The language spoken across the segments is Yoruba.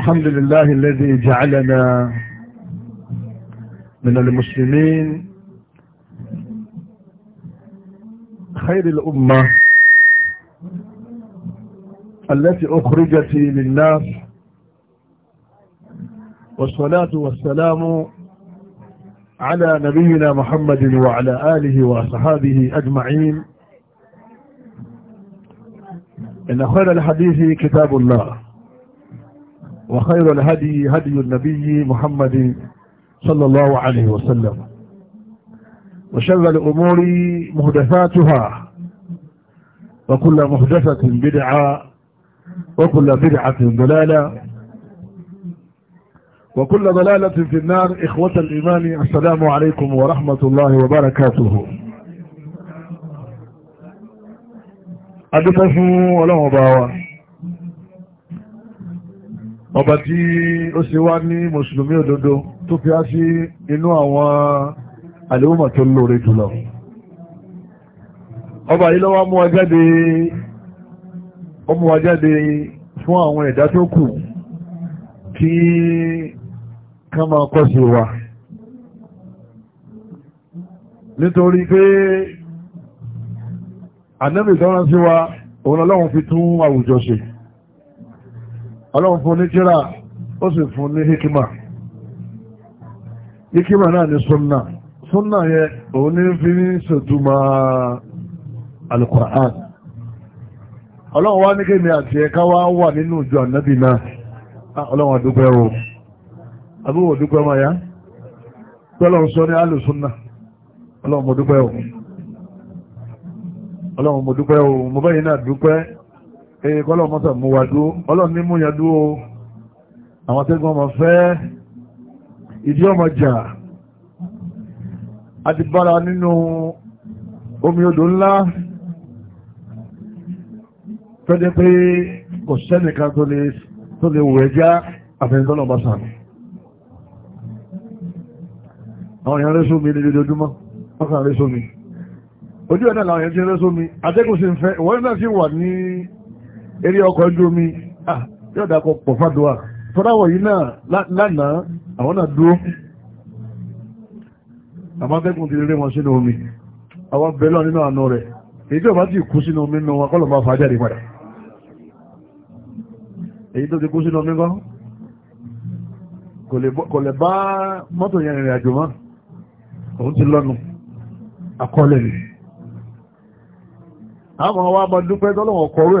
الحمد لله الذي جعلنا من المسلمين خير الأمة التي أخرجت للناس والصلاة والسلام على نبينا محمد وعلى آله وصحابه أجمعين إن خير الحديث كتاب الله وخير الهدي هدي النبي محمد صلى الله عليه وسلم وشر الأمور مهدفاتها وكل مهدفة بدعة وكل بدعة ضلالة وكل ضلالة في النار إخوة الإيمان السلام عليكم ورحمة الله وبركاته أدفه ولا مباوة ọba tí ó ṣe wá ní mùsùlùmí òdodo tó fi á sí inú àwọn àlèwòmà tó lóore jùlọ ọba yìí lọ́wọ́ mú wa jáde ó mú wa jáde fún àwọn ẹ̀dá tó kù kí ká máa kọ́ sí wa nítorí pé ànábì wa òun ọlọ́run fi tún àwùjọ ṣe ọlọ́run fún ní tíra ó sì fún ní hikima hikima náà ni sunna sunna yẹ òun ní fi ní ṣètùmọ̀ alukura'an ọlọ́run wá ní kí ni àti ẹ̀ka wá wà nínú ìjọ ànábì náà ah, ọlọ́run àdúgbẹ́ o àbúwò dúpẹ́ ya. yá tọ́lọ́run sọ ní ọlọ́run mo dúpẹ́ o ọlọ́run mo dúpẹ́ mo náà dúpẹ́ ee kọ́lọ̀ mọ́sà mú wa dúó ọlọ́run ní mú yẹn dúó àwọn tẹ́gbọ́n ọmọ fẹ́ ìdí ọmọ jà a ti bára nínú omi odò ńlá tọ́jẹ́ pé kò sẹ́nìkan tó lè wù ẹjá àfẹ́ntọ́nà bá àwọn èèyàn rẹ́ sómi ní lójoojúmọ́ wọ́n rẹ́ sómi ojú ẹ̀dá làwọn èèyàn ti rẹ́ sómi atẹ́kùn sí ń fẹ́ ìwọ́n náà sì wà ní eré ọkọ̀ ojú omi yóò dákọ̀ pọ̀ fàdùwà tọ́láwọ̀ yìí náà lánàá àwọn náà dúró àmọ́tẹ́kùn ti rere wọn sínú omi àwọn bẹ̀lọ́ nínú àánú rẹ̀ èyí tó bá ti kú sínú omi nù wọn fà jáde padà èyí tó ti kú sínú omi kan kò lè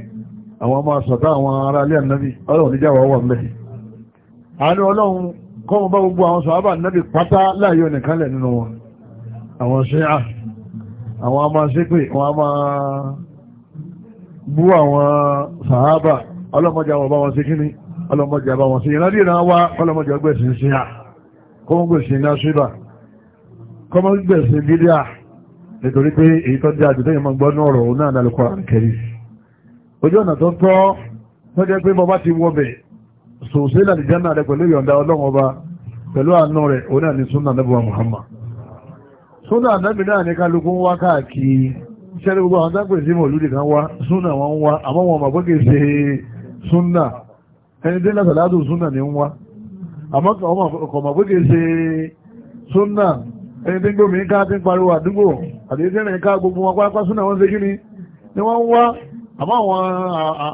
àwọn ọmọ àṣàtà àwọn ará ilé ànábì ọlọ́run níjà wà wà ń àánú ọlọ́run gbogbo àwọn sàábà ànábì pátá láàyò nìkan nínú wọn àwọn ṣe à àwọn a máa ṣépè wọn a máa bú àwọn sàábà ọlọ́mọjà wọ̀ bá wọn kíní ọlọ́mọjà bá wọn wá ọlọ́mọjà gbẹ̀sìn à gbẹ̀sìn iná ṣíbà gbẹ̀sìn nítorí pé èyí tó dé tó ojú ọ̀nà tó tọ́ tó jẹ́ pé bọ́bá ti wọ́bẹ̀ sòsí làlìjánà rẹ̀ pẹ̀lú ìyọ̀ǹda ọlọ́run ọba pẹ̀lú àánú rẹ̀ òun náà ni súnà nẹ́bùwà Muhammad súnà nẹ́bì náà ní kálukú ń wá káàkiri iṣẹ́ ní gbogbo àwọn tá pèsè mọ̀ lóde kan wá súnà wọn ń wá àmọ́ wọn màgbọ́ kì í ṣe súnà ni wọ́n ń wá àmọ́ àwọn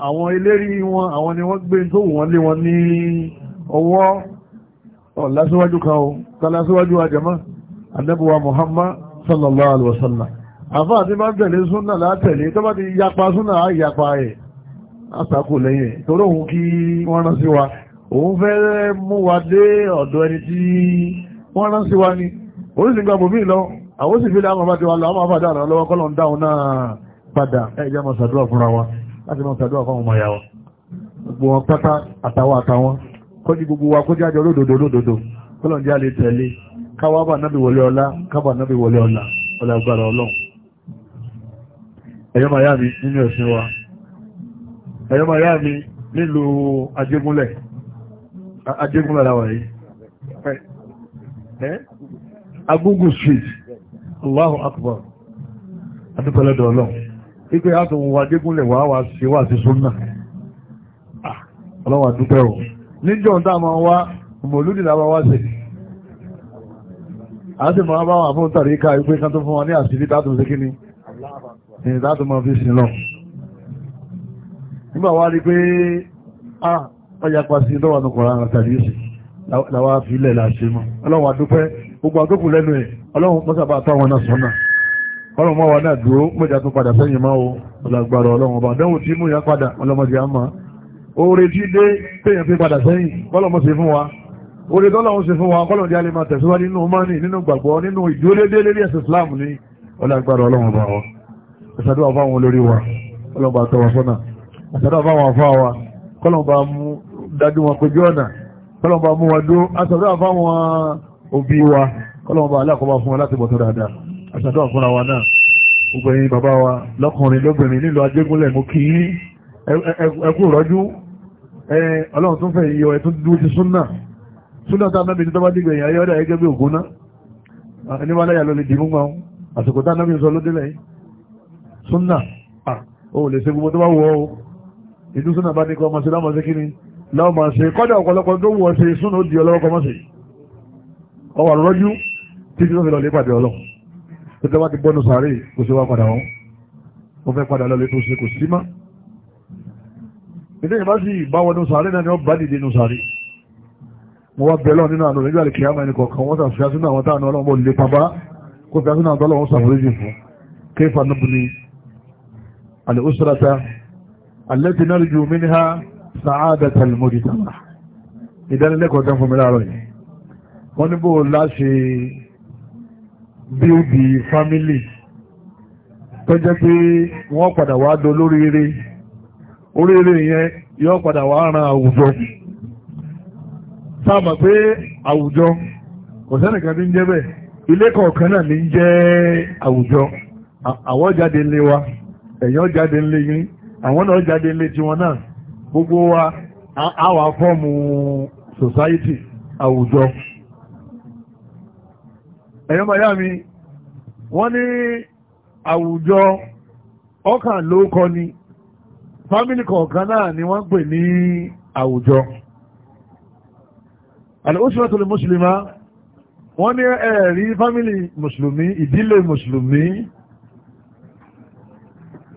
àwọn eléri wọn àwọn ni wọ́n gbé tó wọ́n lé wọn ní ọwọ́ ọ̀lásíwájú kan o tàlásíwájú àjẹmọ́ àdẹ́bùwà Muhammad sallallahu alaihi wasallam àfáà tí bá tẹ̀lé súnà látẹ̀lé tó bá ti yapa súnà á yapa ẹ̀ àtàkù lẹ́yìn torí òun kí wọ́n rán sí wa òun fẹ́ mú ni oríṣìí gbàgbọ́ mi lọ àwọn sì fi lé wa lọ àwọn àbájọ àrà lọ́wọ́ kọ́lọ̀ ń padà ẹ̀jẹ̀ máa ṣàdúrà fúnra wa láti ọmọ ìyá gbogbo wọn pátá àtàwọn àtàwọn kọjú gbogbo wa kọjú àjọ alẹ́ tẹ̀lé káwá bà náàbì wọlé ọlá kábà náàbì wọlé ọlá ọlá agbára ọlọ́run ẹ̀yọ́ màá yá mi nínú ẹ̀sìn wa ẹ̀yọ́ màá yá mi nílùú ajégúnlẹ̀ ajégúnlẹ̀ làwà yìí street Allahu akbar adúpẹ́lẹ́dọ̀ ọlọ́run ipe àtòun wa dégúnlẹ̀ wà wá ṣe wà sí súnà ọlọ́wà dúpẹ́ o níjọ́ ń dáàmà wá mọ̀lúdì làwà wá sí a sì máa bá wà fún tàrí ká ipé kan tó fún wa ní àṣírí tátùn sí kíní ìyìn tátùn máa fi sin lọ nígbà wá rí pé a ọjà pa sí lọ́wà nù kọ̀ọ̀rọ̀ tàbí sí làwà fi ilẹ̀ làṣẹ mọ́ ọlọ́wà dúpẹ́ gbogbo àtókù lẹ́nu ẹ̀ ọlọ́run pọ́sàbà táwọn náà sọ́nà ọlọ́run mọ́ wa náà dúró mọ́jà tó padà sẹ́yìn máa o ọ̀làgbàrọ̀ ọlọ́run ọba dánwò tí mú ya padà ọlọ́mọdé á mọ́ oore tí dé téèyàn fi padà sẹ́yìn kọ́lọ́mọ́ ṣe fún wa oore tọ́lọ́run ṣe fún wa kọ́lọ́run jẹ́ alẹ́ máa tẹ̀síwájú nínú mọ́nì nínú gbàgbọ́ nínú ìdúródédé lórí ẹ̀sìn Islam ní ọlọ́gbàrọ̀ ọlọ́run ọba wa ìṣàdúrà fáwọn olórí wa ọlọ́gbà tọ́ wa sọ́nà ìṣàdúrà fáwọn afá wa kọ́lọ́run bá mú dájú wọn pé jọ́nà kọ́lọ́run bá mú wa dúró ìṣàdúrà fáwọn òbí wa kọ́lọ́run bá àṣàdọ́ àfúnra wa náà gbogbo bàbá wa lọ́kùnrin lóbìnrin nílùú Ajégúnlẹ̀ mo kí yín ẹkú rọ́jú ọlọ́run tún fẹ́ yíyọ ẹ̀ tún dúró ti súnà súnà tá a nábì ní tọ́ba dìgbẹ̀ yẹn ayọ́dà ẹgẹ́ bí ògùn náà ẹni wá láyà ló lè dìbò gbọ́n àsìkò ni láwọn máa ṣe kọ́dà ọ̀pọ̀lọpọ̀ tó wù ọ ṣe súnà ó di ọlọ́wọ́ kọ́mọ́sì ọwọ́ lọ lè pàdé ọlọ́run tó tẹ́wà ti bọ́nu sàárè kò sí wá padà wọn ó fẹ́ padà lọ́lẹ́ tó ṣe kò sí mọ́ ilé ìbá sì bá wọnú sàárè náà ni wọ́n bá dìde nù sàárè mo wá bẹ̀rẹ̀ lọ́nà nínú àná nígbà lè kí á máa ẹni kọ̀ọ̀kan wọ́n sàfihàn àti sínú àwọn táwọn ọlọ́run lè pàbá kó fi àtúnà àtọ́lọ́ wọn sàforíjì fún kéfà níbùní alẹ́sọ́rata alẹ́tì náà jù mí ní ha sàádà tàlmọ́dì tàbá ìdánilẹ́kọ̀ọ́ tán fún mi láàárọ̀ yìí wọ́n ní bó láṣe build the family tó jẹ́ pé wọ́n padà wá do lóríire oríire yẹn yóò padà wá ran àwùjọ sáàmà pé àwùjọ kò sẹ́nìkan ní ń jẹ́ bẹ́ẹ̀ ilé kọ̀ọ̀kan náà ní ń jẹ́ àwùjọ àwọn jáde ńlé wa ẹ̀yàn jáde ńlé yín àwọn náà jáde ńlé tiwọn náà gbogbo wa àwa fọ́ọ̀mù society àwùjọ ẹ̀yọ́ maya mi wọ́n ní àwùjọ ọkàn ló kọ ni fámílì kọ̀ọ̀kan náà ni wọ́n pè ní àwùjọ al-usratul muslima wọ́n ní ẹ̀rí fámílì mùsùlùmí ìdílé mùsùlùmí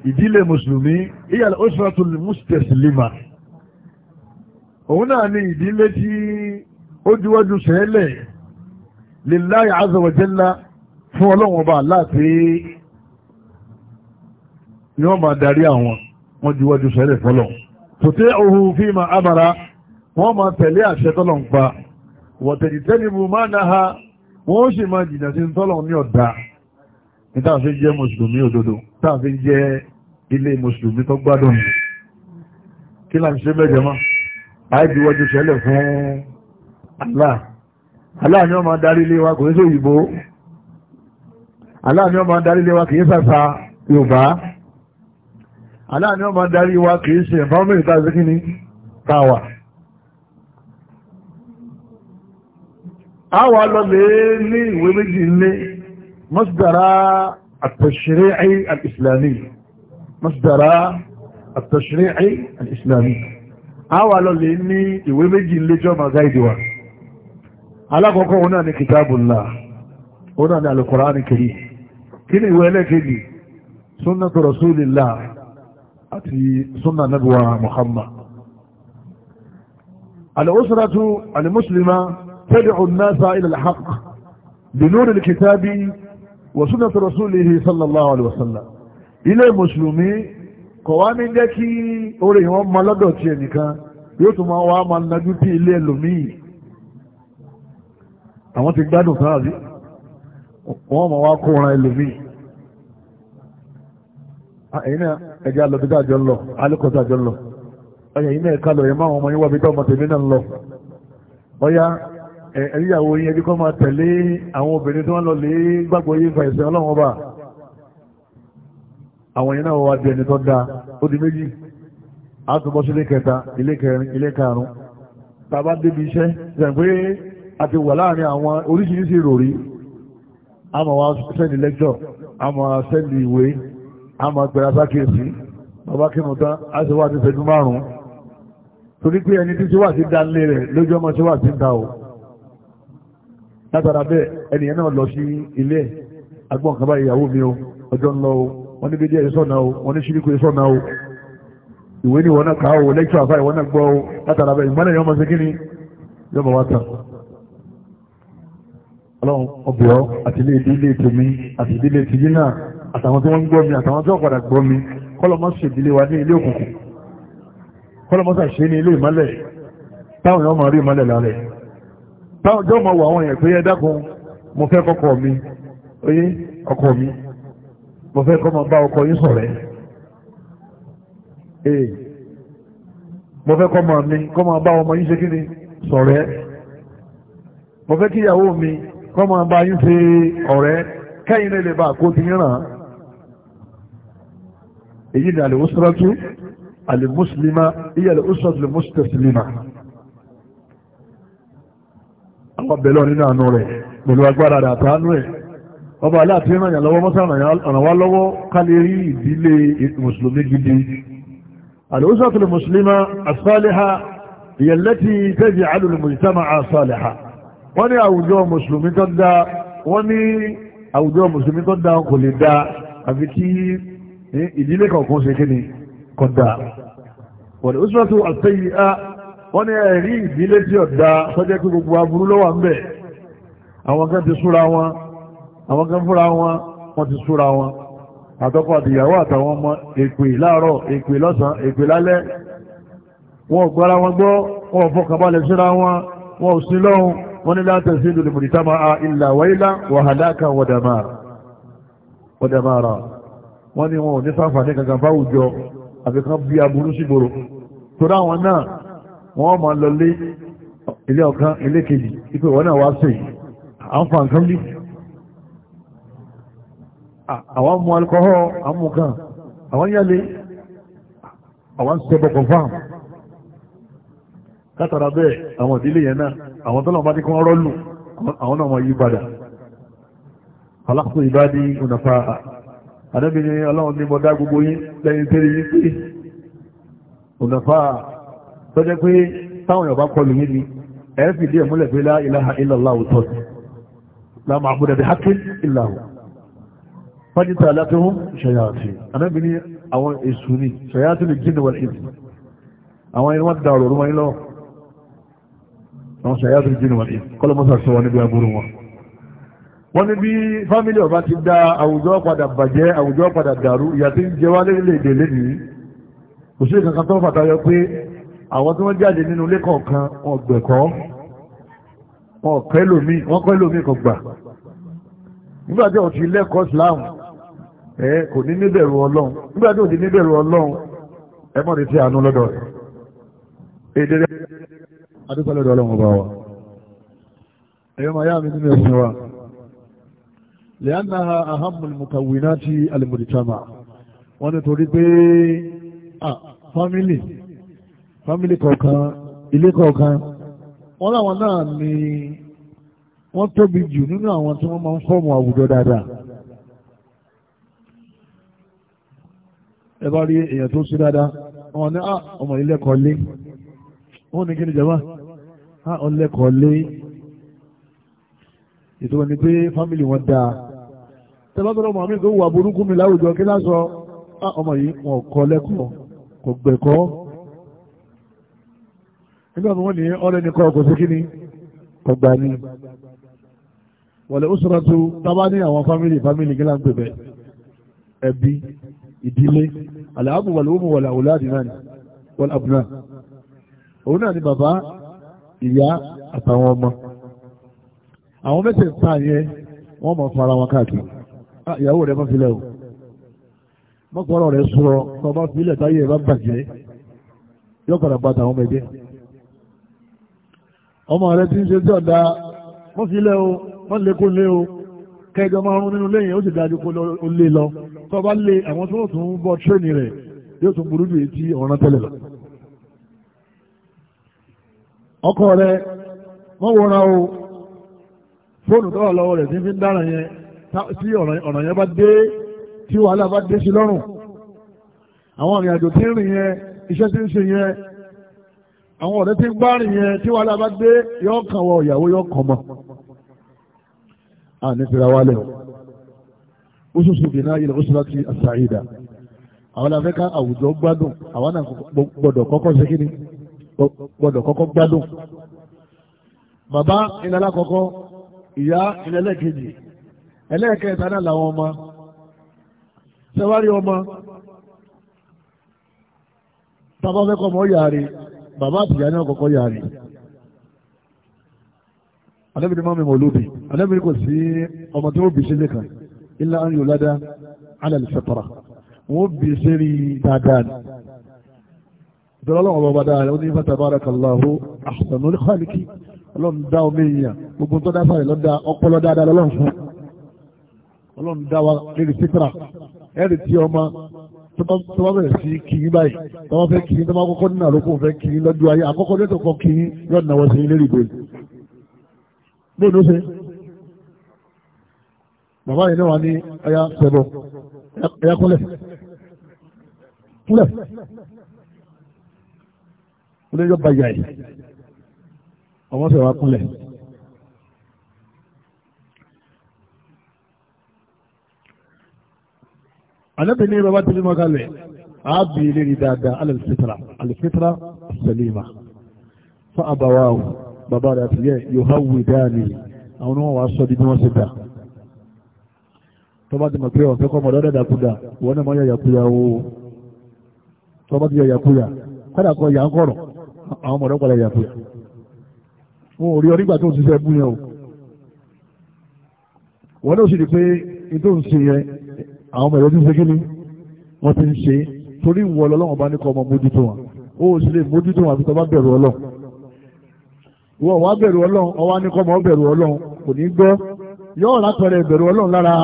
ìdílé mùsùlùmí hiya al-usratul mustaslima òun náà ni ìdílé tí ó juwọ́jú sẹ́lẹ̀ lillahi azza wa jalla fún ọlọ́run ọba láti ni wọ́n máa darí àwọn wọ́n ju wájú sẹ́lẹ̀ fọ́lọ̀ tòtí ohun fi ma amara wọ́n máa tẹ̀lé àṣẹ tọ́lọ̀ ń pa wọ̀tẹ̀jì tẹ́lẹ̀mù máa na ha wọ́n sì máa jìnà sí tọ́lọ̀ ní ọ̀dá ní táàfin jẹ́ mùsùlùmí òdodo táàfin jẹ́ ilé mùsùlùmí tó gbádùn ní kí láti ṣe mẹ́jọ mọ́ àìjúwájú sẹ́lẹ̀ fún Allah aláàní ọmọ darí ilé wa kò ní sí òyìnbó aláàní ọmọ darí ilé wa kìí sàṣà yorùbá aláàní ọmọ darí wa kìí ṣe environment tàbí kíní tàwà àwà lọ́lẹ̀ ní ìwé méjì ní masdara at-tashri'i al-islami masdara at-tashri'i al-islami ní ìwé méjì ní jọmọ̀ alákọ̀ọ́kọ́ òun náà ni kitabullah òun náà ni al-Qur'an karim kí ni ìwé ẹlẹ́kẹ̀ẹ́lì sunnatu rasulillah àti sunna nabuwa muhammad al-usratu al-muslima tad'u an-nasa ila al-haqq bi nuri al-kitabi wa sunnati rasulihi sallallahu alaihi wa sallam yóò tún máa wá máa najú tí ilé ẹlòmíì àwọn ti gbádùn sáàbí wọ́n mọ̀ wá kó ran ẹlòmí ẹ̀yìn náà ẹjá lọ bídá àjọ lọ alẹ́kọ̀ọ́sá àjọ lọ ẹ̀yìn náà ẹ̀ka lọ ẹ̀má àwọn ọmọ yín wá bídá ọmọ tèmi náà lọ bọ́yá ẹ̀yíyàwó yín ẹbí kọ́ máa tẹ̀lé àwọn obìnrin tí wọ́n lọ lè gbàgbọ́ yín fa ẹ̀sẹ̀ ọlọ́run ọba àti wà láàrin àwọn oríṣiríṣi ìròrí a máa wá sẹ́ni lẹ́jọ́ a máa sẹ́ni ìwé a máa gbẹ̀rẹ̀ sákèsí bàbá kínú tán a sì wá ti fẹ́jú márùn-ún torí pé ẹni tí tí wà sí dánilé rẹ̀ lójú ọmọ tí wà sí ń ta o látara bẹ́ẹ̀ ẹnìyàn náà lọ sí ilé ẹ̀ agbọ́n kan báyìí ìyàwó mi o ọjọ́ ń lọ o wọ́n ní bídí ẹ̀rí sọ̀nà o wọ́n ní ṣíríkù sọ̀nà o ìwé ni wọ́n náà kà o lẹ́kṣọ̀ àfáà ìwọ́n náà gbọ́ o látara bẹ́ẹ̀ ìmọ̀lẹ̀ yọmọ sí kíni yọmọ wá tàn ọlọ́run ọbẹ̀ ọ́ àti ilé ìdílé tèmi àti ìdílé tìyí náà àtàwọn tí wọ́n ń gbọ́ mi àtàwọn tí wọ́n padà gbọ́ mi kọ́lọ́mọ́ ṣe ìdílé wa ní ilé òkùnkùn kọ́lọ́mọ́ ṣàṣe ní ilé ìmọ́lẹ̀ táwọn èèyàn máa rí ìmọ́lẹ̀ lálẹ́ táwọn jọ́ máa wọ àwọn èèyàn pé ẹ dákun mo fẹ́ kọ́kọ mi oyé ọkọ mi mo fẹ́ kọ́ máa bá ọkọ yín ṣọ̀rẹ́ ee mo fẹ́ kọ́ máa mi kọ́ máa bá ọmọ yín ṣe kí ni ṣọ̀rẹ́ mo fẹ́ kọ́ máa bá yín ṣe ọ̀rẹ́ kẹ́yìn lè bá kó ti yànnà èyí ni àlèwòsíràtú àlèmùsùlùmá ìyá àlèwòsíràtú àlèmùsùtẹ̀sílìmá àwọn bẹ̀lọ́ nínú àánú rẹ̀ pẹ̀lú agbára rẹ̀ àtàánú ẹ̀ ọba aláàtí ràn yàn lọ́wọ́ mọ́sá ràn wá lọ́wọ́ ká lè rí ìdílé mùsùlùmí gidi àlèwòsíràtú àlèmùsùlùmá àsálẹ́hà ìyẹ̀lẹ́tì tẹ́jì àlùmùsùlùmá àsálẹ́hà wọ́n ní àwùjọ mùsùlùmí tó dá wọ́n ní àwùjọ mùsùlùmí tó dá kò lè dá àfi kí eh, ìdílé kọ̀ọ̀kan ṣe kí ni kò dá wọ́n ní usratu àtẹ́yìá wọ́n ní ẹ̀rí ìdílé tí ò dá sọ́jẹ́ pé gbogbo aburú ló wà ń bẹ̀ àwọn kan ti súra wọn àwọn kan fúnra wọn wọ́n ti súra wọn àtọ́kọ̀ àtìyàwó àtàwọn ọmọ èpè láàárọ̀ èpè lọ́sàn èpè lálẹ́ wọn ò gbọ́ra wọn gbọ́ wọn ò fọkànbalẹ̀ síra wọn wọn ò sí lọ́hùn wọ́n ní láti sí ìlú mùtítàmà ilà wáyílá wàhálàkà wàdàmára wọ́n ní wọn ò ní sáfàní kankan fáwùjọ àfikán bí aburú sígboro tó dáwọn náà wọ́n máa lọ lé ilé ọ̀kan ilé kejì ipò wọ́n náà wá sí àǹfà nǹkan bí àwọn mú alkọ́họ́ àmúkan àwọn yálé àwọn sẹ́bọ̀ confam látara bẹ́ẹ̀ àwọn ìdílé yẹn náà àwọn tọ́lọ̀ bá ti kọ́ rọ́lù àwọn náà wọ́n yí padà alákòó ìbádí ònàfà àdẹ́bìnrin ọlọ́run ní mọ̀dá gbogbo yín lẹ́yìn tẹ́rẹ yí pé ònàfà tó jẹ́ pé táwọn yọ̀bá kọlù yí ni ẹ̀ẹ́fì díẹ̀ múlẹ̀ pé la ilaha illallah tọ́sí la ma'buda bi haqqin illa hu fájítà aláfihún ṣayáàtì àdẹ́bìnrin àwọn ṣàyà tó jìnnà wọ̀nyí kọ́lọ́ mọ́sà sọ wọn níbi aburú wọn. wọ́n ní bí fámìlì ọba ti da àwùjọ padà bàjẹ́ àwùjọ padà dàrú ìyà tí ń jẹ wá lórílẹ̀-èdè lẹ́nìí kò sí kankan tó fàtàyọ pé àwọn tí wọ́n jáde nínú ilé kọ̀ọ̀kan wọn gbẹ̀kọ́ wọn kọ́ ẹlòmíì wọn kọ́ ẹlòmíì kò gbà nígbà tí òtí lẹ́kọ̀ọ́ Islam ẹ kò ní níbẹ̀rù Ọlọ́run nígbà tí òtí níbẹ̀rù Ọlọ́run ẹ mọ̀ ní adúpẹ́ lọ́dọ̀ ọlọ́run ọba wa ẹ̀yọ́ máa yá mi nínú ẹ̀sìn wa lẹ́yìnnáha ahamul mukawinati alimuditama wọ́n ní torí pé fámìlì fámìlì kọ̀ọ̀kan ilé kọ̀ọ̀kan wọ́n láwọn náà ni wọ́n tóbi jù nínú àwọn tí wọ́n máa ń fọ́ọ̀mù àwùjọ dáadáa ẹ bá rí èèyàn tó sí dáadáa wọ́n ní ọmọ ilé kọ́lé wọ́n ní kí ni jàmáà á ọlẹ́kọ̀ọ́ lé ètò wọn ni pé fámìlì wọn dáa tẹ́lọ́tọ́lọ́ mọ̀ mí tó wà burúkú mi láwùjọ kí lásọ á ọmọ yìí wọn kọ́ lẹ́kọ̀ọ́ kò gbẹ̀kọ́ nígbà tí wọ́n ní ọ̀rẹ́ nìkan kò sí kíní kò gbà ní wọ̀lẹ̀ ó sọ̀rọ̀ tó tábà ní àwọn fámìlì fámìlì kí láǹpẹ̀ bẹ́ẹ̀ ẹbí ìdílé àlàábù wàlúwòmù wàlàwòlá àdìmánì wàlàbùnà òun náà ni bàbá ìyá àtàwọn ọmọ àwọn mẹ́tẹ̀ẹ̀ta yẹn wọ́n mọ̀ fara wọn káàkiri ah, ìyàwó rẹ̀ mọ́filẹ̀ o mọ́kànlọ́ rẹ̀ sọ̀rọ̀ kọ́ bá filẹ̀ táyé bá bàjẹ́ yóò padà bá tàwọn ọmọ ẹgbẹ́ ọmọ rẹ̀ ti ń ṣe tí ọ̀dà mọ́filẹ̀ o wọ́n lè kó lé o kẹjọ máa rún nínú lẹ́yìn ó sì dájú kó lé lọ kọ́ bá lé àwọn tó tún bọ́ tírénì rẹ̀ yóò tún burú ju ọkọ rẹ̀ wọ́n wọ́nra o fóònù tó wà lọ́wọ́ rẹ̀ tí fi ń dára yẹn tí ọ̀nà yẹn bá dé tí wàhálà bá dé sí lọ́rùn àwọn ìrìn àjò tí ń rìn yẹn iṣẹ́ tí ń ṣe yẹn àwọn ọ̀rẹ́ tí ń bá rìn yẹn tí wàhálà bá dé yọ kàn wọ ìyàwó yọ kàn mọ́ àní fira wálẹ̀ o oṣooṣù bìnnà ilẹ̀ oṣù láti àṣà ìdá àwọn afẹ́ká àwùjọ gbádùn àwọn náà gbọ́dọ̀ kọ́kọ́ ṣe kíni gbọ́dọ̀ kọ́kọ́ gbádùn bàbá ìlàlá kọ́kọ́ ìyá ìlẹ́lẹ́kejì ẹlẹ́ẹ̀kẹta náà làwọn ọmọ sẹ́wárí ọmọ tàbá fẹ́ kọmọ yàrí bàbá àtìyà náà kọ́kọ́ yàrí alẹ́bìnrin máa mẹ́mọ̀ olóbi alẹ́bìnrin kò sí ọmọ tí ó bì sílé kan ilá ń yò ládá alẹ́lẹ́sẹ̀tọ̀rà wọ́n bì sí rí dáadáa ìtọ́lọ́lọ́ ọ̀rọ̀ bá dáa ní fatabarakallahu ahsanul khaliqin ọlọ́run dá omi èèyàn gbogbo tó dá sáré lọ́dá ọpọlọ dáadáa lọ́lọ́run fún ọlọ́run dá wa lérí fitra ẹ̀rì tí ọmọ tó bá bẹ̀rẹ̀ sí kìí báyìí tó bá fẹ́ kìí tó bá kọ́kọ́ nínú àlókò fẹ́ kìí lọ́jọ́ ayé àkọ́kọ́ lẹ́tọ̀ kọ́ kìí yọ̀ọ́ náwó sí lérí ìbò bóun olóyè bàjá yìí ọmọ sọ̀rọ̀ wa kúnlẹ̀. àlẹ́bí ní bàbá tí mímọ́ kalẹ̀ àábì ilé ní dáadáa alẹ́fitra alẹ́fitra salima fún àbáwáwò bàbá rẹ̀ àtìyẹ yóò háwù dáàni àwọn ọmọ wa sọ di bí wọ́n ṣe dà tọ́ba ti mọ̀ pé ọ̀fẹ́ kọ́ mọ̀dọ́ dàdàkúdà wọ́n náà mọ̀ yà yàkúyà o tọ́ba ti yà yàkúyà kọ́dà kọ́ yà ń kọ̀rọ̀ àwọn ọmọdé padà yàtọ̀ wọn ò rí tó ń ṣiṣẹ́ bú yẹn o wọn náà sì rí pé ètò ń ṣe yẹn àwọn ọmọ ẹ̀rọ ti ń ṣe kí ni wọ́n ti ń ṣe torí ìwọ ọlọ́wọ́n bá ní kọ́ ọmọ mójútó wọn ó sì lè mójútó wọn àfi tó bá bẹ̀rù ọlọ́run wọ́n wá bẹ̀rù ọlọ́run ọwá ní kọ́ mọ́ bẹ̀rù ọlọ́run kò ní gbọ́ yọ́ látọ̀rẹ̀ bẹ̀rù ọlọ́run lára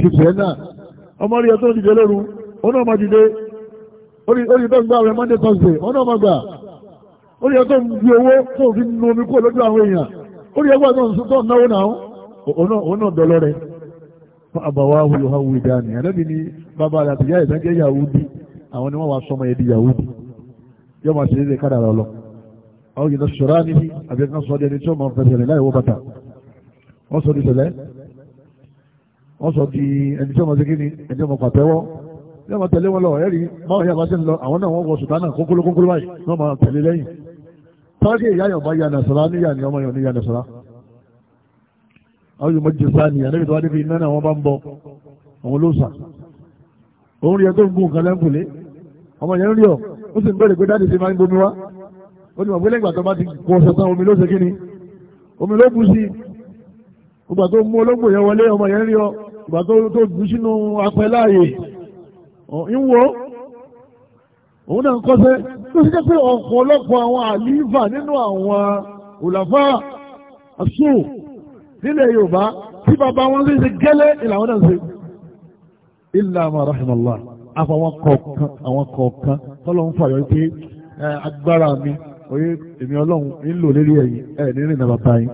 kìtìẹ́ náà ọmọ rí ọtọ́ dìde lóru ó náà máa dìde ó rí bẹ́ẹ̀ gbá rẹ Monday Thursday ó náà máa gbà ó rí ẹgbẹ́ ìgbì owó tó fi nu omi kúrò lójú àwọn èèyàn ó rí ẹgbẹ́ ìgbà tó náwó náà òun náà dọ́lọ́ rẹ̀ fún àbàwá wùlọ́wà wùdá ni àlẹ́bí ni bàbá àtìyá ìdájẹ́ yahudi àwọn ni wọ́n wá sọmọ ẹ̀dí yahudi yóò máa ṣe é kára rẹ̀ lọ àwọn yìí náà ṣọ́ra níbi àbẹ̀kan sọ́dẹ̀ ẹni tí ó máa fẹsẹ̀ láì wọ bàtà wọ́n sọ di sẹ̀lẹ̀ wọ́n sọ di ẹni tí ó máa ṣe kíni ẹni tí ó máa pàtẹ́wọ́ yóò máa tẹ̀lé wọn lọ ẹ̀rí báwọn yàrá ṣe ń lọ àwọn náà wọ́n wọ sùtánà kókólókókóló báyìí wọ́n máa tọ́jú ìyá yọ̀ bá yànà sọ́lá níyà ni ọmọ yọ̀ ní yànà sọ́lá àwọn yóò mọ́jú sáà nìyà níbi tó wá níbi iná náà wọ́n bá ń bọ àwọn olóòsà òun rí ẹ tó ń gún nǹkan lẹ́ńkùlé ọmọ yẹn ń rí ọ ó sì ń bẹ̀rẹ̀ pé dáàdì ti máa ń gbomi wá ó ní ọ̀gbẹ́lẹ̀ ìgbà tó bá ti kọ ọ̀sẹ̀ tán omi ló ṣe kíni omi ló bù sí ìgbà òun náà ń kọ́ṣẹ́ tó ṣe jẹ́ pé ọ̀pọ̀lọpọ̀ àwọn àlífà nínú àwọn òlàfà àṣù nílẹ̀ Yorùbá tí bàbá wọn ṣe ṣe gẹ́lẹ́ ìlànà náà ṣe ilà màràhìmàlá àfàwọn kọ̀ọ̀kan àwọn kọ̀ọ̀kan tọ́lọ́ ń fàyọ̀ pé agbára mi oyè èmi ọlọ́run ń lò lérí ẹ̀yìn ẹ̀ nínú ìnà bàbá yín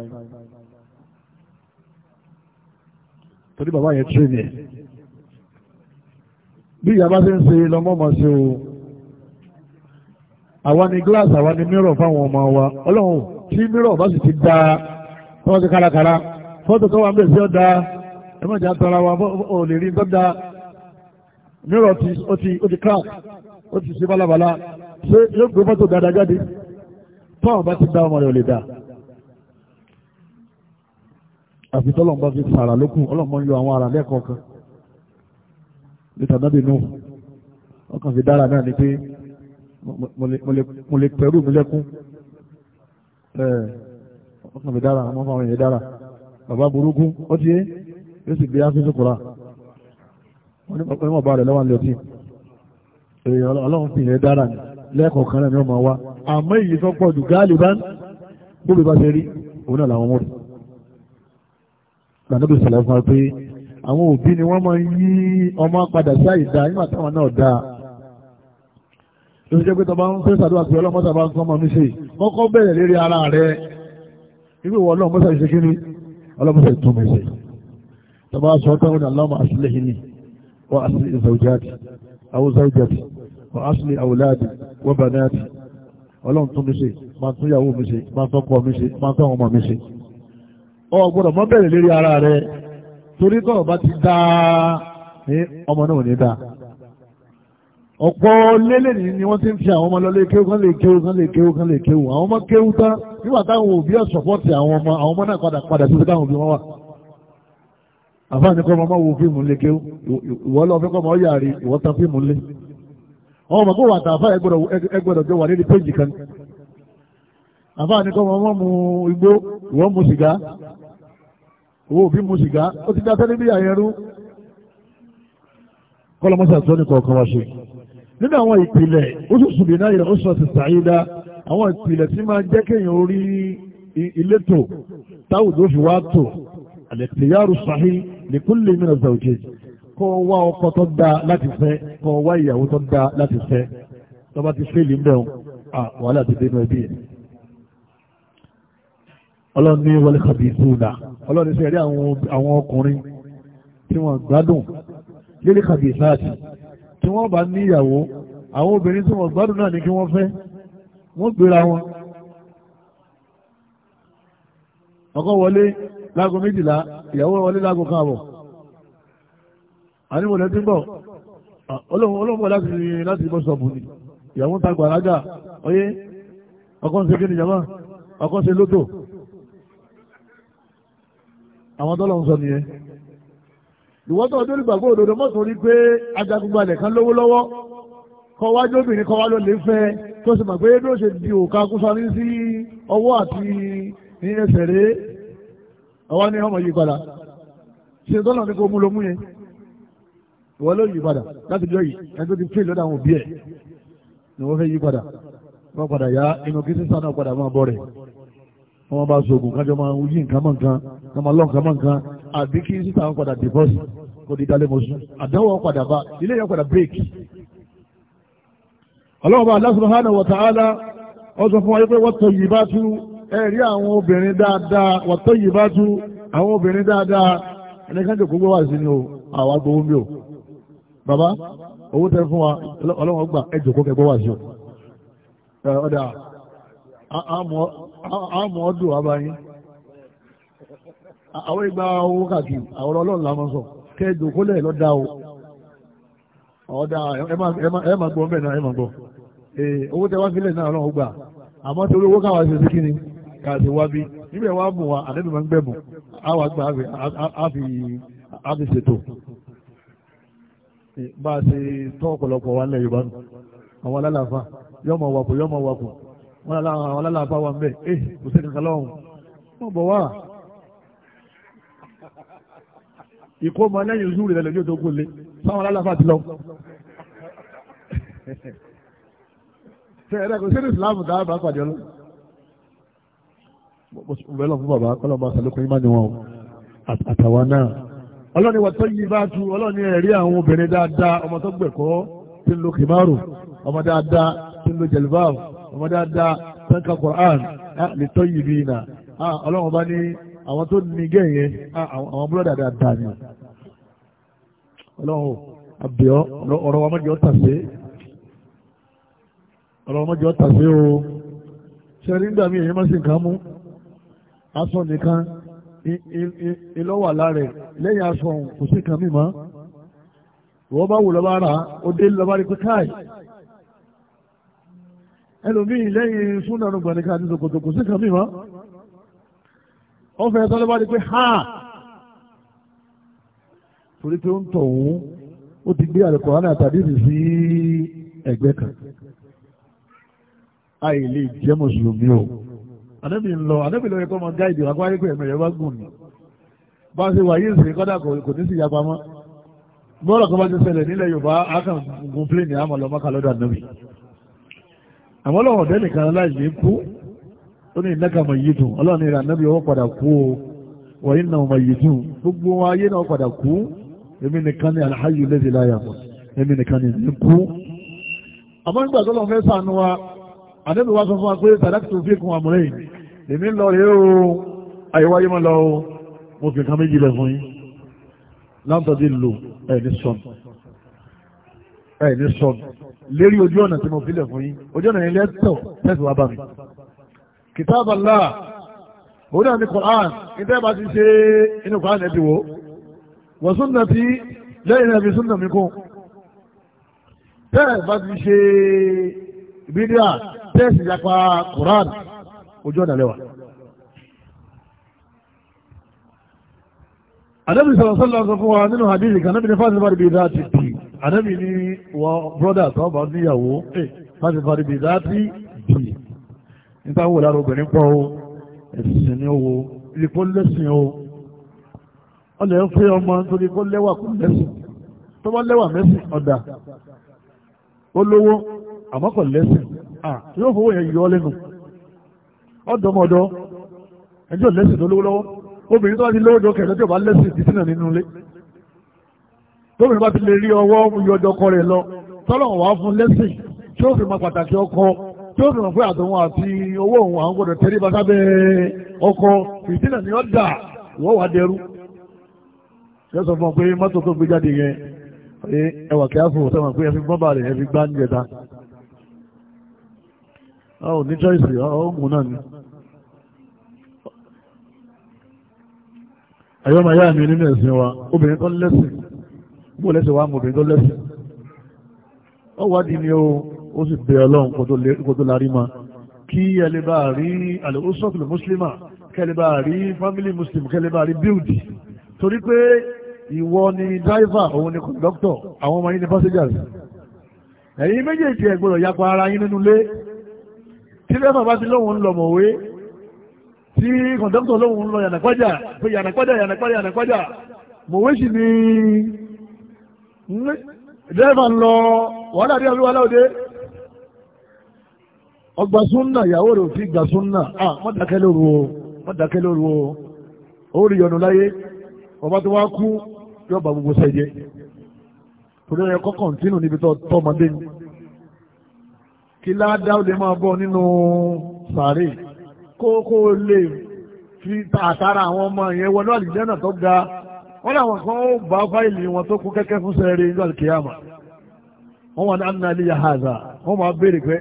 torí bàbá yẹn tírè ní ẹ̀ bí ìyá bá ṣe ń ṣe lọ́mọ́ máa ṣe o àwa ni glass àwa ni mirror fáwọn ọmọ wa ọlọ́run tí mirror bá sì ti da tọ́wọ́ sí kárakára fọ́tò tó wà ń bẹ̀ sí ọ̀dà ẹ má jà tọ́ra wa ò lè rí dọ́dà mirror ti ó ti ó ti crack ó ti ṣe bálabàla ṣé yóò gbé fọ́tò dáadáa jáde tọ́wọ́ bá ti da ọmọ rẹ̀ ò lè da àfi tọ́lọ́n bá fi sàrà lókun ọlọ́mọ yọ àwọn ara lẹ́ẹ̀kọ̀ọ̀kan nítorí náà ọkàn fi dára náà ni pé mo lè pẹ̀rù mi lẹ́kún ọkàn mi dára àwọn ọmọ mi dára bàbá burúkú ó ti yé yóò sì gbé áfíìsì kura wọ́n ní pàpẹ́ mọ̀ bá rẹ̀ lọ́wọ́ ní ọtí èèyàn ọlọ́run fi yẹn dára ni lẹ́ẹ̀kọ̀ọ̀kan náà ni wọ́n máa wá àmọ́ èyí tó pọ̀ jù gáàlì bá ń gbóbi bá ṣe rí òun náà làwọn mọ̀rọ̀ lànàbì sọ̀rọ̀ fún wa pé àwọn òbí ni wọ́n máa ń yí ọmọ padà sí àìdá tó jẹ́ pé tọba ń fẹ́ sàdúrà pé ọlọ́mọ́sà bá ń kọ́ mọ́ mi ṣe kọ́kọ́ bẹ̀rẹ̀ lérí ara rẹ̀ nígbè wọ ọlọ́mọ́sà ṣe kí ni ọlọ́mọ́sà tó mi ṣe tọba sọ táwọn aláwọ̀ àṣìlẹ̀ yìí ni wọ́n àṣìlẹ̀ ìzàwùjáàtì àwùzáwùjáàtì wọ́n àṣìlẹ̀ àwùláàdì wọ́n bànáàtì ọlọ́run tó mi ṣe máa tún yàwó mi ọ̀pọ̀ lélẹ̀ ni wọ́n ti ń fi àwọn ọmọ lọlé kéwú kán lè kéwú kán lè kéwú kán lè kéwú àwọn ọmọ kéwú tán nígbà táwọn òbí ọ̀sọ̀pọ̀tì àwọn ọmọ àwọn ọmọ náà padà padà sí táwọn òbí wọn wà àfáà ní kọ́ ọmọ máa wo fíìmù lé kéwú ìwọ lọ fẹ́ kọ́ ọmọ ọyà rí ìwọ tán fíìmù lé àwọn ọmọ kó wà tà àfáà ẹgbẹ̀rọ̀ jọ wà nílé péjì kan àfáà ní kọ́ ọmọ mu igbó ìwọ mu sìgá nínú àwọn ìpìlẹ̀ oṣooṣù bí náà yẹn oṣù ọ̀sẹ̀ sàyídá àwọn ìpìlẹ̀ tí máa jẹ́ kéèyàn orí ìletò táwùjọ fi wá tò àlẹ̀kìyàrú sàhí ní kúlè mìíràn zàwùjẹ kọ́ wá ọkọ tó dá láti fẹ́ kọ́ wá ìyàwó tó dá láti fẹ́ tó bá ti fẹ́ẹ̀lì ń bẹ̀rù wàhálà ti dé náà bí ẹ̀. ọlọ́run ní wọlé kàbí ìtura ọlọ́run ní sẹ́yìn àwọn ọkùnrin tí wọ́n gbádùn lílé kàbí ìsáàtì tí wọ́n bá ní ìyàwó àwọn obìnrin tí wọ́n gbádùn náà ní kí wọ́n fẹ́ wọ́n gbéra wọn ọkọ wọlé láago méjìlá ìyàwó wọlé láago káàbọ̀ àníwọ̀lẹ́ tí ń bọ̀ olóńgbò láti láti bọ́ sọ̀bù ni ìyàwó ń ta gbàrágà oyé ọkọ ń ṣe kí ni jama ọkọ ń ṣe lótò àwọn tọ́lọ̀ ń sọ nìyẹn ìwọ́tọ̀ ọdún ìgbàgbọ́ òdodo mọ́tò rí pé ajagunbalẹ̀ kan lówó lọ́wọ́ kọ wá jóbìnrin kọ wá ló lè fẹ́ tó sì mọ̀ pé ló ṣe di òka kúsọrí sí ọwọ́ àti ní ẹsẹ̀ rẹ̀ ọwọ́ ní ọmọ yìí padà ṣe tọ́nà ní kò mú lomú yẹn ìwọ́ ló yí padà láti jọ yìí ẹni tó ti fẹ́ lọ́dọ̀ àwọn òbí ẹ̀ ni wọ́n fẹ́ yí padà wọ́n padà yá inú kí sísá náà padà máa bọ́ rẹ̀ wọ́n bá sọ̀gùn kájọ máa yí nǹkan mọ́ nǹkan àbí kí sísà ń padà divorce kò di dalẹ̀ mọ́sù àdánwò padà bá ilé yẹn padà break. ọlọ́wọ́ bá Allah subhanahu wa ta'ala ó sọ fún wa yí pé wat-tayyibatu ẹ̀rí àwọn obìnrin dáadáa wat-tayyibatu àwọn obìnrin dáadáa ẹnìkan jòkó gbé wà sí ni o àwọn agbowó mi o bàbá owó tẹ fún wa ọlọ́wọ́ gbà ẹ jòkó kẹgbọ́ wà sí o ọ̀dà àmọ́ ọdún àbáyín àwọn ìgbà owó kàkì àwọn ọlọ́run la máa sọ kẹjọ kólẹ̀ lọ dá o ọ̀dà ẹ máa gbọ́ mẹ́rin náà ẹ máa gbọ́ owó tẹ́wá sílẹ̀ náà ọlọ́run gbà àmọ́ torí owó káwá ṣe sí kíni káàsì wá bí níbẹ̀ wá mú wa àdébì máa ń gbẹ̀bù àwa gba àfi ṣètò bá a ṣe tọ́ ọ̀pọ̀lọpọ̀ wa nílẹ̀ Yorùbá nù àwọn alálàáfà yọmọ wakù yọmọ wakù wọn alálàáfà wa ń bẹ̀ ẹ kò sí nìkan lọ́hùn wọn bọ̀ wá ìkómọ lẹ́yìn zúrì rẹ̀ lójú tó kú lé sáwọn aláfà ti lọ. sẹ́yìn ẹ̀dẹ́gbẹ̀sẹ́ ní ìsìlámù dáhà bá pàdé ọlọ́ bẹ́lọ̀ fún bàbá kọ́lọ̀ máa sàlékún yí máa ní wọn àtàwà náà ọlọ́ni wà tó yí bá tu ọlọ́ni ẹ̀rí àwọn obìnrin dáadáa ọmọ tó gbẹ̀kọ́ tí ń lo kìmáàrù ọmọ dáadáa tí ń lo jẹ̀lbáàf ọmọ dáadáa tẹ́ǹkà Qur'an lè tó yí bí iná ọlọ́run bá ní àwọn tó ní gẹ̀yẹ àwọn búrọ́dà dáadáa ni ọlọ́run àbíọ́ ọ̀rọ̀ wa mọ́jọ́ tàṣé ọ̀rọ̀ wa mọ́jọ́ tàṣé o ṣe rí nígbà mí èyí má sì kàn mú aṣọ nìkan ìlọ́wà lára ẹ̀ lẹ́yìn aṣọ kò sí kan mímọ́ wọ́n bá wù lọ́ba ara ó dé lọ́ba rí pé káì ẹlòmíì lẹ́yìn súnà ọ̀gbọ̀n nìkan àti ṣòkòtò kò sí kan mímọ́ wọ́n fẹ́ sọ́lọ́ bá di pé ha torí pé ó ń tọ̀ òun ó ti gbé àlùkòránà àtàdìsì sí ẹgbẹ́ kan àì lè jẹ́ mùsùlùmí o àdébì ń lọ àdébì lọ yẹ kọ́ mọ gáìdì wà wáyé pé ẹ̀mẹ̀rẹ̀ bá gùn ní bá ṣe wà yé ìsìn kọ́dà kò ní sí ìyapa mọ́ bọ́ọ̀rọ̀ kan bá ti ṣẹlẹ̀ nílẹ̀ Yorùbá akàn gun pléènì àmọ́ lọ́mọ́ka lọ́dọ̀ ànábì àmọ́ lọ́wọ́ ọ̀dẹ́ nìkan láì ní kú ó ní ìnákàmọ̀ yìí dùn ọlọ́run ní ìrànlẹ́bí ọwọ́ padà kú o wọ̀nyí náà mọ̀ yìí dùn gbogbo ayé náà padà kú èmi nìkan ní alhayu lẹ́sẹ̀ láyà mọ̀ èmi nìkan ní ní kú. àmọ́ nígbà tó lọ́n fẹ́ sànú wa àdébí wa sọ fún wa pé sàdáàkì tó fi kún wa mọ̀lẹ́yìn èmi lọ rèé o àyíwáyé mọ́ lọ o mo fi kan méjì lẹ̀ fún yín láǹtọ́dé lò ẹ̀ ní sọ̀n ẹ̀ ní sọ̀n lérí ojú ọ̀nà tí mo fi lẹ̀ fún yín ojú ọ̀nà yẹn lẹ́tọ̀ tẹ́sí bá mi kìtàbà láà òun náà ní Qur'an ìtẹ́ bá ti ṣe inú Qur'an ẹ̀ ti wò wa sunnati lẹ́yìn náà fi súnà mi kún tẹ́ẹ̀ bá ti ṣe bídíà tẹ́ẹ̀ sì yapa Qur'an ojú ọ̀nà lẹ́wà. Ànábì sọ̀rọ̀ sọ́lá sọ fún wa nínú hadithi kan náà ní fásitì bá rí bí tì. Ànábì ní wọ́n brọ́dà tó bá níyàwó eh, fásitì bá rí bí tì níta wò lára obìnrin pọ̀ o ẹ̀sìn ni o wo ilé kó lẹ́sìn o ọlẹ́ ń fẹ́ ọmọ nítorí kó lẹ́wà kó lẹ́sìn tó bá lẹ́wà mẹ́sìn ọ̀dà ó lówó àmọ́ kò lẹ́sìn yóò fowó yẹn yọ lẹ́nu ọ̀dọ́mọdọ́ ẹjọ́ lẹ́sìn tó lówó lọ́wọ́ obìnrin tó bá ti lówó dọ́ kẹ̀kẹ́ tí ò bá lẹ́sìn ti sínà nínú ilé tóbìnrin bá ti lè rí ọwọ́ yọjọ́ kọ rẹ̀ lọ tọ́lọ̀ wá fún lẹ́sìn tí ó fi máa pàtàkì ọkọ tí ó fìmọ̀ pé àti owó òun àwọn gbọdọ̀ tẹ́lẹ̀ bá sábẹ́ ọkọ̀ ni ó dà wọ́n wà dẹrú sọ fún ọ pé mọ́tò tó gbé jáde yẹn ẹwà kí á fò pé fi gbọ́bà rẹ̀ ẹ gbá ọ ní choice ọ mú náà ni wa obìnrin tó lẹ́sìn bó lẹ́sìn wa mọ̀ obìnrin tó lẹ́sìn ọ ni o ó sì bẹ ọlọ́run kó tó larí ma kí ẹlẹ́bà rí alẹ́kùsọ́tù mùsùlùmá kẹlẹ́bà rí fámílì mùsùlùmù kẹlẹ́bà rí bíldì torí pé ìwọ ni dáìfà òun ni kọ̀ǹdọ́kítọ̀ àwọn ọmọ yín ni passengers ẹ̀yin méjèèjì ẹ gbọ́dọ̀ yapa ara yín nínú ilé tí lẹ́fà bá ti lóhun ń lọ mọ̀wé tí kọ̀ǹdọ́kítọ̀ lóhun ń lọ yànàkọ́jà pé yànàkọ́jà yànàkọ́jà yànàkọ́jà mọ̀wé sì ni driver ń lọ wàhálà dé àbí wàhálà òde ọgbà súnà ìyàwó rẹ̀ fi gbà súnà à ah, mọ́dàkẹ́ lóru o mọ́dàkẹ́ lóru o ó rí ọ̀nà láyé ọba tó wá kú yóò bá gbogbo sẹ́jẹ́ torí ẹ̀ kọ́ kọ̀ǹtínù níbi tó tọ́mọdé ni kí ládá ó lè máa bọ́ nínú sàárè kókó lè fi àtàrà àwọn ọmọ yẹn wọnú àlìjẹ́nà tó ga wọ́n làwọn kan ó bá fáìlì wọn tó kú kẹ́kẹ́ fún sẹ́ẹ̀rẹ́ nígbà kíyàmà wọ́n wà ní àná ilé yahoo wọ́n máa béèrè pé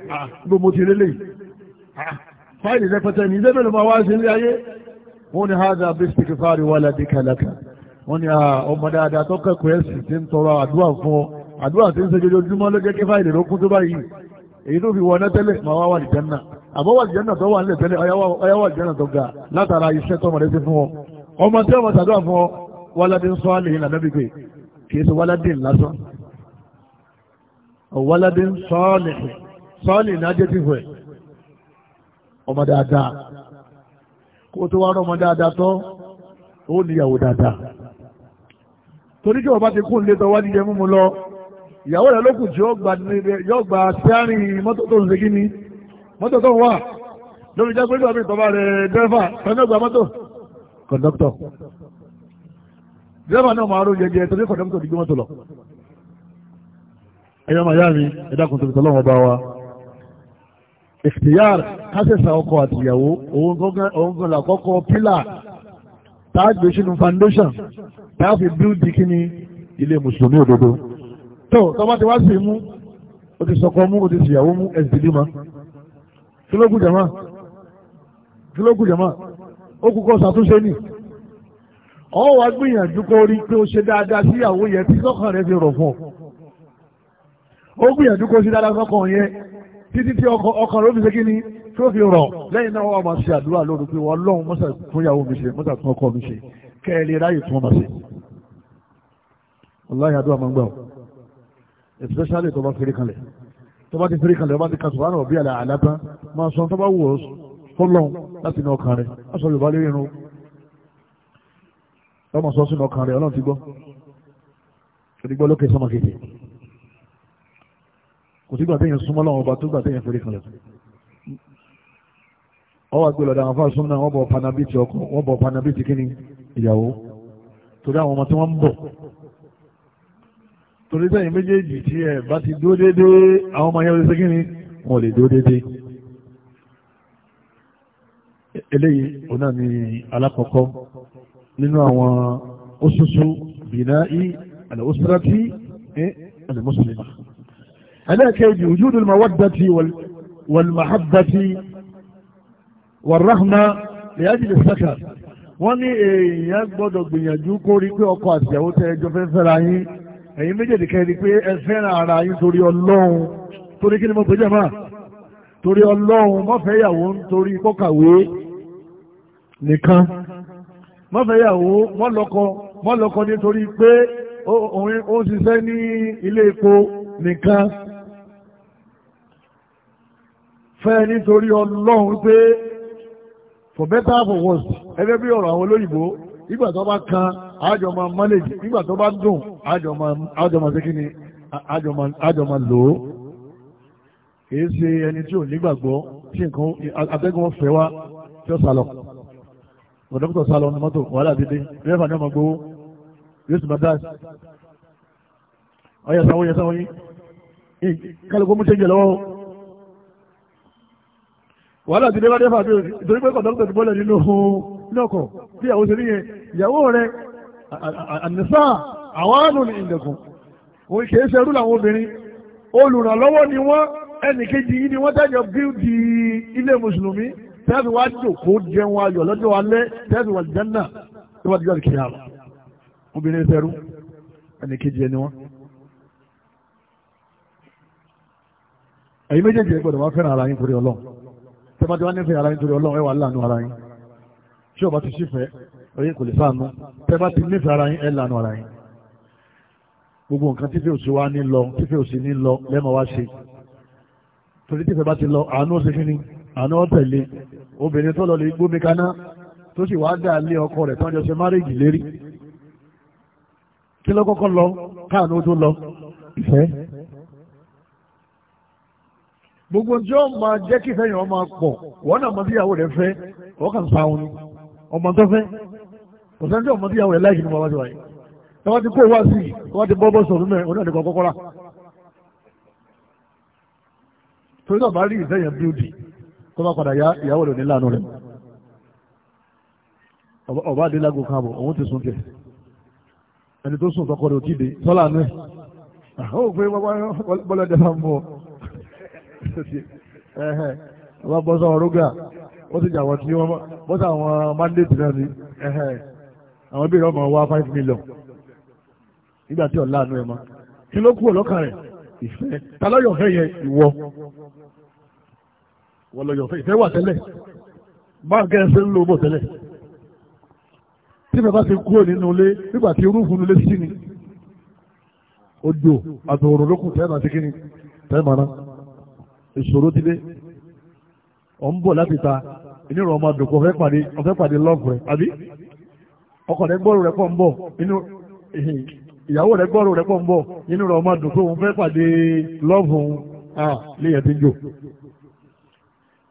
àgbò ah, mo ti rélé ah, fáìlì rẹpẹtẹ ní ilé mẹ́lẹ̀ máa wá sí ilé ayé wọ́n ní hádà bí stikifari wà ládé kàlákà wọ́n ní ah, ọmọ dáadáa tó kẹ́kọ̀ọ́ ẹ̀sìn tí ń tọrọ àdúrà fún ọ àdúrà tí ń ṣe jojoojúmọ́ ló jẹ́ kí fáìlì rẹ kún tó báyìí èyí tó fi wọ ọ̀nà tẹ́lẹ̀ máa wá wà ní jẹ́nà àbọ̀ wà ní jẹ́nà tó wà nílẹ̀ tẹ́lẹ̀ ọyá wà ní jẹ́nà tó ga látara iṣẹ́ tọmọ rẹ ti fún ọ ọmọ tí ọmọ sàdúrà fún ọ wáládé ń sọ àlè yìí lànà bí pé kì í ṣe wáládé lásán ọ̀wọ́ládé ń sọ́ọ̀lì sọ́ọ̀lì ìnájẹ́ ti hùwẹ̀ ọmọ dáadáa kó tó wá rọmọ dáadáa tọ́ ó níyàwó dáadáa torí kí ọba ti kún lé tọ́ wá jíjẹ múmu lọ ìyàwó rẹ̀ lókùn tí yóò gba tíárì mọ́tò tó ń ṣe kí ni mọ́tò tó ń wà lórí jẹ́ pé lórí ìtọ́ba rẹ̀ dẹ́fà tọ́jú ọgbà mọ́tò kọ̀ńdọ́kítọ̀ dẹ́fà náà máa rò jẹjẹ torí kọ̀ńdọ́kítọ̀ ti gbé mọ́tò lọ ẹ̀yọ́ máa yá mi ẹ̀dákun tó fi tọ́lọ́wọ́ bá wa ìfìyàr kásẹ̀sà ọkọ àtìyàwó òun gan lákọ́kọ́ pílà tààgbé sínú foundation tààfi bíúdì kíní ilé mùsùlùmí òdodo tó tọ́ba ti wá sí mú o ti sọkọ mú o ti sìyàwó mú ẹ̀sì ti bímọ kílógún jama kílógún jama ó kúkọ ṣàtúnṣe nì ọ wá gbìyànjú kó rí pé ó ṣe dáadáa síyàwó yẹn tí sọ́kàn rẹ̀ fi rọ̀ fún ọ ó gbìyànjú kó sí dáadáa sọ́kàn yẹn títí tí ọkàn ló fi ṣe kí ni tí ó fi rọ̀ lẹ́yìn náà wọ́n máa ṣe àdúrà lóru pé wọ́n lọ́hùn mọ́sà fún ìyàwó mi ṣe mọ́sà fún ọkọ mi ṣe kẹ́ ẹ lè ráyè tún ọmọ ṣe. ọláyà àdúrà máa ń gbà ọ́ especially tó bá fèrè kalẹ̀ tó bá ti fèrè kalẹ̀ bá ti ka sùpárọ̀ bí àlẹ́ àlápá máa sọ tó bá wù ọ́ fọlọ́hùn láti ní ọkàn rẹ̀ á sọ yorùbá lérí irun ọmọ sọ sínú ọkàn rẹ̀ ọlọ́run ti gbọ́ kò sí gbàtẹ́yìn súnmọ́ lọ́wọ́ ọba tó gbàtẹ́yìn fèrè kan lẹ́sìn ọwọ́ àgbẹ̀ lọ́dà àwọn fáṣún náà wọ́n bọ̀ panabiti ọkọ wọ́n bọ̀ panabiti kíni ìyàwó torí àwọn ọmọ tí wọ́n ń bọ̀ torí sẹ́yìn méjèèjì tí ẹ̀ bá ti dúró déédéé àwọn ọmọ yẹn lè ṣe kíni wọn lè dúró déédéé eléyìí òun náà ni alákọ̀ọ́kọ́ nínú àwọn oṣooṣù bìnnáì àlẹ́ òṣìṣẹ́ tí ẹ̀ àlẹ́ mùsùlùmí ẹlẹ́ẹ̀kejì wùjúdù mawaddati wàlmàhábàtì wàràhùnà lèyájì lè sẹ́kà wọ́n ní èèyàn gbọ́dọ̀ gbìyànjú kó rí pé ọkọ àtìyàwó tẹ ẹjọ́ fẹ́ fẹ́ra yín ẹ̀yin méjèèjì kẹ́ rí pé ẹ fẹ́ràn ara yín torí ọlọ́run torí kí ni mo pè jẹ́ máa torí ọlọ́run mọ́fẹ́yàwó ń torí kọ́kàwé nìkan mọ́fẹ́yàwó mọ́lọ́kọ mọ́lọ́kọ nítorí pé òun ó ṣiṣẹ́ ní ilé epo nìkan fẹ́ nítorí ọlọ́run pé for better for worse ẹgbẹ́ bí ọ̀rọ̀ àwọn olóyìnbó nígbà tó bá kan àjọ máa manage nígbà tó bá dùn àjọ máa sékí ni àjọ máa lò ó kìí ṣe ẹni tí ò nígbàgbọ́ tí nǹkan atẹ́gùn fẹ́ wá tí ó sálọ ọ̀dọ́kùtọ̀ sálọ ní mọ́tò wàhálà dídé rẹ́fà ní ọmọ gbowó yóò sì máa dá ọyẹ sanwó yẹ sanwó yín kálukú mú ṣe ń jẹ lọ́wọ́ wàhálà ti débá dẹ́fà torí pé kọ̀dọ́kítọ̀ ti bọ́lẹ̀ nínú ọkọ̀ tí ìyàwó ṣe níyẹn ìyàwó rẹ ànísà àwánù ní ìdẹ̀kùn òun ṣe é ṣerú làwọn obìnrin olùrànlọ́wọ́ ni wọ́n ẹnì kejì yìí ni wọ́n tẹ́jọ bíúdì ilé mùsùlùmí tẹ́sí wá jòkó jẹun ayọ̀ lọ́jọ́ alẹ́ tẹ́sí wà jẹ́nà tí wọ́n ti jọ́ọ̀dì kìí àrùn obìnrin ṣerú ẹnì kejì ẹni wọ́n. ẹ̀yin méjèèjì ẹ wá fẹ́ràn ara yín torí ọlọ́run tẹ́mọ́tí wá nífẹ̀ẹ́ ara yín torí ọlọ́run ẹwà láàánú ara yín tí ọba ti sífẹ̀ẹ́ oyè kò lè sáànú tẹ́bá ti nífẹ̀ẹ́ ara yín ẹ láàánú ara yín gbogbo nǹkan tífẹ́ òsì wá ní lọ tífẹ́ òsì ní lọ lẹ́mọ̀ wá ṣe torí tífẹ́ bá ti lọ àánú ó ṣe kí ni àánú ó tẹ̀lé obìnrin tó lọ lè gbómi kaná tó sì wá dà lé ọkọ rẹ̀ tán jọ ṣe márèjì lérí kí ló lọ káàánú tó lọ ìfẹ́ gbogbo tí ó máa jẹ́ kí fẹ́yìn ọmọ pọ̀ wọ́n náà mọ bí ìyàwó rẹ̀ fẹ́ wọ́n kàn sa òun ọmọ tó fẹ́ kò sẹ́ni tí ọmọ bí ìyàwó rẹ̀ láì nínú ọmọ tó wáyé ẹ wá ti kó wá sí ẹ wá ti bọ́ bọ́ sọ̀rọ̀ náà oní ọ̀dẹ̀kọ̀ kọ́kọ́rà torí náà bá rí ìfẹ́yìn bíúdì tó bá padà yá ìyàwó rẹ̀ níláàánú rẹ̀ ọba adélágò kan àbọ̀ òun ti sùn tẹ̀ ẹni tó sùn tọkọ rẹ̀ ò wọ́n bọ́ sọ ọ̀rọ̀gà wọ́n ti jàwọ́ tí wọ́n bọ́ àwọn mandate náà ni àwọn bí ìrọ̀mọ̀ wá five million nígbà ma kí ló kú rẹ̀ ìfẹ́ ta lọ́yọ̀ yẹn ìwọ wọ́n lọ́yọ̀ ìfẹ́ wà tẹ́lẹ̀ báńkì ẹsẹ̀ ń lo tẹ́lẹ̀ tí bàbá ti nínú ilé nígbà tí sí ni odò àtòrò lókùn tẹ́ẹ̀mà sí kíni tẹ́ẹ̀mà ìṣòro ti dé ọ̀ ń bọ̀ láti ta inú ìrọ̀ ọmọ àdùnkù ọ̀fẹ́ pàdé ọ̀fẹ́ pàdé lọ́ọ̀fù rẹ̀ àbí ọkọ̀ rẹ̀ gbọ́rù rẹ̀ pọ̀ ń bọ̀ inú eh, ìyàwó rẹ̀ gbọ́rù rẹ̀ pọ̀ ń bọ̀ inú ìrọ̀ ọmọ àdùnkù òun fẹ́ pàdé lọ́ọ̀fù léyìn tí ń jò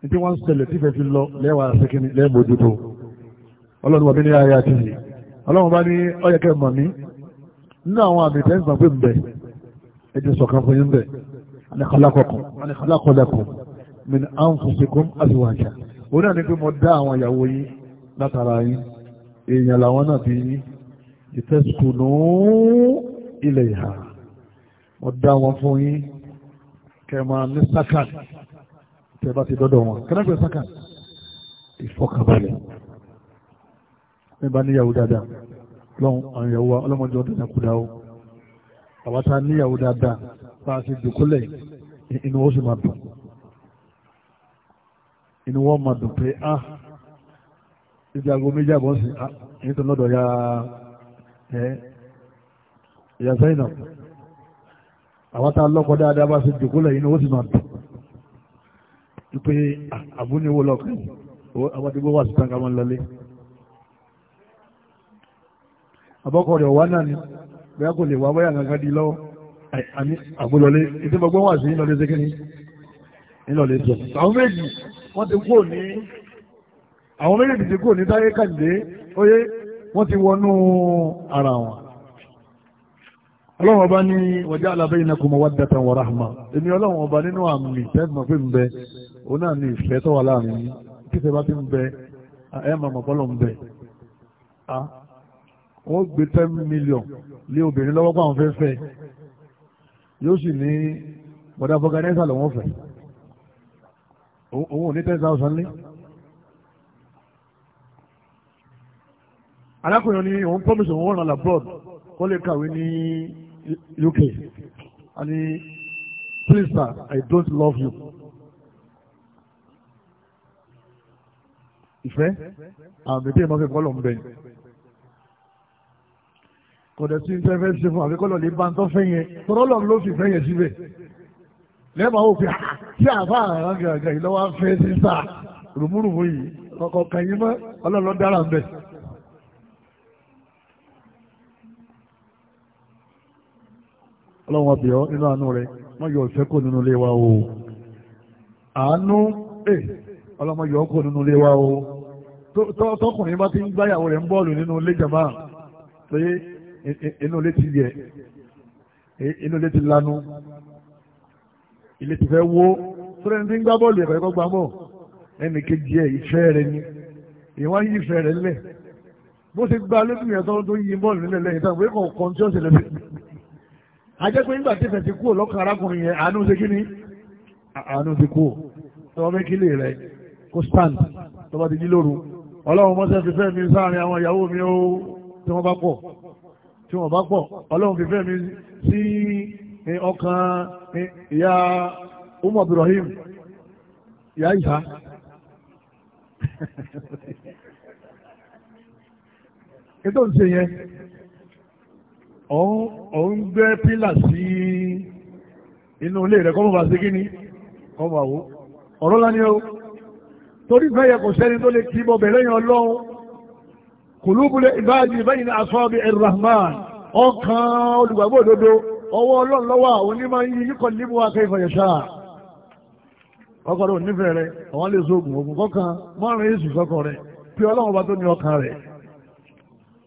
ní tí wọ́n ń ṣẹlẹ̀ tí fẹ́ fi lọ lẹ́wàá sẹ́kìnì lẹ́ẹ̀mọ́jútó ọlọ́run wọ̀bí ní ayé àti yìí ọlọ́run bá ní ọyẹ̀kẹ́ mọ̀ mí nínú àwọn àmì tẹ́sán pé ń bẹ̀ ẹ̀jẹ̀ sọ̀kan fún yín bẹ̀ أنا خلقكم لكم من أنفسكم أزواجا هنا نقول مدعا ويوي نتراي إن يلونا بي لتسكنوا إليها مدعا وفوي كما نسكن تباتي دودوما كنا نقول سكن ìfọkànbalẹ̀ nígbà níyàwó dáadáa lọ́wọ́n àwọn ìyàwó ọlọ́mọdé ọdún ìyàkúdà ó àwátá níyàwó dáadáa sáà sí dùkúlẹ̀ inú ó sì máa dùn inú wọn máa dùn pé ah ibi aago méjì àbọ̀ sí ah èyí tó lọ́dọ̀ ya ẹ ìyá sẹ́yìn náà àwọn tá a lọ́kọ̀ dáadáa bá sí dùkúlẹ̀ inú ó sì máa dùn pé ah, àbúniwó lọ́kàn àwọn tí wọ́n wà sí tàǹkà wọn lọlé abọ́kọ̀ rẹ̀ wá náà ni bẹ́ẹ̀ kò lè wá bóyá gangan di lọ́wọ́ àgbólọlé ìdí gbogbo wà sí ìlọlé ṣe kíní ìlọlé jọ àwọn méjì wọ́n ti kúrò ní àwọn méjèèjì ti kúrò ní táyé kàǹdé óyé wọ́n ti wọnú ara wọn ọlọ́run ọba ní wọ̀já alábẹ́ iná kò mọ wá dátà wọ ráhùmá èmi ọlọ́run ọba nínú àmì tẹ́gbọ̀n pé ń bẹ òun náà ní ìfẹ́ tó wà láàrin yìí kí ìfẹ́ bá ti ń bẹ ẹ máa mọ̀ bọ́lọ̀ ń bẹ wọ́n gbé ten million lé obìnrin lọ́wọ́ pé àwọn fẹ́ fẹ́ yóò sì ní bọ̀dá fọgànẹ́sà lòun fẹ́ òun ò ní ten thousand lé. alákùnrin ni òun promise òun ràn abroad kó lè kàwé ní UK a ní please sir I don't love you. ìfẹ́ àmì tí èèmọ̀ fi kọ́ lọ́n bẹ́ẹ̀ kò dẹ̀ sí ń tẹ́fẹ́ ṣe fún àbíkọ́lọ̀ lè bá ń tọ́ fẹ́yẹ tọ́lọ́ ló fi fẹ́yẹ síbẹ̀ lẹ́ẹ̀mà ó fi ah, tí àbá àwọn gàgà yìí lọ́wọ́ fẹ́ sí sá rùmúrùmú yìí kọ̀kọ̀ kẹyìn mọ́ ọlọ́lọ́ dára ń bẹ̀. ọlọ́run ọbẹ̀ ọ́ nínú àánú rẹ̀ wọ́n yọ ọ̀sẹ́ kò nínú ilé wa o àánú ẹ̀ eh, ọlọ́mọ yọ ọkọ̀ nínú ilé wa o tọkùnrin bá ti ń gbáyàwó rẹ̀ ń bọ́ọ̀lù nínú ilé jàmbá pé inú ilé ti yẹ inú ilé ti lanu ilé ti fẹ́ wó sórí ẹni tí ń gbá bọ́ọ̀lù ẹ̀kọ́ ẹ̀kọ́ gbá bọ́ọ̀ ẹnì kejì ẹ̀ ìfẹ́ rẹ ni ìwọ́n yí ìfẹ́ rẹ lẹ̀ bó ṣe gba lóbi yẹn tọ́wọ́ tó yí bọ́ọ̀lù nílẹ̀ lẹ́yìn tán pé kọ̀ọ̀kan tí ó ṣẹlẹ̀ sí a jẹ́ pé nígbà tí ìfẹ́ ti kú lọ́kàn arákùnrin yẹn àánú ṣe kí ni àánú ti kú tọ́wọ́ mẹ́kílì rẹ ti jí lóru ọlọ́run mọ́sẹ̀ fífẹ́ mi sáàrin àwọn ìyàwó mi ó tí wọ́n bá pọ̀ tí wọ́n bá pọ̀ ọlọ́run fífẹ́ mi sí ọkàn ìyá umu abdulrahim ìyá ìyá ètò ń ṣe yẹn ọ̀hún gbé pílà sí inú ilé rẹ̀ kọ́mọ̀ bá sí kí ni kọ́mọ̀ àwọ̀ ọ̀rọ̀ lá ní o torí fẹ́ yẹ kò sẹ́ni tó lè kí bọ́bẹ̀ lẹ́yìn ọlọ́run kùlúbùlẹ̀ ìbáàdì ìbáyìí ní asọ́bí irrahman ọkàn olùgbàgbọ́ òdodo ọwọ́ ọlọ́run lọ́wọ́ àwọn onímọ̀ yìí yíkọ̀ níbo wa kẹfà yẹ̀ṣà ọkọ̀ rẹ̀ nífẹ̀ẹ́ rẹ̀ àwọn lè so oògùn oògùn kọ́kan márùn-ún yéṣù sọ́kọ̀ rẹ̀ pé ọlọ́run ọba tó ní ọkàn rẹ̀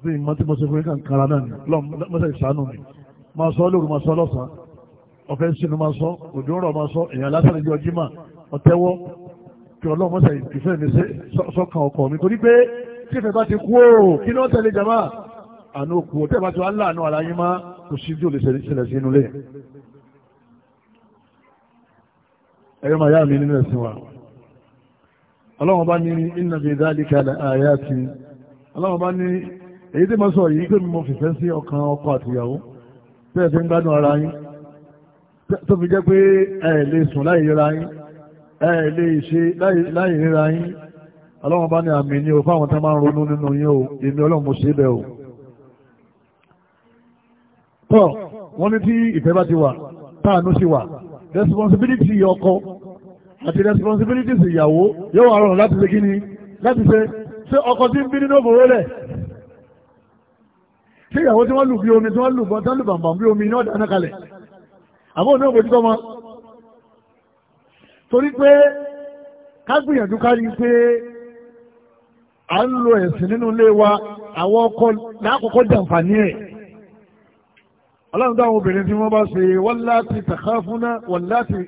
bí ìmọ̀ tí mo ṣe fún kàn kára náà ni lọ́mọ́sẹ̀ ìṣàánú mi máa sọ lóru máa sọ lọ́sàn ọ̀fẹ́ sínú máa sọ òjò rọ̀ máa sọ èèyàn lásán ìjọ jimá ọ̀tẹ́wọ́ kí ọlọ́mọ́sẹ̀ ìfẹ́ mi sọ́kàn ọkọ̀ mi torí pé tí ìfẹ́ bá ti kú ó kí ni wọ́n tẹ̀lé jama àánú kú ó tẹ̀ bá ti wá láàánú ara yín má kò sí bí ó lè ṣẹlẹ̀ sí inú lé. ẹ̀yọ́ màá yá mi nínú ẹ̀sìn wa ọlọ́run bá ní inna fi dhalika la ayati ọlọ́run bá ní èyí tí mo sọ yìí pé mo fìfẹ́ sí ọkàn ọkọ àtìyàwó tẹ́ẹ̀ fi ń gbádùn ara yín tó fi jẹ́ pé ẹ̀ lè sùn láì ríra yín ẹ̀ lè ṣe láì ríra yín ọlọ́run bá ní àmì ní o fáwọn tán máa ń ronú nínú yín o èmi ọlọ́run mo ṣe bẹ́ẹ̀ o tọ́ wọ́n ní tí ìfẹ́ bá ti wà táànú sí wà responsibility ọkọ àti responsibility ìyàwó yóò wà rọrùn láti ṣe kíni láti ṣe ṣé ọkọ tí ń bí nínú òbòrò rẹ̀ ṣé ìyàwó tí wọ́n lù bí omi tí wọ́n lù bọ́n tán lù bàǹbà bí omi náà dáná kalẹ̀ àbọ̀ òní òbòjú tọ́mọ torí pé ká gbìyànjú ká rí pé à ń lo ẹ̀sìn nínú ilé wa àwọn ọkọ lákòókò jàǹfààní ẹ̀ ọlọ́run dáhùn obìnrin tí wọ́n bá ṣe wallati takhafuna wallati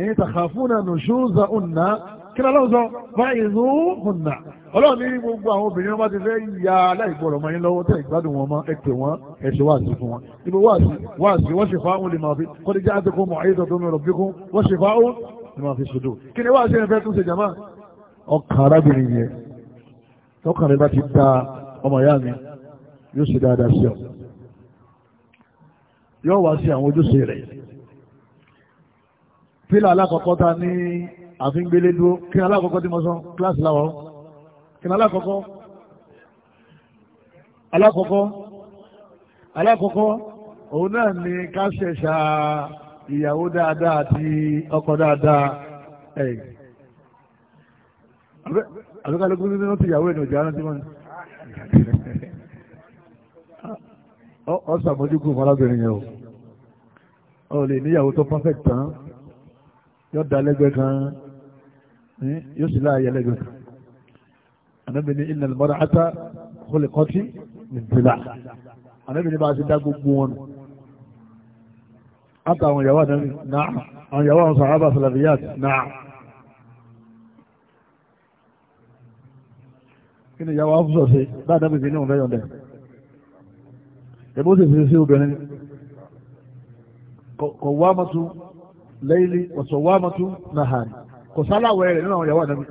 ẹ̀yìn takhafuna nushuzahunna kí ni ọlọ́run sọ fa'izuhunna ọlọ́run ní gbogbo àwọn obìnrin wọn bá ti fẹ́ ya aláìgbọ̀rọ̀ mọ́ lọ́wọ́ tẹ̀ ìgbádùn wọn mọ́ ẹ̀pẹ̀ wọn ẹ̀ṣẹ̀ wáàsí fún wọn ibo wáàsí wáàsí wọ́n ṣe fáwọn lè máa fi kọ́ni jẹ́ àti kó mọ̀ ayé tuntun mi rọ̀ bí kún wọ́n ṣe fáwọn lè máa fi ṣòdò kí ni wáàsí ẹ̀fẹ́ tún ṣe jàmá ọkàn arábìnrin yẹn tọ́kàn rẹ bá ti da ọmọ ìyá mi yóò ṣe dáadáa sí ọ yóò wá sí àwọn ojúṣe rẹ̀ pílà alákọ̀ọ́kọ́ ta ní àfíngbélé dúró kí alákọ̀ọ́kọ́ tí mo sọ kíláàsì láwọ̀ kí alákọ̀ọ́kọ́ alákọ̀ọ́kọ́ alákọ̀ọ́kọ́ òun náà ni ká ṣẹ̀ṣà ìyàwó dáadáa àti ọkọ dáadáa àlùkálùkù ní wọ́n ti yàwó ènìyàn jára tí wọ́n ọ sàmójúkù fọlábìnrin yẹn o ọ lè níyàwó tó perfect tán yóò da lẹ́gbẹ́ kan yóò sì láàyè lẹ́gbẹ́ kan ànábì ní innal mar'ata khuliqat min dila' ànábì ní bá a ti dá gbogbo wọn nù àtàwọn ìyàwó àwọn ìyàwó àwọn sàhábà sàlàfíyàt náà. kí ni ìyàwó afúnṣọ ṣe dáadáa bèbè ní òun fẹ́ yọ̀ǹda ẹ̀bùn sì fi sí obìnrin kò wá mọ́tú lẹ́yìnlí ọ̀sọ̀ wá mọ́tú nàhàrì kò sáláwẹ̀ rẹ̀ nínú àwọn ìyàwó ànábì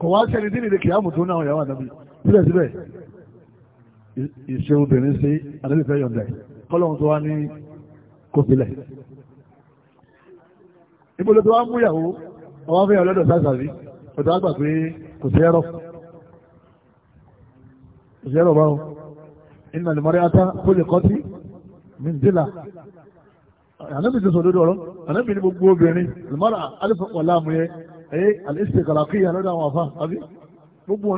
kò wá sẹ́ni dín ìdè kìyàmù tó náà ìyàwó ànábì síbẹ̀síbẹ̀ ìṣe obìnrin sí ànábì fẹ́ yọ̀ǹda ẹ̀ kọ́lọ́hún tó wá ní kòfilẹ̀ ìbòlò tó wá mú ìyàwó ọwọ́ fẹ́ yọ̀ lọ́dọ̀ sáà sàbí ọ̀dọ̀ àgbà pé kò sí ẹ̀rọ fún òṣèré ọba o iná lè mọ́rí ata kó a kọ́ sí mìndílà ànábì ọrụ, sọ lórí ọ̀rọ̀ ànábì ní gbogbo obìnrin lùmọ́rà alifa wà láàmú yẹ ẹ̀yẹ àlẹ́sì kàlàkì yà lọ́dọ̀ àwọn àfa àbí gbogbo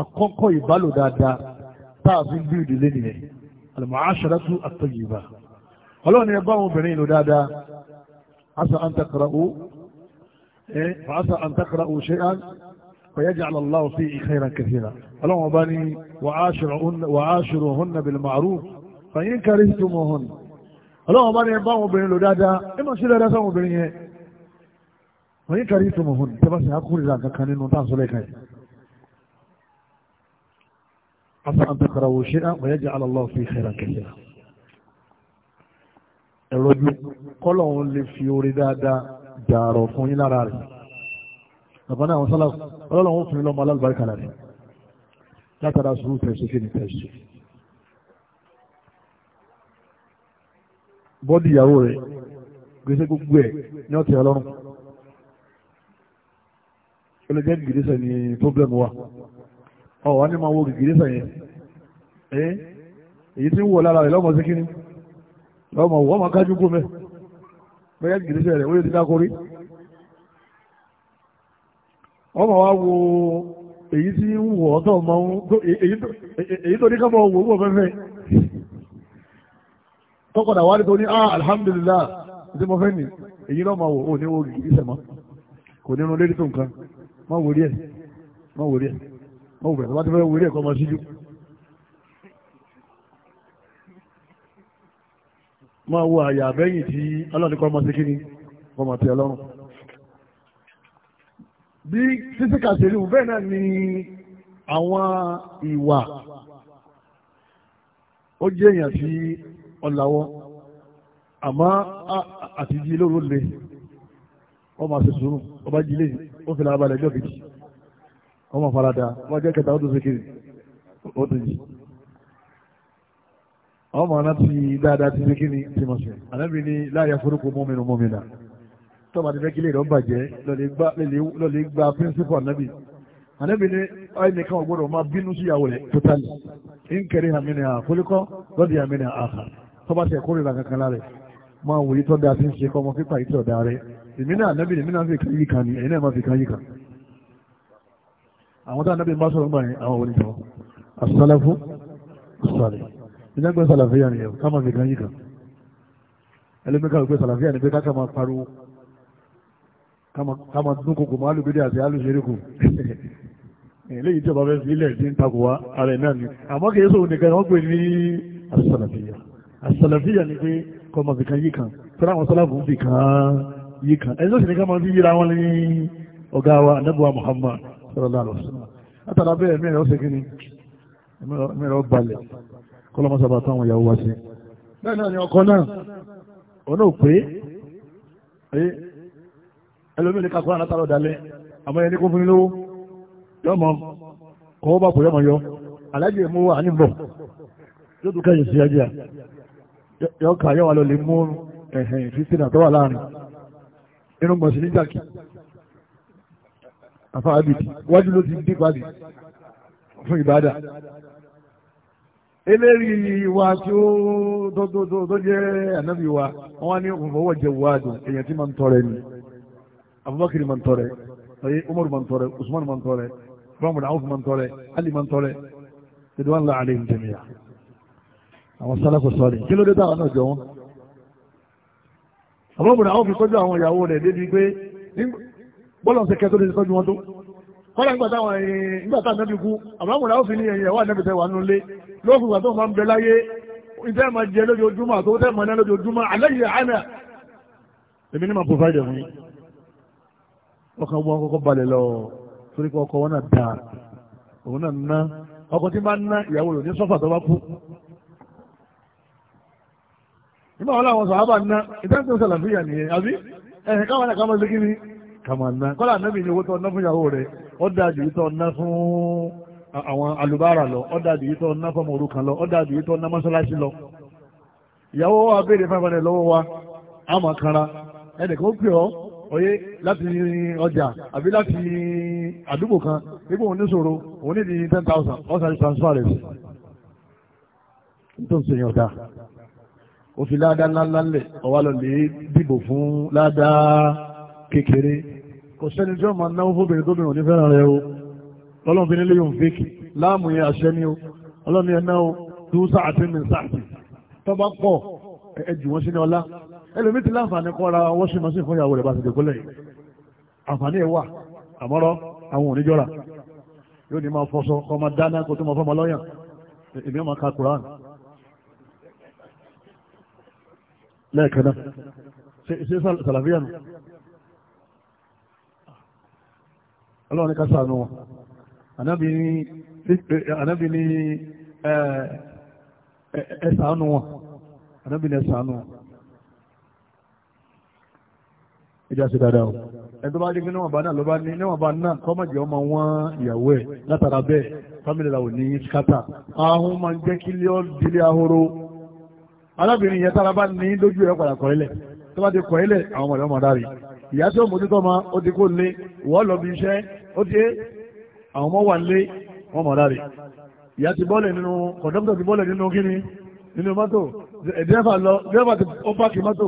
àkọ́kọ́ ìbálò dáadáa táà fi ń bí ìdílé nìyẹn al-mu'asharatu at-tayyiba ọlọ́run ẹ bá àwọn obìnrin ìlú dáadáa asa an takra'u eh fa asa an takra'u shay'an fa yaj'al Allahu fihi khayran kathira ọlọ́run ọba ní wa'ashiruhunna bil ma'ruf fa in karihtumuhunna ọlọ́run ọba ní bá àwọn obìnrin ìlú dáadáa ẹ má ṣe dáadáa sáwọn obìnrin yẹn fa in karihtumuhunna tẹ́ bá sì á kúrìlà kankan nínú táà sọ́lẹ̀ kan afọ àtẹkọrọwò ṣe á wọ́n yẹ jẹ́ alọ́lọ́ fi ṣẹlẹ̀ kẹsìlá ẹ̀rọ ju kọ́lọ̀ òun lè fi orí dáadáa dààrọ̀ fún yín lára rẹ̀ bàbá náà àwọn sálàkù ọlọ́run ó fún yín lọ́mọ alálùbáríkà rẹ̀ látara sùúrù tẹ̀sí kí ni tẹ̀sí. bọ́dì ìyàwó rẹ̀ gbèsè gbogbo ẹ̀ ní ọ̀tẹ̀ ọlọ́run ó lè jẹ́ gbèdéṣẹ̀ ní pọ́blẹ́mù wa ọ̀wọ́ ní máa wo gègé sẹ̀yìn ẹ́ èyí tí ń wọ̀ lára rẹ̀ lọ́mọ sí kíní lọ́mọ wọ́n máa kájú gómẹ̀ bẹ́ẹ̀ gègé sẹ̀rẹ̀ ó lè ti dákórí ọmọ wa wo èyí tí ń wọ̀ ọ́tọ̀ máa ń èyí tó ní kábọ̀ wò wò fẹ́fẹ́ tọkọ̀dà wá nítorí ah alhamdulillah tí mo fẹ́ nì èyí lọ́mọ wò ó ní wo gègé sẹ̀mọ́ kò nínú lérí tó nǹkan má wò rí ẹ̀ má wò rí ẹ̀ wọ́n wẹ̀ wọ́n ti fẹ́ wéré ẹ̀kọ́ ọmọ síjú. máa wo àyà àbẹ́yìn tí ọlọ́nìkọ́ ọmọ sí kíni ọmọ tí ọlọ́run. bí sísíkà ṣe rí bẹ́ẹ̀ náà ni àwọn ìwà ó jẹ́ èèyàn tí ọ̀làwọ́ àmọ́ àtijì lóru le wọ́n máa ṣe sùúrù ọba jílé ó fi làwọn balẹ̀ ẹjọ́ kejì wọ́n mọ̀ farada wọ́n jẹ́ kẹta ó tó sékèrè ó tó yìí ọmọ náà ti dáadáa ti sékèrè ti mọ̀ sí ànábì ní láyà forúkọ mọ́mìnà mọ́mìnà tó bá ti fẹ́ kílé ìdán bàjẹ́ lọ́lẹ̀ gba píńsípù ànábì ànábì ní ẹnìkan ò gbọ́dọ̀ máa bínú sí ìyàwó rẹ̀ tótálì ń kẹrin àmìnà àkólíkọ́ lọ́dì àmìnà àkà tó bá ti ẹ̀kórìíra kankan lára máa wòye tó dáa ti ń ṣe kọ́ ọmọ pípa ìtọ̀ dáa rẹ̀ èmi ànábì èmi náà fi kan yí kan ni ẹ̀yin náà má fi kan yí kan àwọn tó ànábì ń bá sọ̀rọ̀ ń gbà yẹn àwọn òní jọ asálẹ́fú sọ̀rẹ̀ ìjẹ́gbẹ́ sàlàfíà ni ẹ̀wọ̀ ká máa fi gan yìí kan ẹlẹ́mẹ́ká ògbé sàlàfíà ni pé ká máa pariwo ká máa dún kòkò máa lùbídé àti alùsẹ̀ríkù eléyìí tí ọba fẹ́ fi ilẹ̀ tí ń takò wá ara ẹ̀ náà ni àmọ́ kìí sóhun nìkan wọ́n pè ní asàlàfíà asàlàfíà ni pé kọ́ máa fi kan yìí kan tọ́lá àwọn sọ́lá fún fi kan yìí kan ẹni tó sì ní ká máa fi yíra wọn ní ọ̀gá wa anábùwà Muhammad sallallahu alaihi wasallam látara bẹ́ẹ̀ mẹ́rin ó ṣe kí ni mẹ́rin ó balẹ̀ kọ́lọ́mọ́sàbà táwọn ìyàwó wá sí bẹ́ẹ̀ náà ni ọkọ náà ọ̀nà ò pé ẹlòmí lè kakọ́ àlátàrọ̀ dalẹ̀ àmọ́ ẹni kó fún ilówó yọmọ kọwọ́ bá kò yọmọ yọ alájẹ mú wà ní bọ̀ yóò tún kẹyìn sí ẹjẹ yọ ká yọ wà lọ lè mú ẹ̀hìn fífínà àfa àbìdì wájú ló ti dé palẹ̀ fún ìbádà eléri wa tí ó tó jẹ́ ànábì wa wọ́n ní òfòwò jẹ wàdùn èyàn tí ma ń tọrẹ ni Abubakar ma ń tọrẹ ọyẹ Umaru ma ń tọrẹ Usman ma ń tọrẹ bọ́mùdà Awf ma ń tọrẹ Ali ma ń tọrẹ ìdí wọn láàrin ìlú jẹmíà àwọn sálàkù sọrí kí ló dé táwọn náà jọ wọn bọ́mùdà Awf kọjú àwọn ìyàwó rẹ̀ débi pé bọ́lọ̀ ṣe kẹ́tọ́ lè tọ́jú wọn tó kọ́lá nígbàtàwọn ẹ̀yìn eh, nígbàtà nẹ́bí kú àbámúra ó fi ní ẹ̀yìn ẹ̀wà nẹ́bí tẹ́wà nulé lóògùn ìgbà tó máa ń bẹ láyé ìtẹ́ máa jẹ lójoojúmọ́ àtọwọ́ tẹ́ máa ná lójoojúmọ́ àlẹ́yìn àánà èmi ní máa pòfáìdì fún yín ọkàn wọn kọ́kọ́ balẹ̀ lọ torí pé ọkọ wọn náà dáa òun náà ná ọkọ tí máa ń ná ìyàwó rẹ̀ ní sọ́fà tó bá kú nígbà wọn làwọn sàhábà ná ìtẹ́ ká máa ná kọ́lá anábì ní owó tó ná fún ìyàwó rẹ̀ ó dájú yìí tó ná fún àwọn alùbárà lọ ó dájú yìí tó ná fún ọmọ òrukàn lọ ó dájú yìí tó ná mọ́ṣáláṣí lọ ìyàwó wa béèrè fáfáà rẹ̀ lọ́wọ́ wa á máa kanra ẹnìkan ó pè ọ́ oyé láti ọjà àbí láti àdúgbò kan nígbà òun níṣòro òun ní di ten thousand ọ̀sán transfer rẹ̀ nítorí ṣe yàn ọ̀dà ó fi ládàá ńláńlá lẹ̀ ọ̀wá lọ lè dìbò fún ládàá kékeré kò sẹ́ni tí ó máa náwó fóbìnrin tó bìnrin ò ní fẹ́ràn rẹ̀ o ọlọ́run fi nílé yóò fèkì láàmù yẹn àṣẹ ni o ọlọ́run yẹn náà tú sáàtì mi sáàtì tó bá pọ̀ ẹ jù wọ́n sí ní ọlá ẹlòmí ti láǹfààní kọ́ ra wọ́n sì máa sì fún ìyàwó rẹ̀ bá ti dẹ̀kọ́lẹ̀ yìí àǹfààní wà àmọ́rọ́ àwọn òníjọ́ra yóò ní máa fọṣọ kọ́ máa dáná kó tó máa fọ́mọ lọ́yàn èmi máa ka Quran lẹ́ẹ̀kan náà ṣe ṣe sàlàfíà nù ọlọ́run ká sànú wọn ànábì ní ẹ̀sànú wọn ànábì ní ẹ̀sànú wọn ìjà sí dáadáa o ẹni tó bá dé pé níwọ̀n bá náà ló bá ní níwọ̀n bá náà kọ́ mọ̀jẹ̀ ọmọ wọn ìyàwó ẹ̀ látara bẹ́ẹ̀ fámìlì làwọn ní skata ahun máa ń jẹ́ kí lé ọ́ ahoro arábìnrin yẹn tára bá ní lójú ẹ̀ padà kọ́ ilẹ̀ tó bá ti kọ́ ilẹ̀ àwọn ọmọdé ọmọdé rí ìyá tí ó mójútó ma ó ti kó lé wọ́n lọ bí iṣẹ́ ó ti àwọn ọmọ wà lé wọ́n mọ̀ láre ìyá ti bọ́lẹ̀ nínú kọ̀dọ́kítọ̀ ti bọ́lẹ̀ nínú kíni nínú mọ́tò ẹ̀dẹ́fà lọ dẹ́fà ti ó pààkì mọ́tò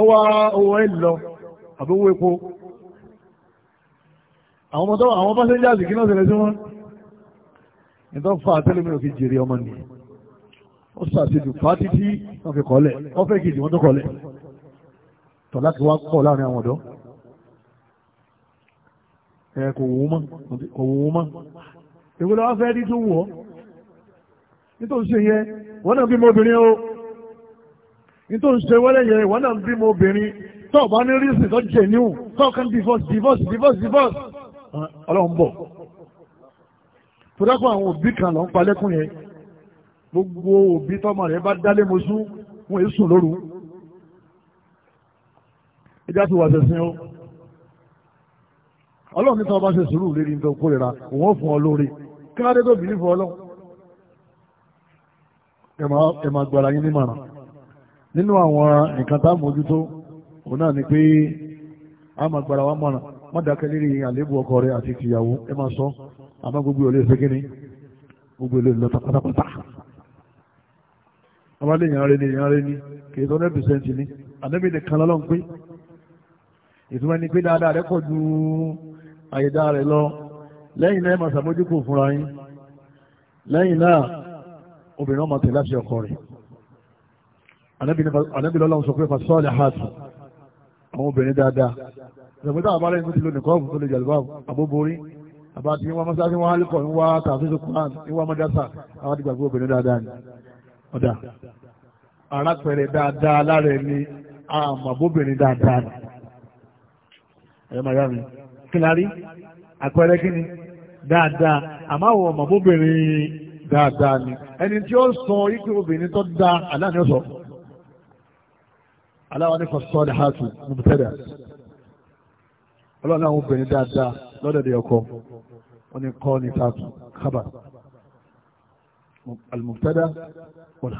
ọwọ́ owó ẹ̀ lọ àbí owó epo àwọn ọmọ tó àwọn pásẹ́njáàsì kí náà ṣẹlẹ̀ sí wọn nítorí fa àtẹ́lẹ́mì òfin jèrè ọmọ nìyẹn ó sàṣejù fàtítí wọn fi kọ́lẹ̀ wọn fẹ́ kejì wọn tó kọ́lẹ̀ tọ̀ láti wá pọ̀ láàrin àwọn ọ̀dọ́ ẹ kò wò ó mọ́ èwo lọ́wọ́ fẹ́ rí tó wù ọ́ nítorí ṣe yẹ wọ́n náà bímọ obìnrin o nítorí ṣe wọ́lẹ̀ yẹ wọ́n náà bímọ obìnrin tọ́ bá ní rísì tó jẹ níwò tọ́ kan divorce divorce divorce divorce ọlọ́run bọ̀ tó dákọ̀ àwọn òbí kan lọ́n palẹ́kùn yẹn gbogbo òbí tọ́mọ rẹ̀ bá dálé mosú wọn èé sùn lóru ẹjá fi wà sẹ́sìn ó ọlọ́run ní sọ́wọ́ bá ṣe sùúrù lérí nítorí kórìíra òun ó fún ọ lórí kí ládé tó bìlífù ọlọ́run ẹ máa gbára yín nímọ̀ràn nínú àwọn nǹkan tá a mójútó òun náà ni pé a máa gbára wa mọ̀ràn má dákẹ́ lérí àléébù ọkọ rẹ àti tìyàwó ẹ máa sọ àmọ́ gbogbo ìlú ìfẹ́ kínní gbogbo ìlú ìlú pátápátá ọmọdé èèyàn rẹ ni èèyàn rẹ ni kì í sọ hundred percent ni àdébìnrin kan lọ́lọ́run pé ìtumọ̀ ni pé dáadáa rẹ̀ pọ̀ ju àyèdá rẹ̀ lọ lẹ́yìn náà ẹ máa ṣàmójúkò fúnra yín lẹ́yìn náà obìnrin ọmọ tẹ̀ láti ọkọ rẹ̀ anábìlọ́lọ́run sọ pé fasọ́ọ̀lì àhàtù àwọn obìnrin dáadáa ìṣẹ̀gbẹ́ta àbálẹ̀ ní ti lónìí kọ́ọ̀bù tó lè jàlùbá àbóborí àbáti wọn mọ́sáàtì wọn alẹ́kọ̀ọ́ ń wá tààfíìsì kùrán ń wá mọ́dásà àwọn ti gbàgbé obìnrin dáadáa ni ọ̀dà arápẹ̀rẹ̀ dáadáa lára ẹni àmàbóbìnrin dáadáa ni ẹ̀rọ màá yá mi kí la rí àpẹẹrẹ kí ni dáadáa àmọ́ àwọn ọmọ bóbìnrin dáadáa ni ẹni tí ó sọ ike obìnrin tó da aláàánú ọ̀sọ̀ aláwa ní fasọ́ọ̀dì hàtù mùtẹ́dà ọlọ́run àwọn obìnrin dáadáa lọ́dọ̀dẹ̀ ọkọ wọn ni kọ́ ní tààtù kábà al-mubtada wal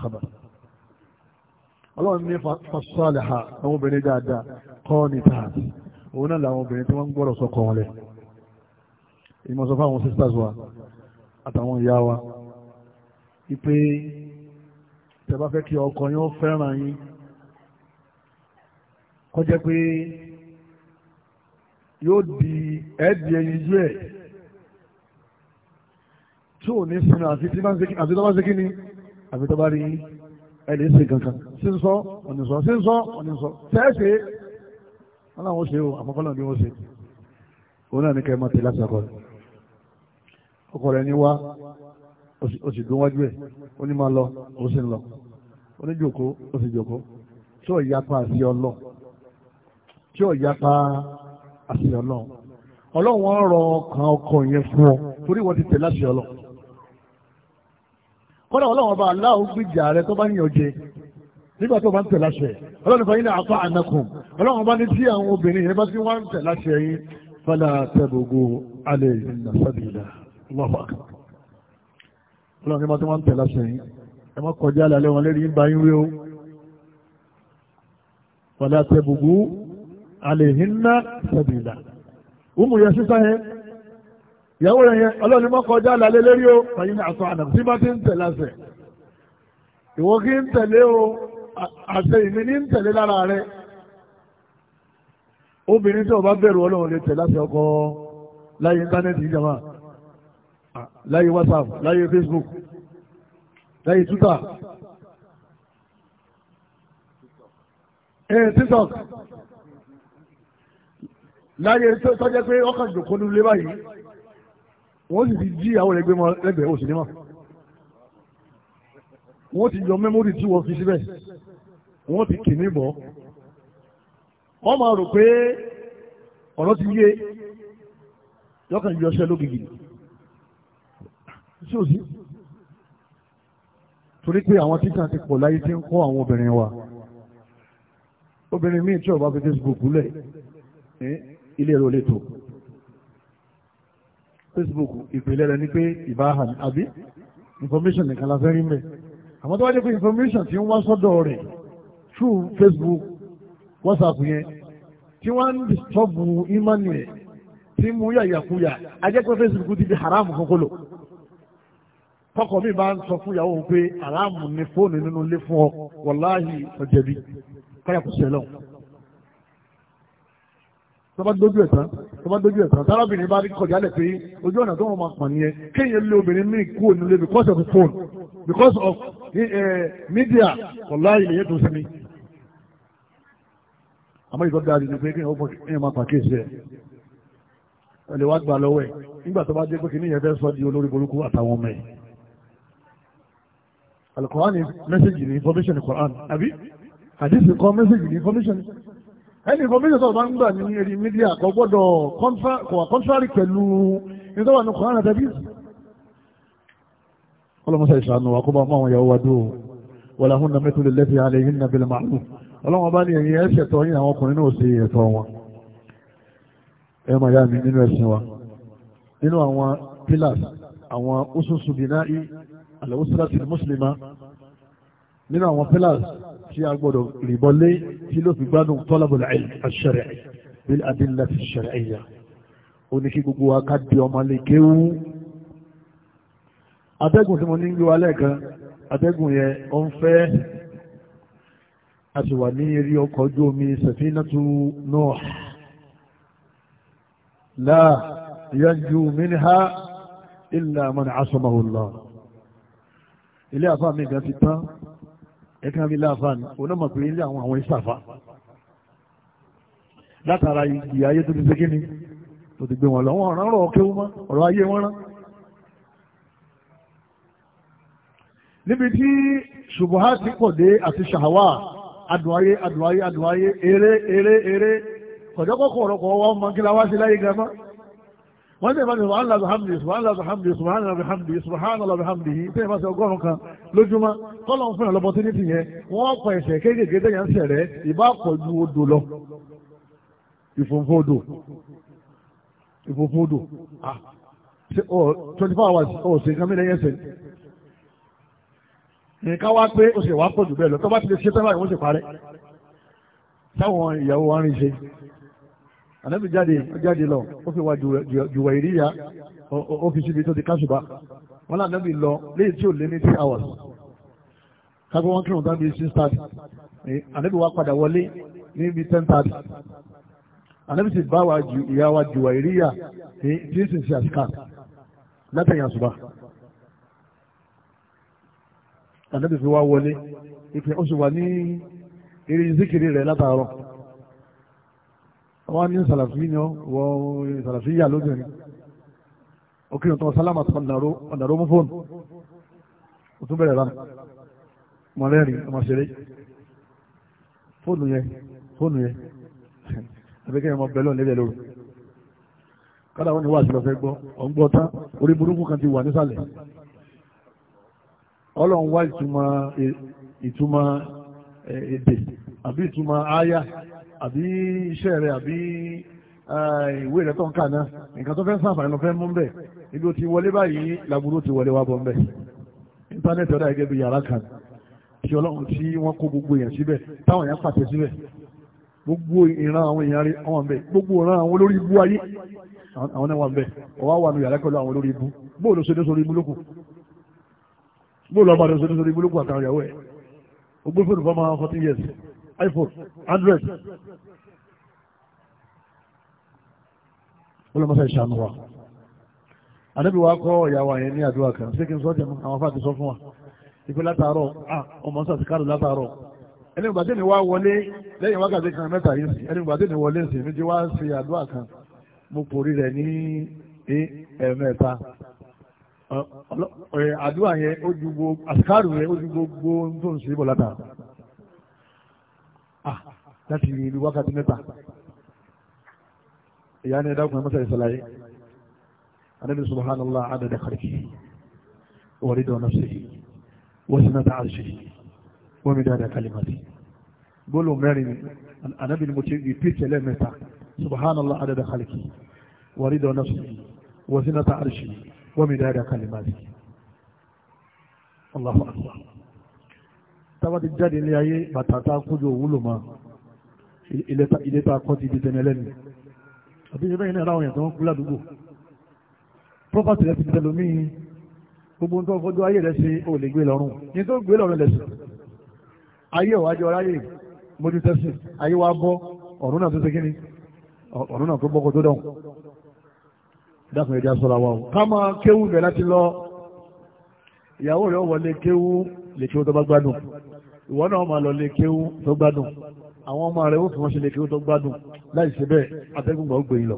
ọlọ́run ní fasọ́ọ̀dì hàtù àwọn obìnrin dáadáa kọ́ ní tààtù òun náà làwọn obìnrin tí wọ́n ń gbọ́rọ̀ sọ́kọ wọn lẹ̀ ìmọ̀ sọ fáwọn sisters wa àtàwọn ìyá wa ipe tẹ́ bá fẹ́ kí ọkọ yín ó fẹ́ràn yín kó jẹ́ pé yóò di ẹ̀ẹ́dì ẹyin jú ẹ̀ tí ò ní sinmi àfi tí bá ń sekin àfi tó bá sekin ni àfi tó bá rí ẹ̀ lè ṣe kankan sísọ ọ̀nìsọ sísọ ọ̀nìsọ tẹ́ẹ̀sì wọ́n láwọn ṣe o àmọ́kọ́lọ́ ni wọ́n ṣe òun náà ní kẹ́ mọ́tẹ́ lásìkò ọkọ rẹ̀ ní wá ó sì dún wájú ẹ̀ ó ní máa lọ ó sì ń lọ ó ní jòkó ó sì jòkó tí ò yapa àti ọlọ́ tí ò yapa àti ọlọ́ ọlọ́run wọn rọ ọkàn ọkọ yẹn fún ọ torí wọ́n ti tẹ̀ láti ọlọ́ kọ́dà ọlọ́run ọba aláwo gbìjà rẹ tó bá ń yànjẹ nígbà tó bá ń tẹ̀lé aṣẹ ọlọ́run fún yín ní apá ànákùn ọlọ́run bá ní tí àwọn obìnrin yẹn bá ti wá ń tẹ̀lé aṣẹ yín fọlá tẹ̀gbogbo alẹ́ ìrìnà sábìlá lọ́wọ́ ọlọ́run yẹn bá ti wá ń tẹ̀lé yín ẹ má kọjá alẹ́ wọn lẹ́rìí ń ba yín wé o fọlá tẹ̀gbogbo alẹ́ ìrìnà sábìlá òmù yẹn sísá yẹn ìyàwó yẹn ọlọ́run má kọjá alẹ́ lérí o fàyín ní àtọ́ àná ìwọ àṣẹ ìmí ní ń tẹ̀lé lára rẹ̀ obìnrin tí ó bá bẹ̀rù ọlọ́run lè tẹ̀ láti ọkọ láyé íńtánẹ́ẹ̀tì ìjàmà láyé whatsapp láyé facebook láyé twitter ẹ̀ẹ́ eh, tiktok láyé tọ́jẹ́ pé ọkàn jòkó nílé báyìí wọ́n sì ti jí àwọn ẹgbẹ́ mọ́ lẹ́gbẹ̀ẹ́ òsì nímọ̀ wọ́n ti yọ mẹ́mórì tí wọ́n fi síbẹ̀ wọ́n ti kì níbọ̀ wọ́n máa rò pé ọ̀rọ̀ ti yé yọkàn yọ ọṣẹ lógìgì sí òsì torí pé àwọn títà ti pọ̀ láyé tí ń kọ́ àwọn obìnrin wa obìnrin míì tí ó bá fi Facebook lẹ̀ ilé ẹ̀rọ lè tó Facebook ìpìlẹ̀ rẹ̀ ni pé ìbáhà àbí information nìkan la fẹ́ rí mẹ́ẹ̀ àmọ́ tó wá jẹ́ pé information tí ń wá sọ́dọ̀ rẹ̀ through Facebook WhatsApp yẹn tí wọ́n ń disturb imani rẹ̀ tí ń mú yàyàkuyà a jẹ́ pé Facebook ti di haram kókólò tọkọ mi bá ń sọ fún ìyàwó òun pé haram ni fóònù nínú ilé fún ọ wàláhì ọjẹbi káyà kò sẹlẹ̀ ọ̀hún tọ́ba dójú ẹ̀ tán tọ́ba dójú ẹ̀ tán because of phone eh, eh, media ọ̀la ìyẹn tó sinmi. àmọ́ ìtọ́ dáa nínú pé kéèyàn ó fọ́ọ̀kì kéèyàn máa pàkíyèsí ẹ̀ ẹ lè wá gbà lọ́wọ́ ẹ̀ nígbà tó bá dé pé kí níyẹn fẹ́ sọ di olórí burúkú àtàwọn ọmọ ẹ̀. alukoran ni message ni information ẹni information sọ̀rọ̀ bá ń gbà ní eré mídíà kò gbọ́dọ̀ kọ̀wà contrary pẹ̀lú ìtọ́wà ní kòrán àtẹ́bí ọlọ́mọsá ìṣàánú àkọ́bà mọ́ àwọn ìyàwó wa dúró wọlé ahúnna mẹ́tò lè lẹ́fẹ̀ẹ́ alẹ́ yìí nàbẹ̀lẹ̀ màálù ọlọ́wọ́n tí a gbọ́dọ̀ rìbọlé tí ló fi gbádùn tọ́lábọ̀lá àṣẹrẹ̀ bíi adínlá ti ṣẹrẹ̀ ẹ̀yà ó ní kí gbogbo wa ká di ọmọ lè kéwú atẹ́gùn tí mo ní gbé wa lẹ́ẹ̀kan atẹ́gùn yẹn ó ń fẹ́ a sì wà ní eré ọkọ̀ ojú omi safinatu Nuh la yanju minha illa man asamahu Allah ilé àfáà mi gan ti tán ẹ̀kan rí láàfáà ni òun náà mọ̀ pé ilé àwọn àwọn ìsàfà látara ìyá ayé tó ti ṣe kíni tó ti gbé wọn lọ wọn ọ̀rọ̀ ọ̀kẹ́ wọn ọ̀rọ̀ ayé wọn rán. níbi tí ṣubuha ti pọ̀ dé àti ṣàwà adùn ayé adùn eré eré eré kọ̀jọ́kọ̀kọ̀ ọ̀rọ̀ kọ̀ wọ́n mọ kí la sí láyé gan-an wọ́n tẹ́ ìbáṣe wàhálà bihamdi subhanallah bihamdi subhanallah bihamdi subhanallah bihamdi tẹ́ ìbáṣe ọgọ́rùn kan lójúmọ́ tọ́lọ̀ ń fún ìyàn lọ́bọ títí yẹn wọ́n pa ẹ̀ṣẹ̀ kéékèèké tẹ̀yàn ṣẹ̀rẹ̀ ìbá pọ̀ ju odò lọ ìfòfò odò ìfòfò odò ah twenty four hours ọ̀ ṣe nǹkan mìíràn yẹn ṣe nǹkan wá pé ó ṣe wàá pọ̀ jù bẹ́ẹ̀ lọ tó bá ti lè ṣe tẹ́lá ìwọ́n ṣe parẹ́ táwọn ìyàwó wa ń rí ànábì jáde jáde lọ ó fi wá jùwà ìríya ó fi síbi tó ti káṣùbà wọn náà ànábì lọ léyìí tí ò lé ní three hours kápẹ́ wọn kírun tán bíi six thirty ànábì wá padà wọlé níbi ten thirty ànábì sì bá wa ju ìyá wa jùwà ìríya tí sì ń ṣe àṣìkà látẹ̀yìn àṣùbà ànábì fi wá wọlé ìpè ó sì wà ní eré zikiri rẹ̀ látàárọ̀ àwọn ní sàlàfíyàn wọ sàlàfíyà lóbìnrin òkìrìn tó sálámà tó ọ̀nàró mú fóònù ó tún bẹ̀rẹ̀ rán mọ̀lẹ́rìn ọmọṣẹ́rẹ́ fóònù yẹn fóònù yẹn àbíkẹ́ ọmọ bẹ́lọ̀ nílẹ̀ lóru kọ́dà wọn ni wàásù lọ fẹ́ gbọ́ ọ̀ngbọ́ tán orí burúkú kan ti wà nísàlẹ̀ ọlọ́run wá ìtumọ̀ e, ìtumọ̀ e, èdè àbí ìtumọ̀ áyá àbí iṣẹ́ rẹ̀ àbí ìwé rẹ̀ tó ń kà náà nǹkan tó fẹ́ sàǹfààní lọ fẹ́ mú bẹ́ẹ̀ ibi ó ti wọlé báyìí làbúrò ti wọlé wá bọ́ bẹ́ẹ̀ íńtánẹ́ẹ̀tì ọ̀dà gẹ́gẹ́ bí yàrá kan tí ọlọ́run tí wọ́n kó gbogbo èèyàn síbẹ̀ táwọn èèyàn pàtẹ síbẹ̀ gbogbo ìran àwọn èèyàn rí àwọn bẹ̀ gbogbo ìran àwọn olórí ibú ayé àwọn náà wà ń bẹ̀ wà nù yàrá pẹ̀lú àwọn olórí ibú bóò ló ṣojú sórí ibúlókù bóò lọ́ba ló ṣojú sórí ibúlókù àtàwọn ìyàwó ẹ̀ ó gbé fourteen years iphone android olùmọ́sá ìṣàánú wa anábì wa kọ́ ìyàwó àyẹ̀ ní àdúrà kan ṣé kí n sọ jẹ́ àwọn afá ti sọ fún wa ìpè látàárọ̀ ọmọ sàti káàdù látàárọ̀ ẹni ìgbà tí mi wá wọlé lẹ́yìn wákàtí kan mẹ́ta yìí sí ẹni ìgbà tí yẹn ó ju gbogbo àsìkáàdù yẹn ó ju gbogbo tó ń ṣe bọ̀ látàárọ̀ Ah, láti rí wákàtí mẹ́ta ìyá ni ẹ̀dá ọkùnrin mọ́sàlẹ̀ sàlàyé anábì subhanallah adada kharki wa rida nafsihi wa sinata arshihi wa midada kalimati gbólóhùn mẹ́rin anábì ni mo ti repeat ẹlẹ́mẹ́ta subhanallah adada kharki wa rida nafsihi wa sinata arshihi wa midada kalimati Allahu akbar tábà ti jáde ilé ayé bàtà tá a kójú òwúlò mọ́ ilé tá a kọ́ ti di tẹni ẹlẹ́ni àbí ṣe bẹ́yìn náà láwọn èèyàn tó ń kú ládùúgbò property rẹ ti di tẹlómìn gbogbo ń tó fọjú ayé rẹ ṣe ò lè gbé lọ́rùn ní tó gbé lọ́rùn lẹ̀sìn ayé ò wájú ọláyè mójú tẹ́sìn ayé wa bọ́ ọ̀run náà tó ṣe kíni ọ̀run náà tó bọ́kọ tó dọ̀hùn dákun ẹ̀dí aṣọ́ra wa o ká máa kéwú bẹ̀ láti lọ ìyàwó rẹ̀ wọlé kéwú lè kéwú tó bá gbádùn ìwọ náà máa lọ lè kéwú tó gbádùn àwọn ọmọ rẹ̀ ó fi wọ́n ṣe lè kéwú tó gbádùn láì ṣe bẹ́ẹ̀ atẹ́gùngbà ó gbèyìn lọ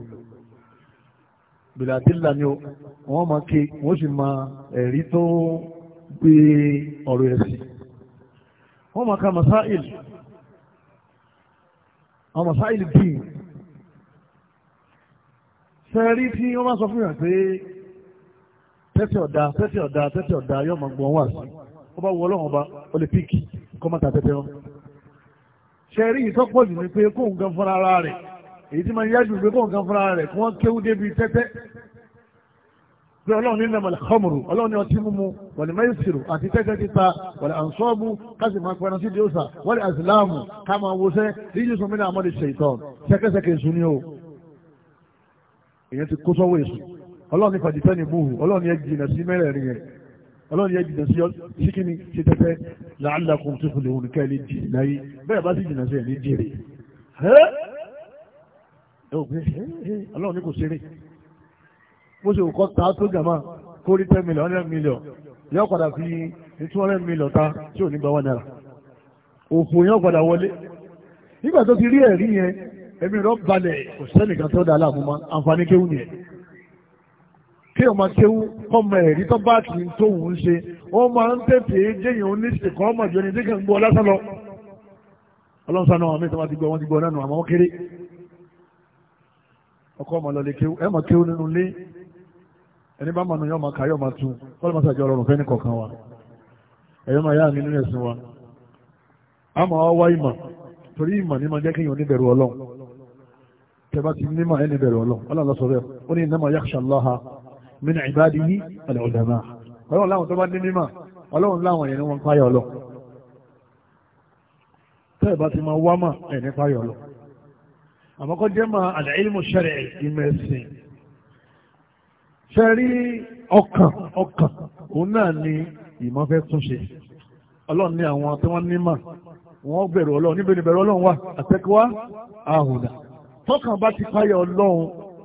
bìlàdílà ni wọ́n máa ké wọ́n sì máa ẹ̀rí tó gbé ọ̀rọ̀ ẹ̀sìn wọ́n máa ka masáìlì àwọn masáìlì dín sẹ́rí tí wọ́n máa sọ fún yàn pé tẹ́tí ọ̀dà tẹ́tí ọ̀dà tẹ́tí ọ̀dà yóò máa gbọ́n wà sí i ó bá wọ ọlọ́run ọba ó lè píkì kọ́ mọ́ta tẹ́tẹ́ wọn. ṣẹ́rí ìtọ́pọ̀ jù ni pé kóun gan fúnra ara rẹ̀ èyí tí máa yá jù pé kóun gan fúnra ara rẹ̀ kí wọ́n kéwú débi tẹ́tẹ́ pé ọlọ́run ní nàmàlẹ̀ khamru ọlọ́run ní ọtí mímu wàlẹ̀ mẹ́sìrò àti tẹ́tẹ́ títa wàlẹ̀ ànsọ́ọ̀bù káṣí máa pẹ́ran sí diosa wàlẹ̀ àsìláàmù ká máa wọṣẹ́ ríjì sọmi náà àmọ́lẹ̀ ṣètọ́n ṣẹkẹsẹkẹ èṣù ni o èyàn ti kó sọ́wọ́ èṣù ọlọ́run ní fàdífẹ́ ni búhù ọlọ́run ní ẹ jìnà sí mẹ́rẹ̀ẹ̀rin yẹn ọlọ́run yẹ jìnà sí kíni ṣe tẹ́tẹ́ la'allakum tuflihun nìkẹ́ lè jì láyé bẹ́ẹ̀ bá sì jìnà sí ẹ̀ ní jèrè ọlọ́run ní kò ṣeré bó ṣe kọ́ ta tó jàmá kó rí ten million hundred million yóò padà fi two hundred million ta tí ò ní gba one naira òfò yóò padà wọlé nígbà tó ti rí ẹ̀rí yẹn ẹ̀mí rọ̀ balẹ̀ kò sẹ́nìkan tó dá láàmú ma àǹfààní kéwù yẹn kí ọmọ kéwú kọmọ ẹ̀rí tó bá kì í tó wù ú ṣe wọ́n máa ń tètè jẹ́yìn oníṣèkọ́ ọmọ ìjọ ni tí kì í gbọ́ lásán lọ. ọlọ́run sanu àwọn mẹ́ta wọn ti gbọ́ wọn ti gbọ́ nánu àmọ́ kéré ọkọ ọmọ lọlé kéwú ẹ máa kéwú nínú ilé ẹni bá mọ̀nà yọ máa kà yọ máa tu kọ́lọ́ máa ṣàjọ ọlọ́run fẹ́ni kọ̀ọ̀kan wa ẹ̀yọ́ máa yá nínú ẹ̀sìn wa ni máa jẹ́ kéèyàn oníbẹ̀rù ọlọ́run tẹ bá ti nímọ̀ ẹni min ibadihi al-ulama ọlọ́run láwọn tó bá ní mímọ̀ ọlọ́run láwọn yẹn ni wọ́n páyọ̀ lọ tẹ́ẹ̀ bá ti máa wá mà ẹ̀ ní páyọ̀ lọ àmọ́ kọ́ jẹ́ máa al-ilmu shar'i ìmẹ̀sìn ṣe rí ọkàn ọkàn òun náà ni ìmọ̀ fẹ́ túnṣe ọlọ́run ní àwọn tí wọ́n nímọ̀ wọ́n bẹ̀rù ọlọ́run níbi ìbẹ̀rù ọlọ́run wà àtẹ́kọ́wá àhùdà tọ́kàn bá ti páyọ̀ ọlọ́run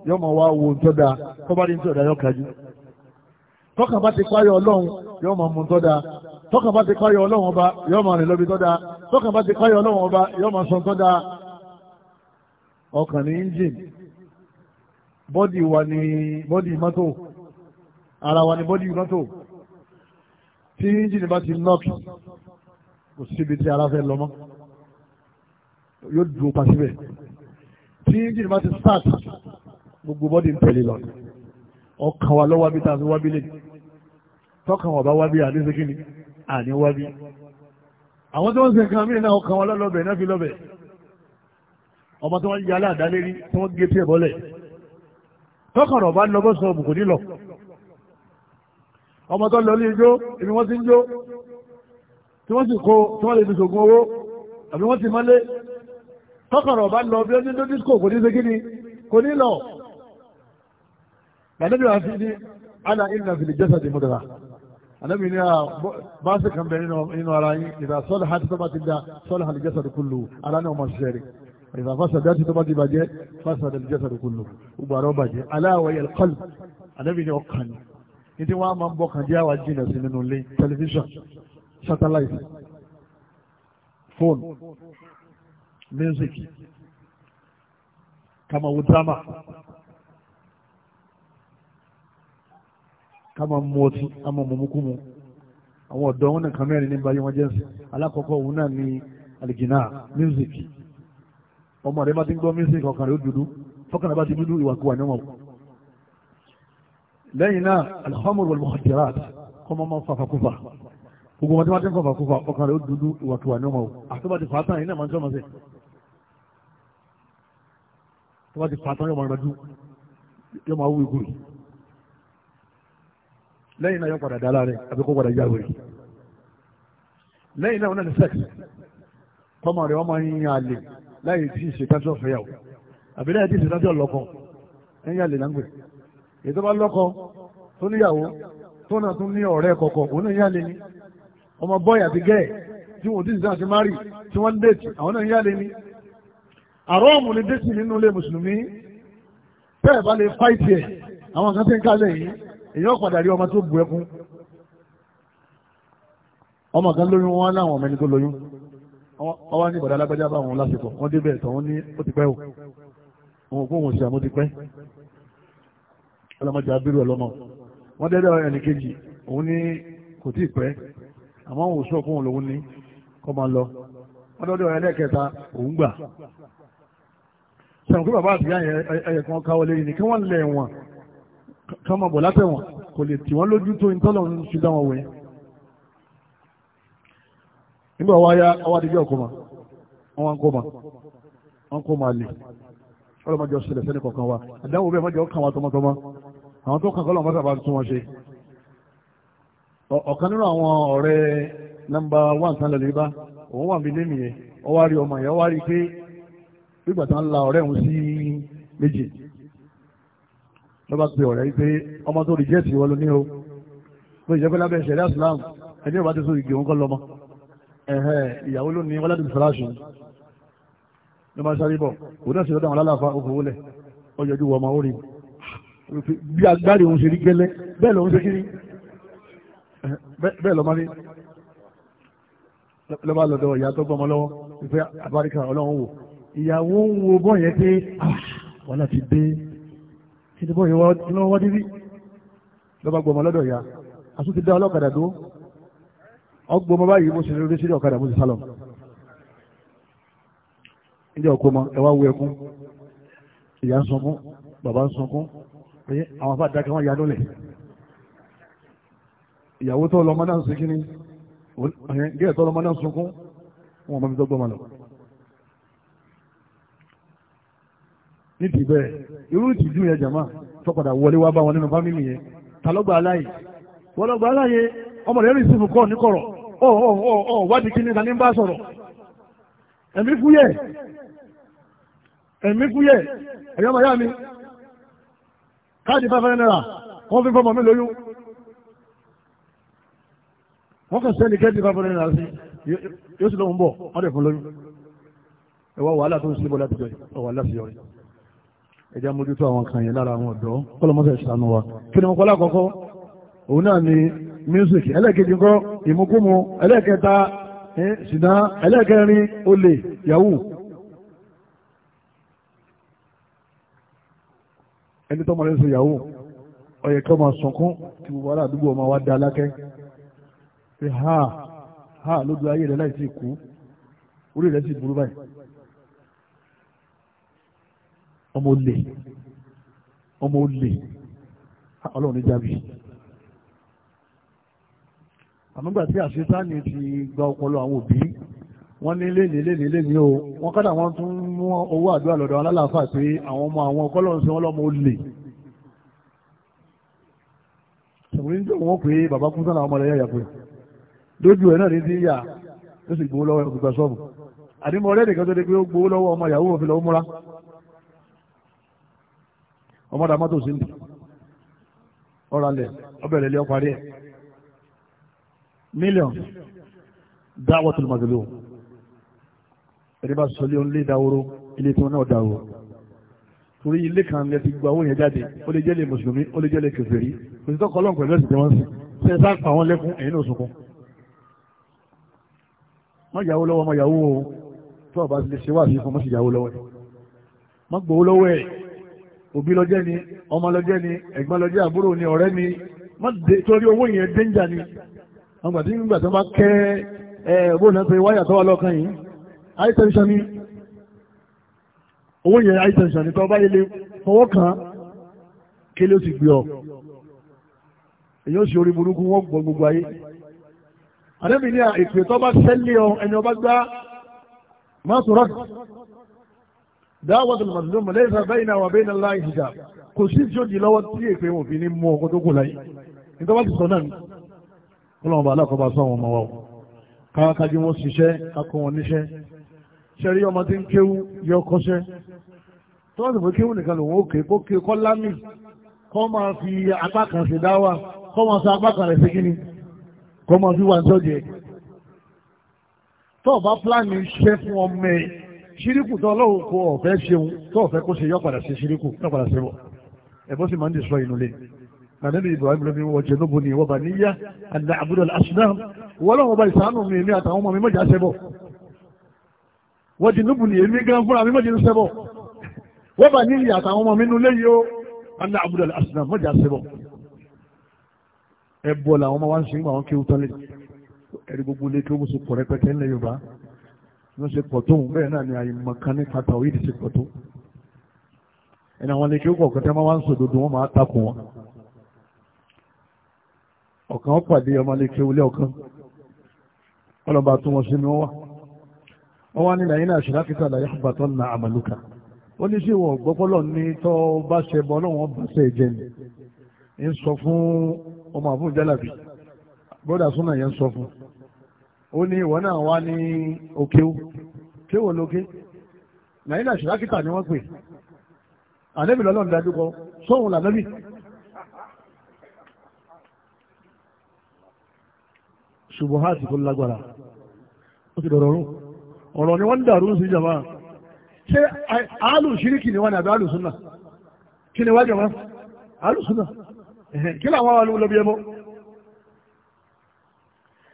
yóò máa wá wo ntọ́da tó bá rí ntọ́da yóò kájú tọ́kàn bá ti páyọ̀ ọlọ́run yóò máa mú ntọ́da tọ́kàn bá ti páyọ̀ ọlọ́run ọba yóò máa rìn lọ́bi tọ́da tọ́kàn bá ti páyọ̀ ọlọ́run ọba yóò máa sọ ntọ́da ọkàn ní engine bọ́dì wa ni bọ́dì mọ́tò ara wa ni bọ́dì mọ́tò tí engine bá ti nọ́ọ̀kì kò síbi tí ara fẹ́ lọ mọ́ yóò dùn pa síbẹ̀ tí engine bá ti start gbogbo bọ́dì ń tẹ̀lé lọ ọkàn wa lọ́wọ́ bí tàbí wábí lè tọ́kàn wà bá wábí àdéṣe kí ni àní wábí àwọn tí wọ́n ṣe nǹkan mìíràn ọkàn wa lọ́lọ́bẹ̀ náà fi lọ́bẹ̀ ọmọ tí wọ́n yà aláàdálérí tí wọ́n gé tí ẹ̀ bọ́lẹ̀ tọ́kàn rọ̀ bá ń lọ bọ́ sọ òbùkún nílọ ọmọ tó lọ ilé ijó ibi wọ́n ti ń jó tí wọ́n sì kó tí wọ́n lè fi ṣògùn owó àbí wọ́n ti mọ́lé tọ́kàn rọ̀ bá ń lọ bí ó ní dó dísíkò kò ní ṣe kí ni kò ní lọ lànàbí wa fi ní ala inna fil jasadi mudra ànàbí ní à bá sì kan bẹ nínú ara yín ìdá sọ́lá ha ti tọ́ba ti da sọ́lá ha lè jasadu kullu ara náà máa ṣiṣẹ́ rẹ̀ ìdá fásitì àti tọ́ba ti bàjẹ́ fásitì lè jasadu kullu gbàrọ̀ bàjẹ́ aláwọ̀ yẹ kọ́lù ànàbí ní ọkàn ni ní tí wọ́n á máa ń bọ̀ kàn jẹ́ àwa jìnà sí nínú ilé tẹlifíṣàn satellite phone music ká máa mú ọtí ká máa mọ̀mú kú mu àwọn ọ̀dọ́ wọn nìkan mẹ́rin ní báyìí wọn jẹ́ sí alákọ̀ọ́kọ́ òun náà ní alìgìnà music ọmọ rẹ bá ti ń gbọ́ music ọkàn rẹ ó dúdú fọkàn rẹ bá ti dúdú ìwàkuwà ní wọn. lẹ́yìn náà alhamdulilayi wal mukhadirat kọ́mọ máa fàfàkúfà gbogbo wọn tí wọ́n ti ń fàfàkúfà ọkàn rẹ ó dúdú ìwàkuwà ní wọn. àtúbàtì fàtàn bá ti fàtàn yóò máa rẹ̀ máa wú ìgúrì lẹ́yìn náà yóò padà dá láàrin àbí kó padà yáwèrè lẹ́yìn náà wọn ní sex kọ́mọ rẹ̀ wọ́n máa ń yan àlè láyé tí ìṣètájọ́ fẹ́yàwó àbí láyé tí ìṣètájọ́ lọ́kọ ẹ̀yìn àlè láǹgbè ètò bá lọ́kọ tó níyàwó tó náà tún ní ọ̀rẹ́ kọ̀ọ̀kọ̀ òun náà yálé ni ọmọ bọ́ọ̀yì àti gẹ́ẹ̀ tí wọ́n ti sàn àti mari tí wọ́n déètì àwọn náà yálé ni àrọ́ọ̀mù ni déètì nínú ilé mùsùlùmí bẹ́ẹ̀ bá lè fáìtì ẹ̀ àwọn kan ti ń kálẹ̀ yìí èyàn padà rí ọmọ tó bu ẹkún ọmọ kan lóyún wọn láwọn ọmọ ẹni tó lóyún ọwọ́ ní ìbàdàn alágbájá bá wọn lásìkò wọ́n débẹ̀ tán wọ́n ní ó ti pẹ́ o wọn ò kó wọn sí àmó ti pẹ́ ọlọ́mọdé abirú ọlọ́mọ wọ́n dẹ́dẹ́ ẹnì kejì òun ní kò tí ì pẹ́ àmọ́ òun sọ fún òun lòun ní kọ́ máa lọ wọ́n dọ́dọ̀ ẹlẹ́kẹta òun gbà sọ̀rọ̀ pé bàbá àtìyá ẹ̀yẹ̀ kan káwọ́ lé kán máa bọ̀ látẹ̀wọ̀n kò lè tì wọ́n lójú tó ń tọ́lọ̀ ń fi dá wọn wẹ̀ nígbà wá yá ọwọ́ adigun ọkọ̀ mà wọ́n ń kó mà wọ́n ń kó mà lè ọlọ́mọ jọ sílẹ̀ sẹ́ni kọ̀ọ̀kan wa àdáwò bẹ́ẹ̀ mọ́jọ́ kàn wá tọmọtọmọ àwọn tó kàn kọ́ lọ́mọ sábà tún wọn ṣe ọ̀kan nínú àwọn ọ̀rẹ́ nọ́mbà wà tán lẹ́nu ibà òun wà mí lé nìyẹn ọwọ́ àrí ọmọ yẹn ọwọ́ àrí pé nígbà tán la ọ̀rẹ́ òun lọ́ba pe ọ̀rẹ́ yìí pé ọmọ tó rìjẹ́tì wọn ló ní o pé ìjọba lábẹ́ ìṣẹ̀lẹ̀ islam ẹni ìbá ti so ìgè òun kọ́ lọ́mọ ẹ̀hẹ́ ìyàwó ló ní wọ́n láti fara ṣùn ló máa sáré bọ̀ òun náà sì lọ́dọ̀ àwọn aláàfáà ó fowó lẹ̀ ó yọjú wọ ọmọ orí bí agbárí òun ṣe rí gẹ́lẹ́ bẹ́ẹ̀ lòun ṣe kiri bẹ́ẹ̀ lọ́mọ rí lọ́ba lọ́dọ̀ ìyá tó gbọ́mọ lọ́wọ́ ìfẹ́ àbáríkà ọlọ́run wò ìyàwó ń wo bọ́ yẹn pé ah, wàhálà ti dé títí bóyá iná wọ́n dídí lọ́ba gbọmọ lọ́dọ̀ ya àtún ti dá ọlọ́kadà dó ọgbọmọ báyìí mo sì rí orí sí ọ̀kadà mo sì sálọ ilé ọkọ mọ ẹwà wú ẹkún ìyá ń sunkún bàbá ń sunkún pé àwọn afá dákẹ́ wọn yánú lẹ̀ ìyàwó tó lọmọ náà sunkún ní gẹ́ẹ̀ tó lọmọ náà sunkún wọn mọ̀ mi tó gbọmọ lọ ní ti bẹ́ẹ̀ irú ìtìjú yẹn jàmá tó padà wọlé wá bá wọn nínú fámìlì yẹn ta lọ́gbà aláyè wọ́n lọ́gbà aláyè ọmọ rẹ̀ rìn sí fún kọ́ ní kọ̀rọ̀ ọ̀ ọ̀ ọ̀ ọ̀ wádìí kí ni ta ní bá sọ̀rọ̀ ẹ̀mí fúyẹ́ ẹ̀mí fúyẹ́ ẹ̀yọ́ màyá mi káàdì five hundred wọ́n fi fọmọ mi lóyún wọ́n kàn sẹ́ni kẹ́ẹ̀dì five hundred sí yóò sì lóun bọ̀ wọ́n dẹ̀ fún lóyún ẹ̀wọ́ wàhálà tó ń síbọ̀ láti jọ ọ̀wà láti yọrí ẹja mójútó àwọn kan yẹn lára àwọn ọ̀dọ́ kọ́lọ́mọ́sẹ̀ ṣàánú wa kí ni mo kọ́lá àkọ́kọ́ òun náà ni music ẹlẹ́ẹ̀kejì ńkọ́ ìmúkúmu ẹlẹ́ẹ̀kẹta ṣìnà ẹlẹ́ẹ̀kẹrin olè yahoo ẹni tó mọ̀lẹ́ sọ yahoo ọ̀yẹ̀ kí ọmọ sọ̀kún tí gbogbo ará àdúgbò ọmọ wa dá alákẹ́ pé ha ha lójú ayé rẹ̀ láì sí ìkú orí rẹ̀ sì burú báyìí ọmọ olè ọmọ olè ah, ọlọ́run ní jábì àmúgbà tí àṣetáni ti gba ọpọlọ àwọn òbí wọ́n ní léèlé léèlé léèlé o wọ́n kádà wọ́n tún mú owó àdúrà lọ́dọ̀ alálàáfà pé àwọn ọmọ àwọn ọkọ́lọ́run sí wọn lọ́mọ olè ṣùgbọ́n níjọ́ wọn pé bàbá kú sọ́nà ọmọ rẹ̀ yàyà pé lójú ẹ̀ náà ní sí yà ó sì gbowó lọ́wọ́ ìgbà sọ́ọ̀bù àdìmọ̀ ọ̀rẹ́ nìkan tó dé pé ó gbowó lọ́wọ́ ọmọ ìyàwó òfin lọ́wọ́ múra ọmọdé amátò sí ń dì ọ̀rọ̀lẹ̀ ọbẹ̀rẹ̀ lé ọparí ẹ̀ mílíọ̀n dáwọ́ tó lùmọ̀dúlò ẹni bá sọ lé ilé ìdáwóró ilé tí wọn náà dáwó torí ilé kan lẹ ti gba owó yẹn jáde ó lè jẹ́lẹ̀ mùsùlùmí ó lè jẹ́lẹ̀ kèfèrí kò sí tọ́kọ ọlọ́nkọ̀ ẹ̀lẹ́sìn tí wọ́n sìn ṣe é sáà pa wọ́n lẹ́kún ẹ̀yìn náà sunkún má yàwó lọ́wọ́ má yàwó o tó ọba lè ṣe wá sí fún mọ́sí yàwó lọ́wọ́ ẹ̀ má gbowó lọ́wọ́ ẹ̀ òbí lọ́jẹ́ ni ọmọ lọ́jẹ́ ni ẹ̀gbọ́n lọ́jẹ́ àbúrò ni ọ̀rẹ́ ni torí owó yẹn dẹ́njà ni àwọn gbàtí nígbà tó bá kẹ́ ẹ̀ bó náà pé wáyà tó wà lọ́kàn yìí high tension ni owó yẹn high tension ni tó bá yẹ lè fọwọ́ kàn kí ló sì gbé ọ èyí ó sì orí burúkú wọ́n gbọ́ gbogbo ayé àdébìnrin ètò ìtọ́ bá sẹ́lẹ̀ ọ ẹni ọba gbá máa sọ̀rọ̀ dáwọ́tò màdùnmọ̀ lẹ́sà bẹ́yìn àwọn abẹ́yìn ńlá ìjìjà kò sí tí ó di lọ́wọ́ tí èpè wọn fi ní mú ọkọ̀ tó kù láyé nígbà wọ́n ti sọ náà ọlọ́run bá alákọ̀ọ́bá sọ àwọn ọmọ wa káàkájí wọn ṣiṣẹ́ kakọ́ wọn níṣẹ́ ṣẹ́rí ọmọ tí ń kéwú yọ kọ́ṣẹ́ tó wọ́n sì fún kéwú nìkan lòun ó ké kó ké kọ́ lámì kọ́ máa fi apá kan ṣe dáwà kọ́ máa sa apá kan rẹ̀ ṣe kíni kọ́ máa fi wà ní sọ́jẹ́ tó o bá pláàni iṣẹ́ fún ọmọ ẹ̀ ṣíríkù tó ọlọ́run kò ọ̀fẹ́ ṣeun tó ọ̀fẹ́ kó ṣe yọ padà ṣe ṣíríkù tó padà ṣe bọ̀ ẹ̀bọ́ sì máa ń dìṣọ inú lé nàdẹ́bí ibrahim ló fi wọ́n jẹ lóbo ní ìwọ́ba níyà àdá àbúrò aṣínáà wọ́n lọ́wọ́ ọba ìsànù mi ní àtàwọn ọmọ mi mọ̀jà ṣẹbọ̀ wọ́n jẹ lóbo ní èmi gan fúnra mi mọ̀jà ṣẹbọ̀ wọ́n bá níyà àtàwọn ọmọ mi nú lé yìí ó àdá àbúrò aṣínáà mọ̀jà ṣẹbọ̀ ẹ̀bọ̀ làwọn ọmọ wa ń ṣe gbà wọn kí ó tán lé ẹ̀rí gbogbo lé kí ó mú ló ṣe pọ̀ tó ń bẹ́ẹ̀ náà ni àyìnbọn kan ní kàtà òyìn ti ṣe pọ̀ tó ẹni àwọn ilé kí ó kọ̀ọ̀kan tẹ́ máa ń sòdodo wọn máa takùn wọn ọ̀kan ó pàdé ọmọ ilé kí olé ọ̀kan ọlọ́ba tó wọn sínú wa wọ́n wá nílẹ̀ yín náà ṣe láti tàdá yá bàtọ́ na àmàlùkà ó ní sí ìwọ̀n gbọ́pọ́lọ̀ ní tọ́ bá ṣe bọ́ náà wọ́n bá ṣe jẹ ni ń sọ fún tí wò lókè nàìjíríà ṣìlákìtà ni wọ́n pè ànẹ́bì lọ́lọ́run dájú sóhun lànẹ́bì ṣùgbọ́n ha ti kó lágbára ó ti dọ̀rọ̀ ọ̀rọ̀ ni wọ́n dàrú sí jama ṣé àálù ṣíríkì ni wọ́n ní àbí àálù súnà kí ni wá jama àálù súnà kí làwọn àwọn ẹbọ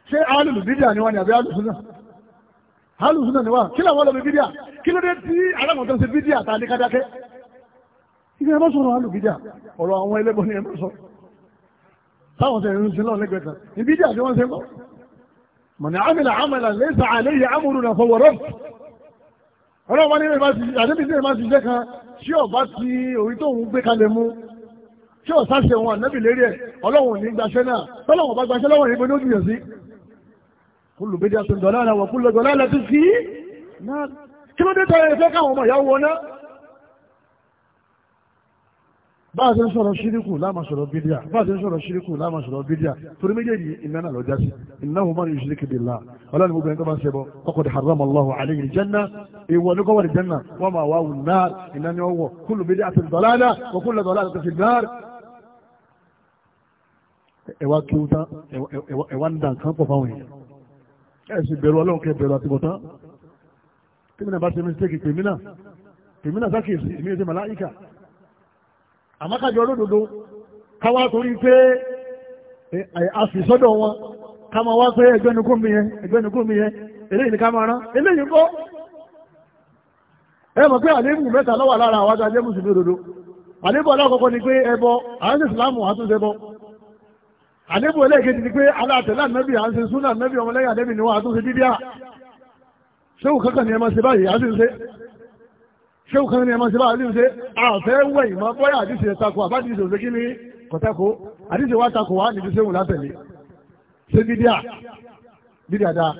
ṣé àálù ni alùsùn náà ni wá kí làwọn lọ́bi bídíà kí ló dé tí aláwọ̀ tó ń ṣe bídíà tá a ní kájáké ibi ẹ bá sọ̀rọ̀ alù bídíà ọ̀rọ̀ àwọn ẹlẹ́bọ ni ẹ bá sọ táwọn sẹ̀ ń sin lọ́ọ̀ lẹ́gbẹ̀ẹ́ kan ní bídíà tí wọ́n ṣe kọ́ mọ̀nà àmìlà àmìlà lẹ́sà àlẹ́yẹ àmúrù náà fọwọ́ rẹ̀ ọlọ́run wọn ní àdébísí ìmá ti jẹ́ kan tí ọba ti orí tóun gbé kalẹ̀ mú tí ọ̀sáṣẹ̀ wọn kúlù bí díẹ̀ tó ń dọ̀lá àwọn kúlù dọ̀lá láti fi náà kí ló dé tọ́rọ ìfẹ́ káwọn ọmọ ìyàwó wọn náà bá a ṣe ń sọ̀rọ̀ ṣíríkù láàmà sọ̀rọ̀ bídíà bá a ṣe ń sọ̀rọ̀ ṣíríkù láàmà sọ̀rọ̀ bídíà torí méjèèjì iná náà lọ́jà sí iná wọn máa ń ṣírí kìdì ńlá ọlọ́run gbogbo ẹni tó bá ń ṣẹbọ kọ́kọ́ di haram allahu alayhi aljanna tán ẹ̀wá ń dàn kán pọ̀ fáwọn èèyàn ẹ̀sìn bẹ̀rù ọlọ́run kẹ bẹ̀rù àtìbọ̀tán tí mìíràn bá ṣe mistake pèmínà pèmínà sákèsí èmi ẹ̀sìn màláìkà àmákàjọ olódodo káwá torí pé àfìsọ́dọ̀ wọn ká máa wá pé ẹgbẹ́nukú mi yẹn ẹgbẹ́nukú mi yẹn eléyìí ni ká máa rán eléyìí kọ́ ẹ mọ̀ pé àléébù mẹ́ta lọ́wọ́ lára àwọn àjọ mùsùlùmí òdodo àléébù alákọ̀ọ́kọ́ ni pé ẹbọ àwọn ìsìlámù àtúnṣe bọ́ àdébò ẹlẹ́ẹ̀kejì ni pé aláàtẹ̀lá nẹ́bì à ń ṣe súnà nẹ́bì ọmọ lẹ́yìn àdébì ni wọ́n àtúnṣe bíbíà ṣéwù kankan ni ẹ máa ṣe báyìí àti ṣe ṣéwù kankan ni ẹ máa ṣe báyìí àti ṣe àfẹ́ wẹ̀ ìmọ̀ bọ́yà àdìsẹ̀ takò àbádìsẹ̀ òṣè kí ni kọ̀tẹ́kọ̀ àdìsẹ̀ wa takò wá níbi ṣéwù látẹ̀lé ṣé bíbíà bíbíà dáa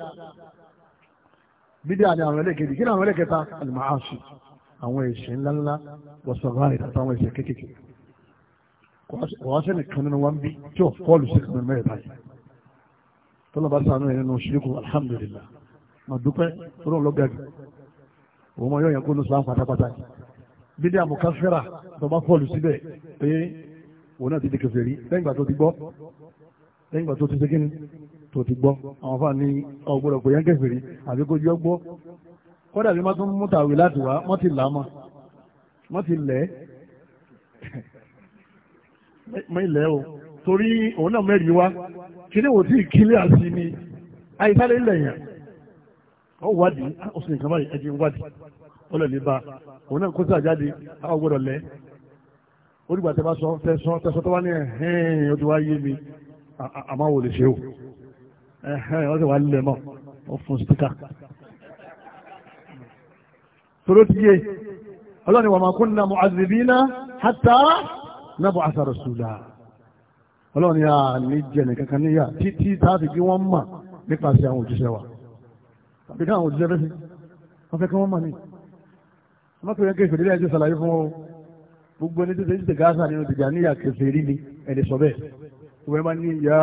bídí àní àwọn ẹlẹ́gẹ̀dì kí ni àwọn ẹlẹ́gẹ̀ta àlùmáàṣì àwọn ẹ̀ṣẹ̀ ńláńlá wọ̀sọ̀rọ̀ wàá sẹ́ni kan nínú wa ń bí tí ò kọ́ọ̀lù sí kan mẹ́rin báyìí tọ́lá bá sànú yẹn nínú ṣíríkù alhamdulillah mà dúpẹ́ tọ́lá lọ́gà jù òun máa yọ yẹn kó ní sàn pátápátá bídé àmùká fẹ́ra tó bá kọ́ọ̀lù síbẹ̀ pé òun náà ti di kèfèrí lẹ́yìn ìgbà tó ti gbọ́ lẹ́yìn ìgbà tó ti ṣe kíni tó ti gbọ́ àwọn fáà ní ọgbọ́dọ̀ kò yẹn kèfèrí àbí kó jẹ́ gbọ́ kọ́dà bí wọ́n tún mú tàwé láti wá wọ́n ti là á mọ́ wọ́n ti lẹ̀ ẹ́ mọ ilẹ̀ o torí òun náà mẹ́rin wá kíní wò tí ìkílẹ̀ àti ni àìsálẹ̀ ilẹ̀ yẹn ó wádìí ó sì nǹkan báyìí ẹ̀jẹ̀ ń wádìí ó lọ lè ba òun náà kó sí àjáde àwọn gbọ́dọ̀ lẹ́ ó dìgbà tẹ́ bá sọ tẹ́sán tẹ́sán tó wá ní ẹ̀hẹ́n ó ti wá yé mi àmọ́ wò lè ṣe o ẹ̀hẹ́n ó ti wá lílẹ̀ mọ́ ó fún sítíkà toró ti yé ọlọ́ni wàmàkúnnà mu'azzibina hatta nábọ̀ àṣàrò ṣùlá ọlọ́run yà ní jẹ̀nì kankan níyà títí táàbì kí wọ́n mà nípasẹ̀ àwọn òjíṣẹ́ wa tàbí káwọn òjíṣẹ́ fẹ́ sí wọ́n fẹ́ kí wọ́n mà ní. ọmọkùnrin kẹfẹ́ nílẹ̀ ẹjọ́ sàlàyé fún ọ gbogbo ẹni tó ṣe ti gáàsà nínú ìdìjà níyà kẹfẹ́ rí ni ẹni sọ bẹ́ẹ̀ ìwé máa ní ya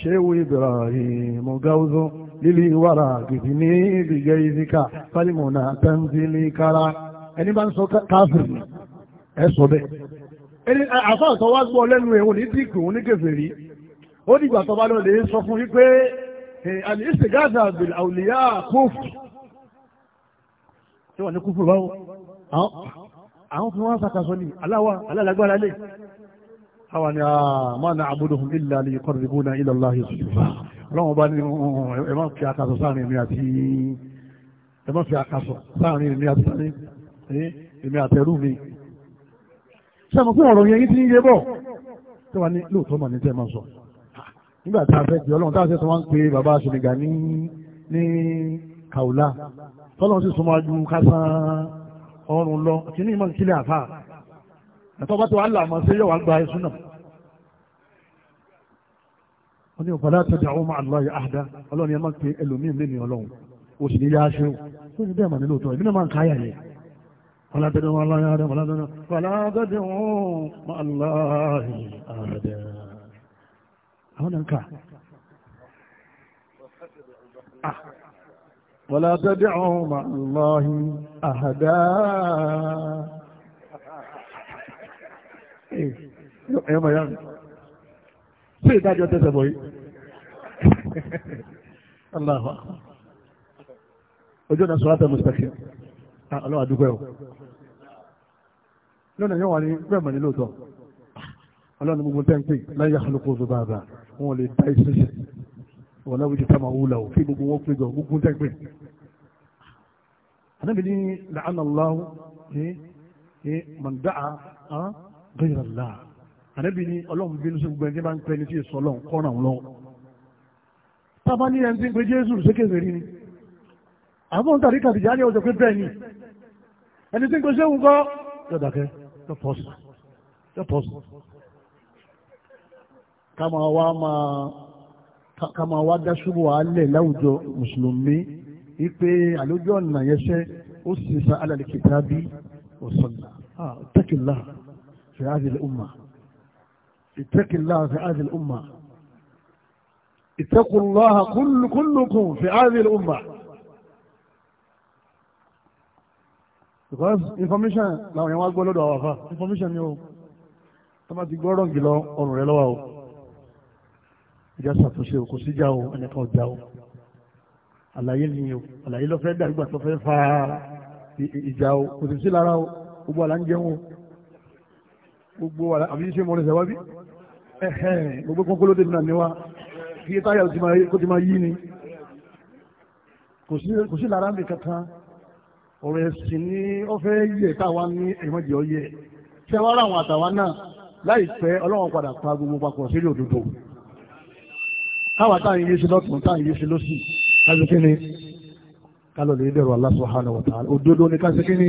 ṣéwù Ibrahim gáúzó lílì ìwàrà gidi ní ìdìjẹ́ ìdíkà fálímọ̀nà tẹ́ńtìlì kára ẹni bá ń sọ káfíìn ẹ sọ bẹ́ẹ̀ àfáà tó wá gbọ́ lẹ́nu ẹ̀hún ní dìkù ní kèfèrí ó dìgbà tó bá lọ lè sọ fún wípé àní ìsìgáàdà bil àwùlíyà kófù tí wọ́n ní kúfù báwo àwọn fún wọn sàkàsọ ní aláwa alálágbára lè àwọn ni àmà náà àbúdóhùn illa li yuqarribuna ila Allahi ìsìnfà ọlọ́run bá ní ẹ má fi àkàsọ sáàrin èmi àti ẹ àtẹrù mi sẹ́mu fún ọ̀rọ̀ yẹn yín ti ń yé bọ̀ tó wà ní lóòótọ́ mà ní tẹ́ máa sọ nígbà tá a fẹ́ di ọlọ́run tá a fẹ́ sọ wá ń pe bàbá àṣẹlẹ̀gà ní ní kàùlà tọ́lọ́run sì súnmọ́ ajú kásán ọrùn lọ kìíní ìmọ̀ nkílẹ̀ àfà àtọ́ bá tó wà láàmú sí yóò wá gba ẹ̀sùn náà wọ́n ní ọ̀pọ̀lá tẹ̀dá ọmọ àlọ́yẹ àdá ọlọ́run yẹn máa ń pe ẹlòmíín lé ní ọlọ́run ó sì ní yá aṣẹ́wó ولا تدعوا مع الله أحدا ولا تدعوا ولا تدعوا مع الله أحدا هناك آه. ولا تدعوا مع الله أحدا إيه. يوم يوم في داجة تسبوي الله أكبر وجونا صراط المستقيم Ah, ọlọ́wà dúpẹ́ o lọ́nà yóò wà ní bẹ́ẹ̀ mọ̀ ní lóòótọ́ ọlọ́run gbogbo tẹ́ǹpì láyé àlùkò ọ̀dọ̀ bàbà wọn lè dá iṣẹ́ ṣe wọn láwùjọ tá máa wúlà ò kí gbogbo wọn pé jọ gbogbo tẹ́ǹpì. ànábì ní làánà láwù ní ní mọ̀ndáà án gbéra là ní ọlọ́run bínú sí gbogbo ẹni tí bá ń pẹ́ ní tí ì sọ ọlọ́run kọ́ràn ọlọ́run. tábà ní ẹni tí ń pe jésù sékèzè rí ni àbọ̀n tàbí kàdìjà ní ọjọ́ pé bẹ́ẹ̀ ni ẹni tí ń pe ṣéwù kọ́ yóò dàkẹ́ yóò pọ̀ sí yóò pọ̀ sí. ká máa wá máa ká máa wá dá ṣubú alẹ́ láwùjọ mùsùlùmí wípé àlójú ọ̀nà yẹn ṣẹ́ ó sì sa alẹ́ kìtàbí ọ̀sọ̀nà tẹ́kìlá fi àdìlẹ̀ umma ìtẹ́kìlá fi àdìlẹ̀ umma ìtẹ́kùnlọ́ha because information làwọn yẹn wá gbọ́ lọ́dọ̀ àwọn àfa information ni o tó bá ti gbọ́ rọ̀ǹgì lọ ọrùn rẹ lọ́wọ́ o ìjà ṣàtúnṣe o kò sí ìjà o ẹnìkan ò já o àlàyé ni o àlàyé ló fẹ́ dàgbà tó fẹ́ fa ìjà o kò sì sí lára o gbogbo àlà ń jẹun o gbogbo àlà àbí ṣe mọ̀rẹ́sẹ̀ wá bí gbogbo kókó ló dé nínú àníwá kí táyà kó ti máa yí ni kò sí lára mi kankan ọ̀rọ̀ ẹ̀sìn ní ọ̀fẹ́ yẹ táwa ní ẹ̀mọ́jì ọ̀yẹ tí a wá rà àwọn àtàwa náà láìpẹ́ ọlọ́run padà pa gbogbo papọ̀ sílé òdodo káwa táà ń yé sí lọ́tún táà ń yé sí lọ́sì kájú kí ni kálọ̀ lè dẹ̀rọ Allah subhanahu wa ta'ala òdodo ni ká sí kí ni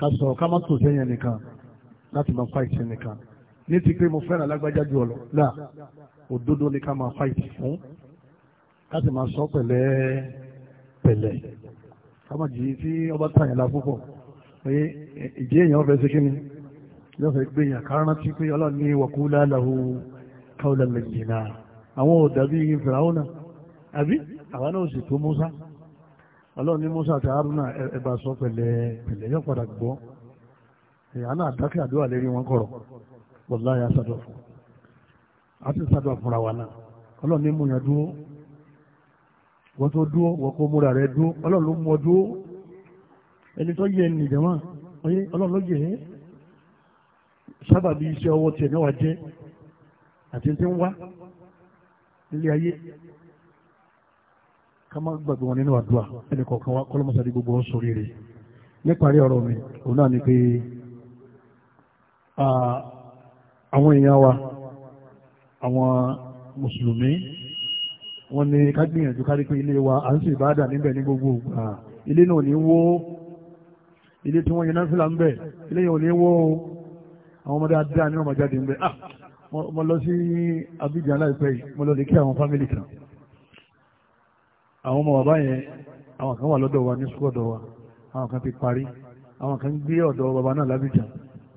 ká sọ ká má tò sẹ́yìn nìkan láti máa fáìtì nìkan ní ti pé mo fẹ́ràn alágbájá ju ọ̀lọ́ là òdodo ni ká máa fáìtì fún ká máa sọ pẹ̀lẹ́ pẹ̀lẹ́ kámọ̀jì tí ọba tàyànlá púpọ̀ pé ìdí èèyàn fẹ́ ṣe kíni lọ́fẹ̀ẹ́ gbé èèyàn kárán tí pé ọlọ́run ní wọ̀kúlá lahu qawlan layyina àwọn ò dàbí fìràwọ́nà àbí àwọn náà sì tó Musa ọlọ́run ní Musa àti Haruna ẹ̀bà sọ pẹ̀lẹ́ pẹ̀lẹ́ yọ padà gbọ́ èèyàn náà dákẹ́ àdúrà lérí wọn kọ̀rọ̀ wallahi sàdọ̀ fún àti sàdọ̀ fúnra wa náà ọlọ́run ní wọ́n tó dúó wọ́n kó múra rẹ̀ dúó ọlọ́run ló mú ọ dúó ẹni tó yẹ ẹni ìjàmá ọyẹ ọlọ́run ló yẹ ẹ́ sábàbí iṣẹ́ ọwọ́ tiẹ̀ náà wà jẹ́ àti tí ń wá nílé ayé ká má gbàgbé wọn nínú àdúrà ẹnì kọ̀ọ̀kan wa kọ́lọ́mọ́sáré gbogbo wọn sórí rẹ̀ níparí ọ̀rọ̀ mi òun náà ni pé àwọn èèyàn wa àwọn mùsùlùmí wọ́n ní ká gbìyànjú kárí pé ilé wa à ń sì bá dà níbẹ̀ ní gbogbo ògbà ilé náà ní wó ilé tí wọ́n yẹn náà fìlà ń bẹ̀ ilé yẹn ò ní wó o àwọn ọmọdé adá ní ọmọ jáde ń bẹ̀ ah mo lọ sí Abidjan láìpẹ́ yìí mo lọ lè kí àwọn fámìlì kan àwọn ọmọ bàbá yẹn àwọn kan wà lọ́dọ̀ wa ní sukú ọ̀dọ̀ wa àwọn kan ti parí àwọn kan gbé ọ̀dọ̀ bàbá náà lábìjà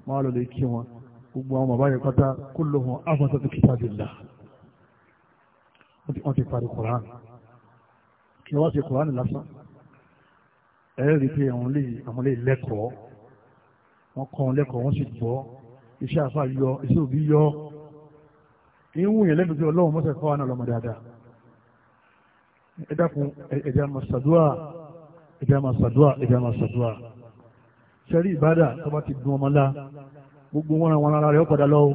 wọ́n á lọ lè kí wọn gbogbo àwọn bàbá yẹn pátá kulluhum afọ́sọ́tò kitabillah wọ́n ti parí koran kí wọ́n ṣe koran lásán ẹ̀rí pé àwọn lè àwọn lè lẹ́kọ̀ọ́ wọ́n kọ́ wọn lẹ́kọ̀ọ́ wọ́n sì gbọ́ iṣẹ́ àfa yọ iṣẹ́ òbí yọ ní wù yẹn lẹ́nu pé ọlọ́run mọ́sẹ̀ kọ́ wa náà lọ́mọ dáadáa ẹ dákun ẹ̀dá máa ṣàdúrà ẹ̀dá máa ṣàdúrà ẹ̀dá máa ṣàdúrà sẹ́rí ìbádà tó bá ti dun ọmọ lá gbogbo wọn àwọn ará rẹ̀ ó padà lọ́wọ́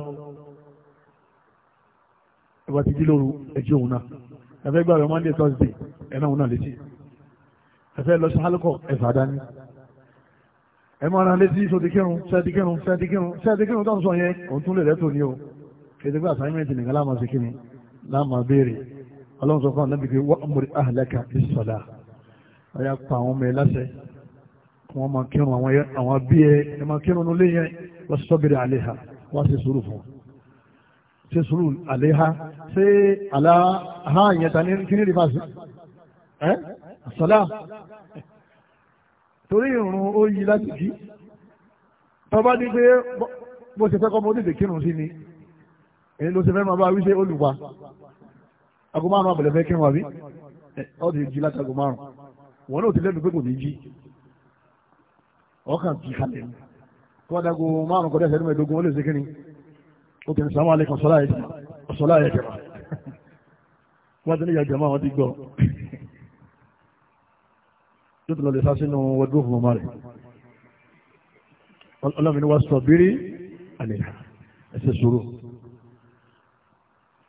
ìwà ti jí lóru ẹjọ́ òun náà ẹ̀fẹ́ gbà rẹ̀ monday thursday ẹ̀nà òun náà létí ẹ̀fẹ́ lọ sí hálùkọ̀ ẹ̀fà dání ẹ máa rán létí sóti kírun sẹ́ẹ̀tì kírun sẹ́ẹ̀tì kírun sẹ́ẹ̀tì kírun tó ń sọ yẹn òun tún lè rẹ́tò ní o kéde pé assignment nìkan láàmà sí kíni láàmà béèrè ọlọ́run sọ fún àwọn nàbìkì á sì sùúrù fún wọn ṣe sùúrù àléhá ṣé àláhá yẹn ta ní kíní rí fàṣẹ ẹ àṣàlá torí ìrùn ó yí láti jí tọ́ba ní pé bó ṣe fẹ́ kọ́ mọ́ tètè kírun sí ni èyí ló ṣe fẹ́ máa bá wí ṣe olùpa aago márùn àbẹ̀lẹ̀ fẹ́ kírun àbí ọ́ ti jí láti aago márùn wọn náà ti lẹ́nu pé kò ní jí ọkàn kì í kalẹ̀ kọ́ dago márùn kọ́ dẹ́sẹ̀ ó lè ṣe kí ni obìnrin sàmú alẹ́kùn ọ̀sọ́lá ẹ̀jẹ̀mà wọ́n ti ní ìyàjẹ̀mà wọn ti gbọ́ yóò tún lọ lè sá sínú ọdún fún ọmọ rẹ̀ ọlọ́mìn wá sọ bírí àlè ẹsẹ̀ sòrò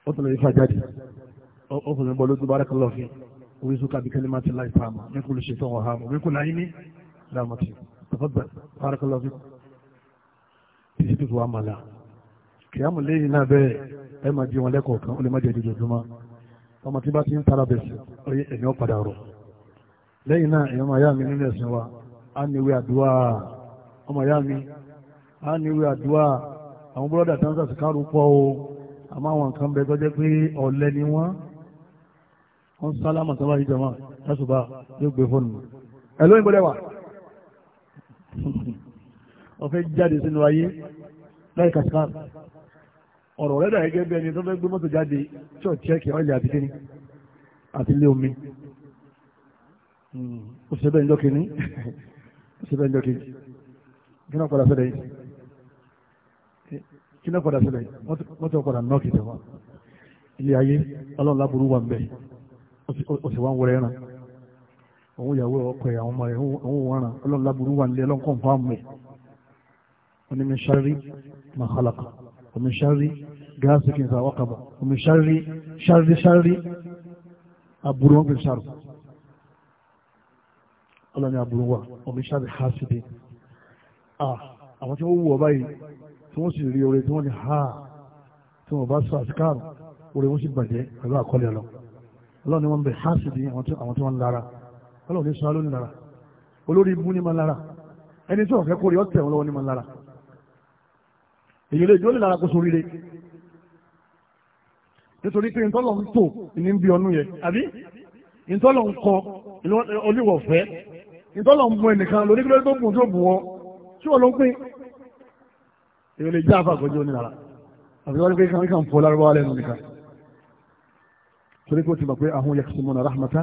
ó tún lọ lè fà jáde ó fún mi bọ́ lójú bára kan lọ́fìn orí sókà bí kẹ́lẹ́ máa ti láì pàmò ní kò lè ṣe tán ọ̀há orí kò láyé ní láàmùtì tọ́fọ́ bẹ̀rẹ̀ bára kan fi kìámù léyìn náà bẹ́ẹ̀ ẹ máa jí wọn lẹ́kọ̀ọ́ kan ó lè má jẹ́ ìdíjọ́júmọ́ ọmọ tí bá ti ń tara bẹ̀sẹ̀ oyè ẹ̀yìn ọ̀padà rọ̀ lẹ́yìn náà ẹ̀yọ́ máa yá mi nínú ẹ̀sìn wa á ní ìwé àdúrà ọmọ yá mi á ní ìwé àdúrà àwọn búrọ́dà tó ń sàṣìkárù pọ̀ o àmọ́ àwọn nǹkan bẹ tọ́jẹ́ pé ọ̀lẹ ni wọ́n wọ́n sálámà tó bá yí jọmọ́ lásùbà yóò gbé fóònù ẹ̀ lóyìn bọ́lẹ̀ wà ọ̀fẹ́ jáde sínú ayé láì kàṣíkárù ọ̀rọ̀ rẹ̀ dà gẹ́gẹ́ bí ẹni tó fẹ́ gbé mọ́tò jáde tí ò chẹ́kì ọ́ìlì àti kíní àti ilé omi hmm, ó ṣe bẹ́ẹ̀ njọ́ kíní ó ṣe bẹ́ẹ̀ njọ́ kíní kí náà padà sẹ́lẹ̀ yìí kí náà padà sẹ́lẹ̀ yìí mọ́tò padà náà kìí tẹ̀wá ilé ayé ọlọ́run láburú wà ń bẹ̀ ó sì wá ń wọlé ẹran òun ìyàwó ọkọ àwọn ọmọ ẹ̀ òun wọ̀ràn ọlọ́run láburú wà ń ọlọ́run kọ̀ọ̀fà mọ̀ onímọ̀ gáàsìkì ìsà wákàbà omi ṣárí ṣárí ṣárí àbúrò wọn gbèsè àrùn ọlọ́ni àbúrò wa omi ṣárí hásìdì àwọn tí wọ́n wù ọ báyìí tí wọ́n sì rí oore tí wọ́n ní ha tí wọ́n bá sọ àsìkáàrùn oore wọ́n sì bàjẹ́ pẹ̀lú àkọlẹ̀ lọ ọlọ́ni wọn bẹ̀ hásìdì àwọn tí wọ́n lára ọlọ́ni sọ alóni lára olórí ibú ní ma lára ẹni tí wọ́n fẹ́ kórè ọ̀tẹ̀ wọn lọ́wọ́ ní ma lára èyí lè jọ́ lè lára kó sóríire nítorí pé ìtọ́lọ̀ ń tò ní bí ọnú yẹn àbí ìtọ́lọ̀ ń kọ olíwọ̀fẹ́ ìtọ́lọ̀ ń mú ẹnìkan lórí kí ló tó bùn tó bùn ọ tí wọ́n ló ń pín èyí lè já àfàkọ́jọ́ ní ara àbí wọ́n ní pé kí wọ́n fọ́ lárúbáwá lẹ́nu nìkan torí pé ó ti mọ̀ pé àwọn yaksimuna rahmata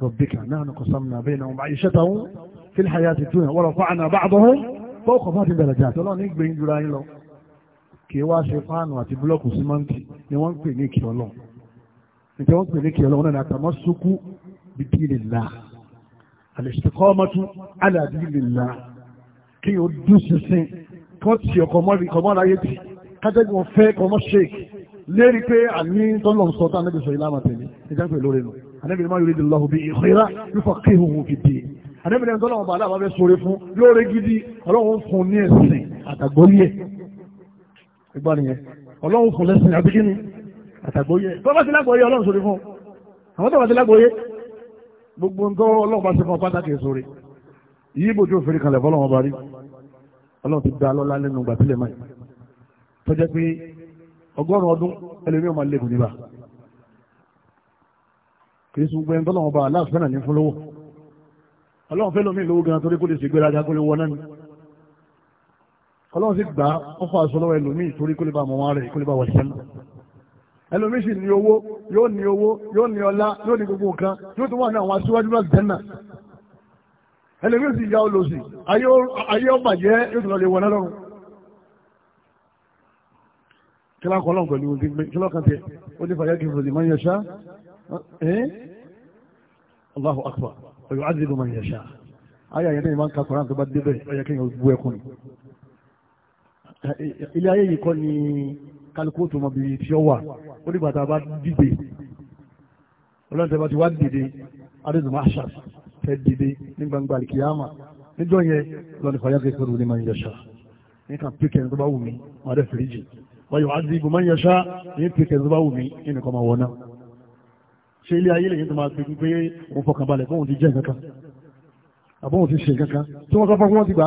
rabbika nahnu qasamna bainahum ma'ishatahum fil hayati dunya wa rafa'na ba'dahum fawqa kìí wá ṣe fáànù àti búlọ́ọ̀kù símọ́ǹtì ni wọ́n ń pè ní ìkẹ́ ọlọ́run nítorí wọ́n ń pè ní ìkẹ́ ọlọ́run náà àtàmọ́ sókú bìdínlélà al-istiqamatu ala dinillah kí o dún sísìn kí wọ́n ti ọkọ̀ mọ́láyé tì kájẹ́gbọ̀n wọn fẹ́ kọ́ mọ́ ṣèkì lérí pé àní tọ́lọ̀ ń sọ tá anábì sọ ilá àmà tẹ̀lé ẹjá pé lórí nù anábì máa yọrí lọ́hùn bí ìhìrá yóò kí ìhùn fi dé anábì náà tọ́lọ̀ wọn bàálà bá fẹ́ sóre fún lóore gidi ọlọ́run fún ní ẹ̀sìn àtàgbọ́yé ìgbà nìyẹn ọlọ́run fún lẹ́sìn àbí kíni àtàgbóyé bọ́bá ti lágbóyé ọlọ́run sórí fún àwọn tó bá ti lágbóyé gbogbo ń tọ́ ọlọ́run bá ṣe fún pàtàkì sórí yìí bójú òfin kalẹ̀ fọlọ́run bá rí ọlọ́run ti da lọ́lá lẹ́nu gbà sílẹ̀ mọ́ tó jẹ́ pé ọgọ́rùn ọdún ẹlẹ́mí ọmọ lẹ́kùn níbà kì í sun gbẹ́ńtọ́lọ́run bá aláàfin náà ní fún lówó ọlọ́run fẹ́ lómi lówó gan torí kó lè ṣègbéraga kó ọlọ́run sì gbà ó fà aṣọ lọ́wọ́ ẹlòmíì torí kó lè bá mọ̀wá rẹ̀ kó lè bá wà sẹ́nu ẹlòmíì sì ní owó yóò ní owó yóò ní ọlá yóò ní gbogbo nǹkan yóò tún wà ní àwọn aṣíwájú náà jẹ́nà ẹlòmíì sì ya olòṣì ayé ọba jẹ́ yóò tún lọ lè wọlé lọ́rùn kílá kan lọ́n pẹ̀lú gbígbé kílá kan tẹ ó ní fàyà kìfòsì máa ń yẹsà ẹ́n Allahu akbar ọ̀yọ́ adìrú máa ń yẹsà ayé àyẹ̀dẹ́ ìmọ̀ ń kakọ̀rọ̀ ilé ayé yìí kọ́ ni kálukú tó mọ bí tí ó wà ó nígbà tá a bá dìde ọlọ́run tẹ́ bá ti wá dìde adézùmọ́ àṣà tẹ́ dìde ní gbangba àlìkìyàmà níjọ́ yẹn lọ́nà ìfàyà kí fẹ́rù ní máa ń yẹ̀ṣà ní kan pé kẹrin tó bá wù mí máa dẹ́ fìríjì wáyọ̀ àdìbò máa ń yẹ̀ṣà ní pé kẹrin tó bá wù mí ní nìkan máa wọ̀nà ṣe ilé ayé lèyìn tó máa gbé pé òun fọkànbalẹ̀ fóun ti jẹ́ nǹkan kan àbóhun ti ṣe nǹkan kan tí wọ́n sọ fún wọn ti gbà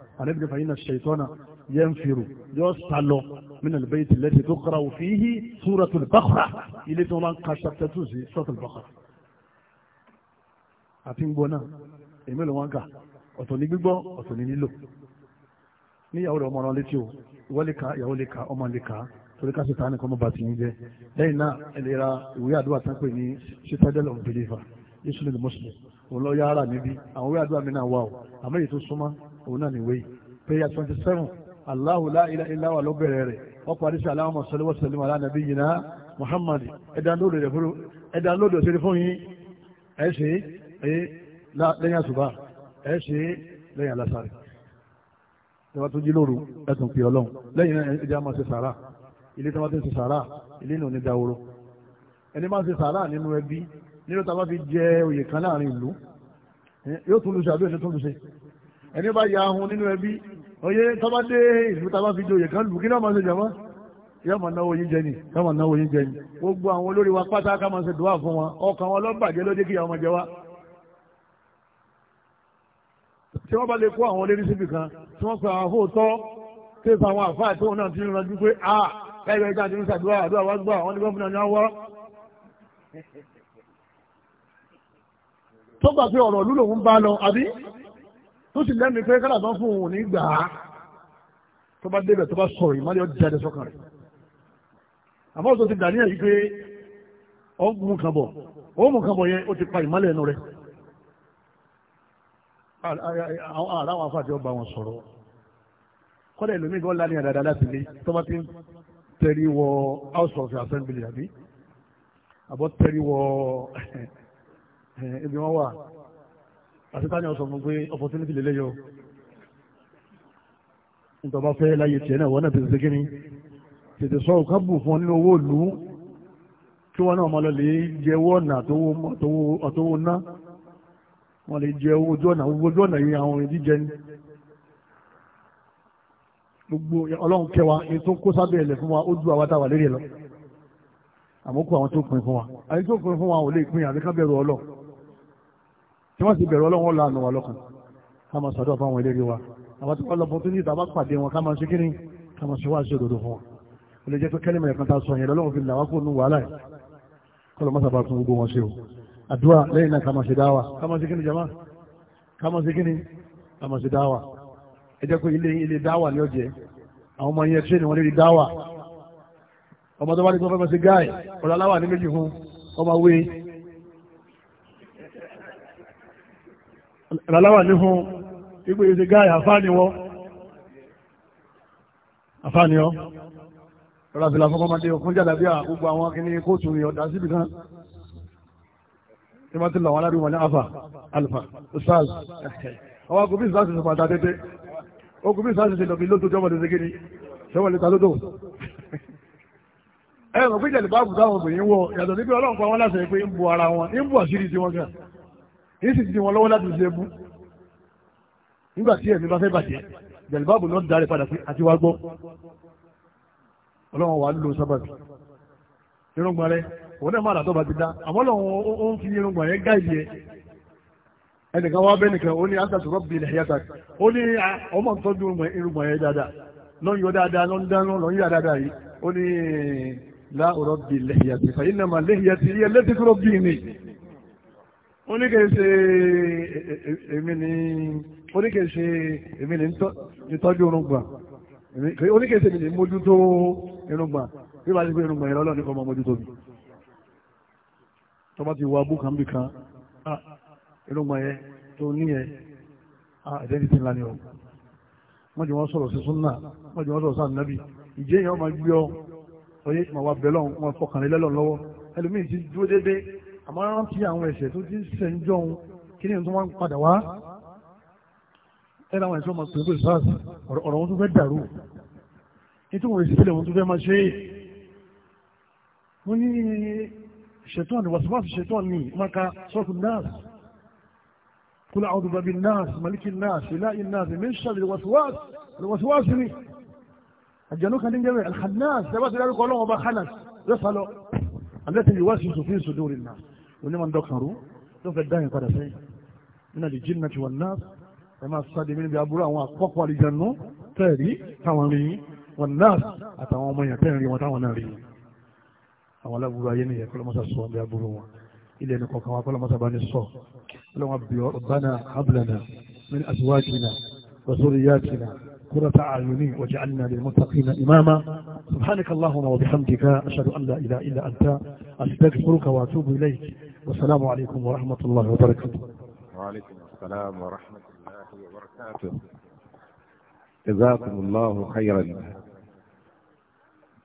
ànábì fa inna ash-shaytana yanfiru yóò sá lọ min al-bayti alladhi tuqra'u fihi suratul Baqara ilé tí wọ́n máa ń ka chapter two sí suratul Baqara. àti ń gbọ́ náà èmi ló wọ́n kà ọ̀tọ̀ ní gbígbọ́ ọ̀tọ̀ ní lílò níyàwó rẹ̀ ọmọ ọ̀rọ̀ létí o ìwọ́ lè ka ìyàwó lè ka ọmọ lè ka torí ká sèta nìkan ọmọba tì ń jẹ náà ẹlẹ́ra ìwé àdúrà tán pè ní citadel of believer yéṣu ní muslim òun lọ yára níbi àwọn ìwé àdúrà mi náà wà o àmọ́ èyí tó súnmọ́ òun náà nìwé yìí pẹ̀yà twenty seven Allahu la ilaha illa wa ló bẹ̀rẹ̀ rẹ̀ wọ́n parí sí Allahumma salli wa sallim ala nabiyyina Muhammad ẹ̀dá lóde rẹ̀ fún ẹ̀dá lóde òṣèré fún yín ẹ̀ ṣe é lẹ́yìn àṣùbà ẹ̀ ṣe é lẹ́yìn alásàrè ìwà tó jí lóru ẹ̀sùn pè ọlọ́run lẹ́yìn náà ẹ̀jẹ̀ máa ṣe sàárà ilé tí wọ́n ti ń ṣe sàárà ilé ní daworo ẹni máa ṣe sàárà nínú ẹbí nínú tá a bá fi jẹ oyè kan láàrin ìlú yóò tún lu ṣe àbí òṣèlú tún lu ṣe ẹni bá ya ahun nínú ẹbí oyè tọ́ba dé ìlú tàbá fi joyè kan lù kí náà máa ṣe jàmá yóò máa náwó yín jẹni yóò máa náwó yín jẹni gbogbo àwọn olórí wa pátá ká máa ṣe dùwà fún wọn ọkàn wọn lọ́gbàjẹ́ ló dé kí àwọn ọmọ jẹ wá tí wọ́n bá lè kó àwọn olórí síbì kan tí wọ́n sọ àwọn afóòtọ́ tí fa àwọn àfáà tóun náà ti ń ranjú pé a ẹgbẹ́ ìta ti ń ṣàdúrà àdúrà wá gbọ́ àwọn ní gómìnà ní wá. tó gbà pé ọ̀rọ̀ òlú lòun bá lọ àbí tó sì lẹ́nu pé kọ́lá tán fún òun ní gbà á tó bá débẹ̀ tó bá sọ̀rọ̀ ìmọ̀lẹ́ ọjà jáde sọ́kàn rẹ̀ àmọ́ tó ti dà ní ẹ̀yí pé ó mú kan bọ̀ ó mú kan bọ̀ yẹn ó ti pa ìmọ̀lẹ́ ẹnu rẹ̀ aláwọ̀ afáàtì ọba wọn sọ̀rọ̀ kọ́lá ìlú mígan lá ní àdàdà láti lé tó bá ti ń tẹ̀rí wọ house of assembly àbí àbọ̀ tẹ̀rí wọ ibi wọn wà àti táni ọ̀sán fún pé opportunity lè léyọ nítorí wọn fẹ́ láyé tiẹ̀ náà wọ́n náà tètè ṣe kíni tètè sọ òkà bù fún ọ nínú owó ìlú kí wọ́n náà máa lọ lè jẹ owó ọ̀nà àtọwọ́ ná wọ́n lè jẹ owó ojú ọ̀nà ojú ọ̀nà yìí àwọn ìdíjẹ ni gbogbo ọlọ́run kẹwa èyí tó kó sábẹ́ ẹ̀lẹ̀ fún wa ó ju àwa táwa lérí lọ àmọ́ kó àwọn tó pin fún wa àyè tó pin fún wa ò lè pin àbíkábẹ̀rù ọlọ́run tí wọ́n sì bẹ̀rù ọlọ́run lànà wà lọ́kàn ká máa sàdọ́ fáwọn eléré wa àwọn tí wọ́n lọ fún títà bá pàdé wọn ká máa ṣe kíni ká máa ṣe wá sí òdodo fún wọn ó lè jẹ́ pé kẹ́lẹ́mọ̀ ẹ̀kan ta sọ yẹn lọ́lọ́run fi là wá kúrò wàhálà ẹ̀ kọ́lọ́ mọ́sàbà tún gbogbo wọn ṣe o àdúrà lẹ́yìn náà ká máa ṣe dáwà ká máa ṣe kíni jama ká máa ṣe kíni ká máa ṣe dáwà ẹ jẹ́ pé ilé ilé dáwà ni ó àwọn ọmọ yẹn ṣe ni lè rí dáwà ọmọ tó bá ní kí fẹ́ máa ṣe gáì ọ̀rọ̀ ní méjì fún ọmọ wé ìrànláwà ní fún ipò ìṣe gáyà àfáàníwọ́ àfáàníọ́ rọra fìlà fọmọmọdé ọkùnrin jàdà bí àgbogbo àwọn akíní kóòtù rìn ọ̀dà síbi kan tí wọ́n ti lọ àwọn aládùn wọn ní alfa alfa usaz ọwọ́ agobi ìsá ti sọ̀pàtà tètè ogun bí ìsá ti sọ̀pàtà lótó tí wọ́n ti segin ni ṣẹ́wọ̀n lè ta lótó ẹ̀rọ píjẹ̀lì báàbù táwọn obìnrin wọ yàtọ̀ níbi ọlọ́run pa wọn láṣẹ pé ń bu ara wọn ń bu àṣírí tiwọn kan kìí sì ti wọn lọ́wọ́ láti ṣe mú nígbà tí ẹ̀mí bá fẹ́ bàjẹ́ jẹ̀lúbáàbù náà darí padà sí àti wá gbọ́ ọlọ́run wà á lò sábàbí irungba rẹ òun náà má dàtọ́ bá ti dá àmọ́ lọ́wọ́ ó ń fi irungba yẹn gáìdì yẹn ẹnìkan wá bẹ́ẹ̀ nìkan ó ní àtàtù rọ́bì ilẹ̀ yàtà ó ní ọmọ tọ́jú irungba yẹn dáadáa lọ́n yọ dáadáa lọ́n dáná lọ́n yà dáadáa yìí ó ní láòrọ́bì ilẹ̀ yàtì fàyínàmà lẹ́yìn yàtì yẹ lẹ́tí oníkèéṣe èmi ni oníkèéṣe èmi ni ìtọ́jú orúngbà oníkèéṣe èmi ni mójútó irúngbà bí wàá ti pé irúngbà ìrọ̀lọ́ ní kọ́mọ mójútó mi tọ́ba ti wọ abú kan bí kan ah, irúngbà yẹn tó ní yẹn ah, identity ńlá ni o wọ́n ti wọ́n sọ̀rọ̀ sí súnà wọ́n ti wọ́n sọ̀rọ̀ sáà nábì ìjẹ́ yẹn wọ́n máa gbé ọ oyè máa wà bẹ́lọ̀ wọn fọkànlélẹ́lọ́ lọ́wọ́ ẹlòmíì ti dúró déédéé àmọ́ rántí àwọn ẹ̀ṣẹ̀ tó ti ń sẹ́ńjọ́ òun kí ni tó máa ń padà wá ẹ̀rọ àwọn ẹ̀ṣọ́ máa pè pé sars ọ̀rọ̀ wọn tó fẹ́ dàrú nítorí wọn ìsìnkú wọn tó fẹ́ máa ṣe é wọ́n ní ṣètọ́ni wàsíwàsí ṣètọ́ni maka sọ́ọ̀tún náà kúlẹ̀ àwọn ọdún bàbí náà màlíkì náà ṣẹlá iná wàsíwàsí ni àjẹnú kan ní gẹ́gẹ́ alhannas ṣẹ́wàsí lárúkọ ọlọ́wọ́ bá hannas lọ́sàlọ́ alẹ́tẹ̀ yìí wá sí sòfin sòdórí náà onímọ̀ ń dọ̀kan rú ló fẹ́ dáhìn padà sẹ́yìn nínú àti jíìnà ti wà náà ẹ máa sáde mi níbi aburú àwọn àkọ́kọ́ àlìjànú tẹ̀rí táwọn rí wọn náà àtàwọn ọmọ yẹn tẹ̀rí wọn táwọn náà rí àwọn aláburú ayé nìyẹn kọ́lọ́mọ́sá sọ bí aburú wọn ilé ẹni kọ̀ọ̀kan wa kọ́lọ́mọ́sá bá ní sọ ọlọ́wọ́n bí ọ̀bánà hablana min azwajina wa zuriyatina قرة أعيني وجعلنا للمتقين إماما سبحانك اللهم وبحمدك أشهد أن لا إله إلا أنت أستغفرك وأتوب إليك والسلام عليكم ورحمة الله وبركاته وعليكم السلام ورحمة الله وبركاته جزاكم الله خيرا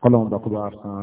قلهم بقبار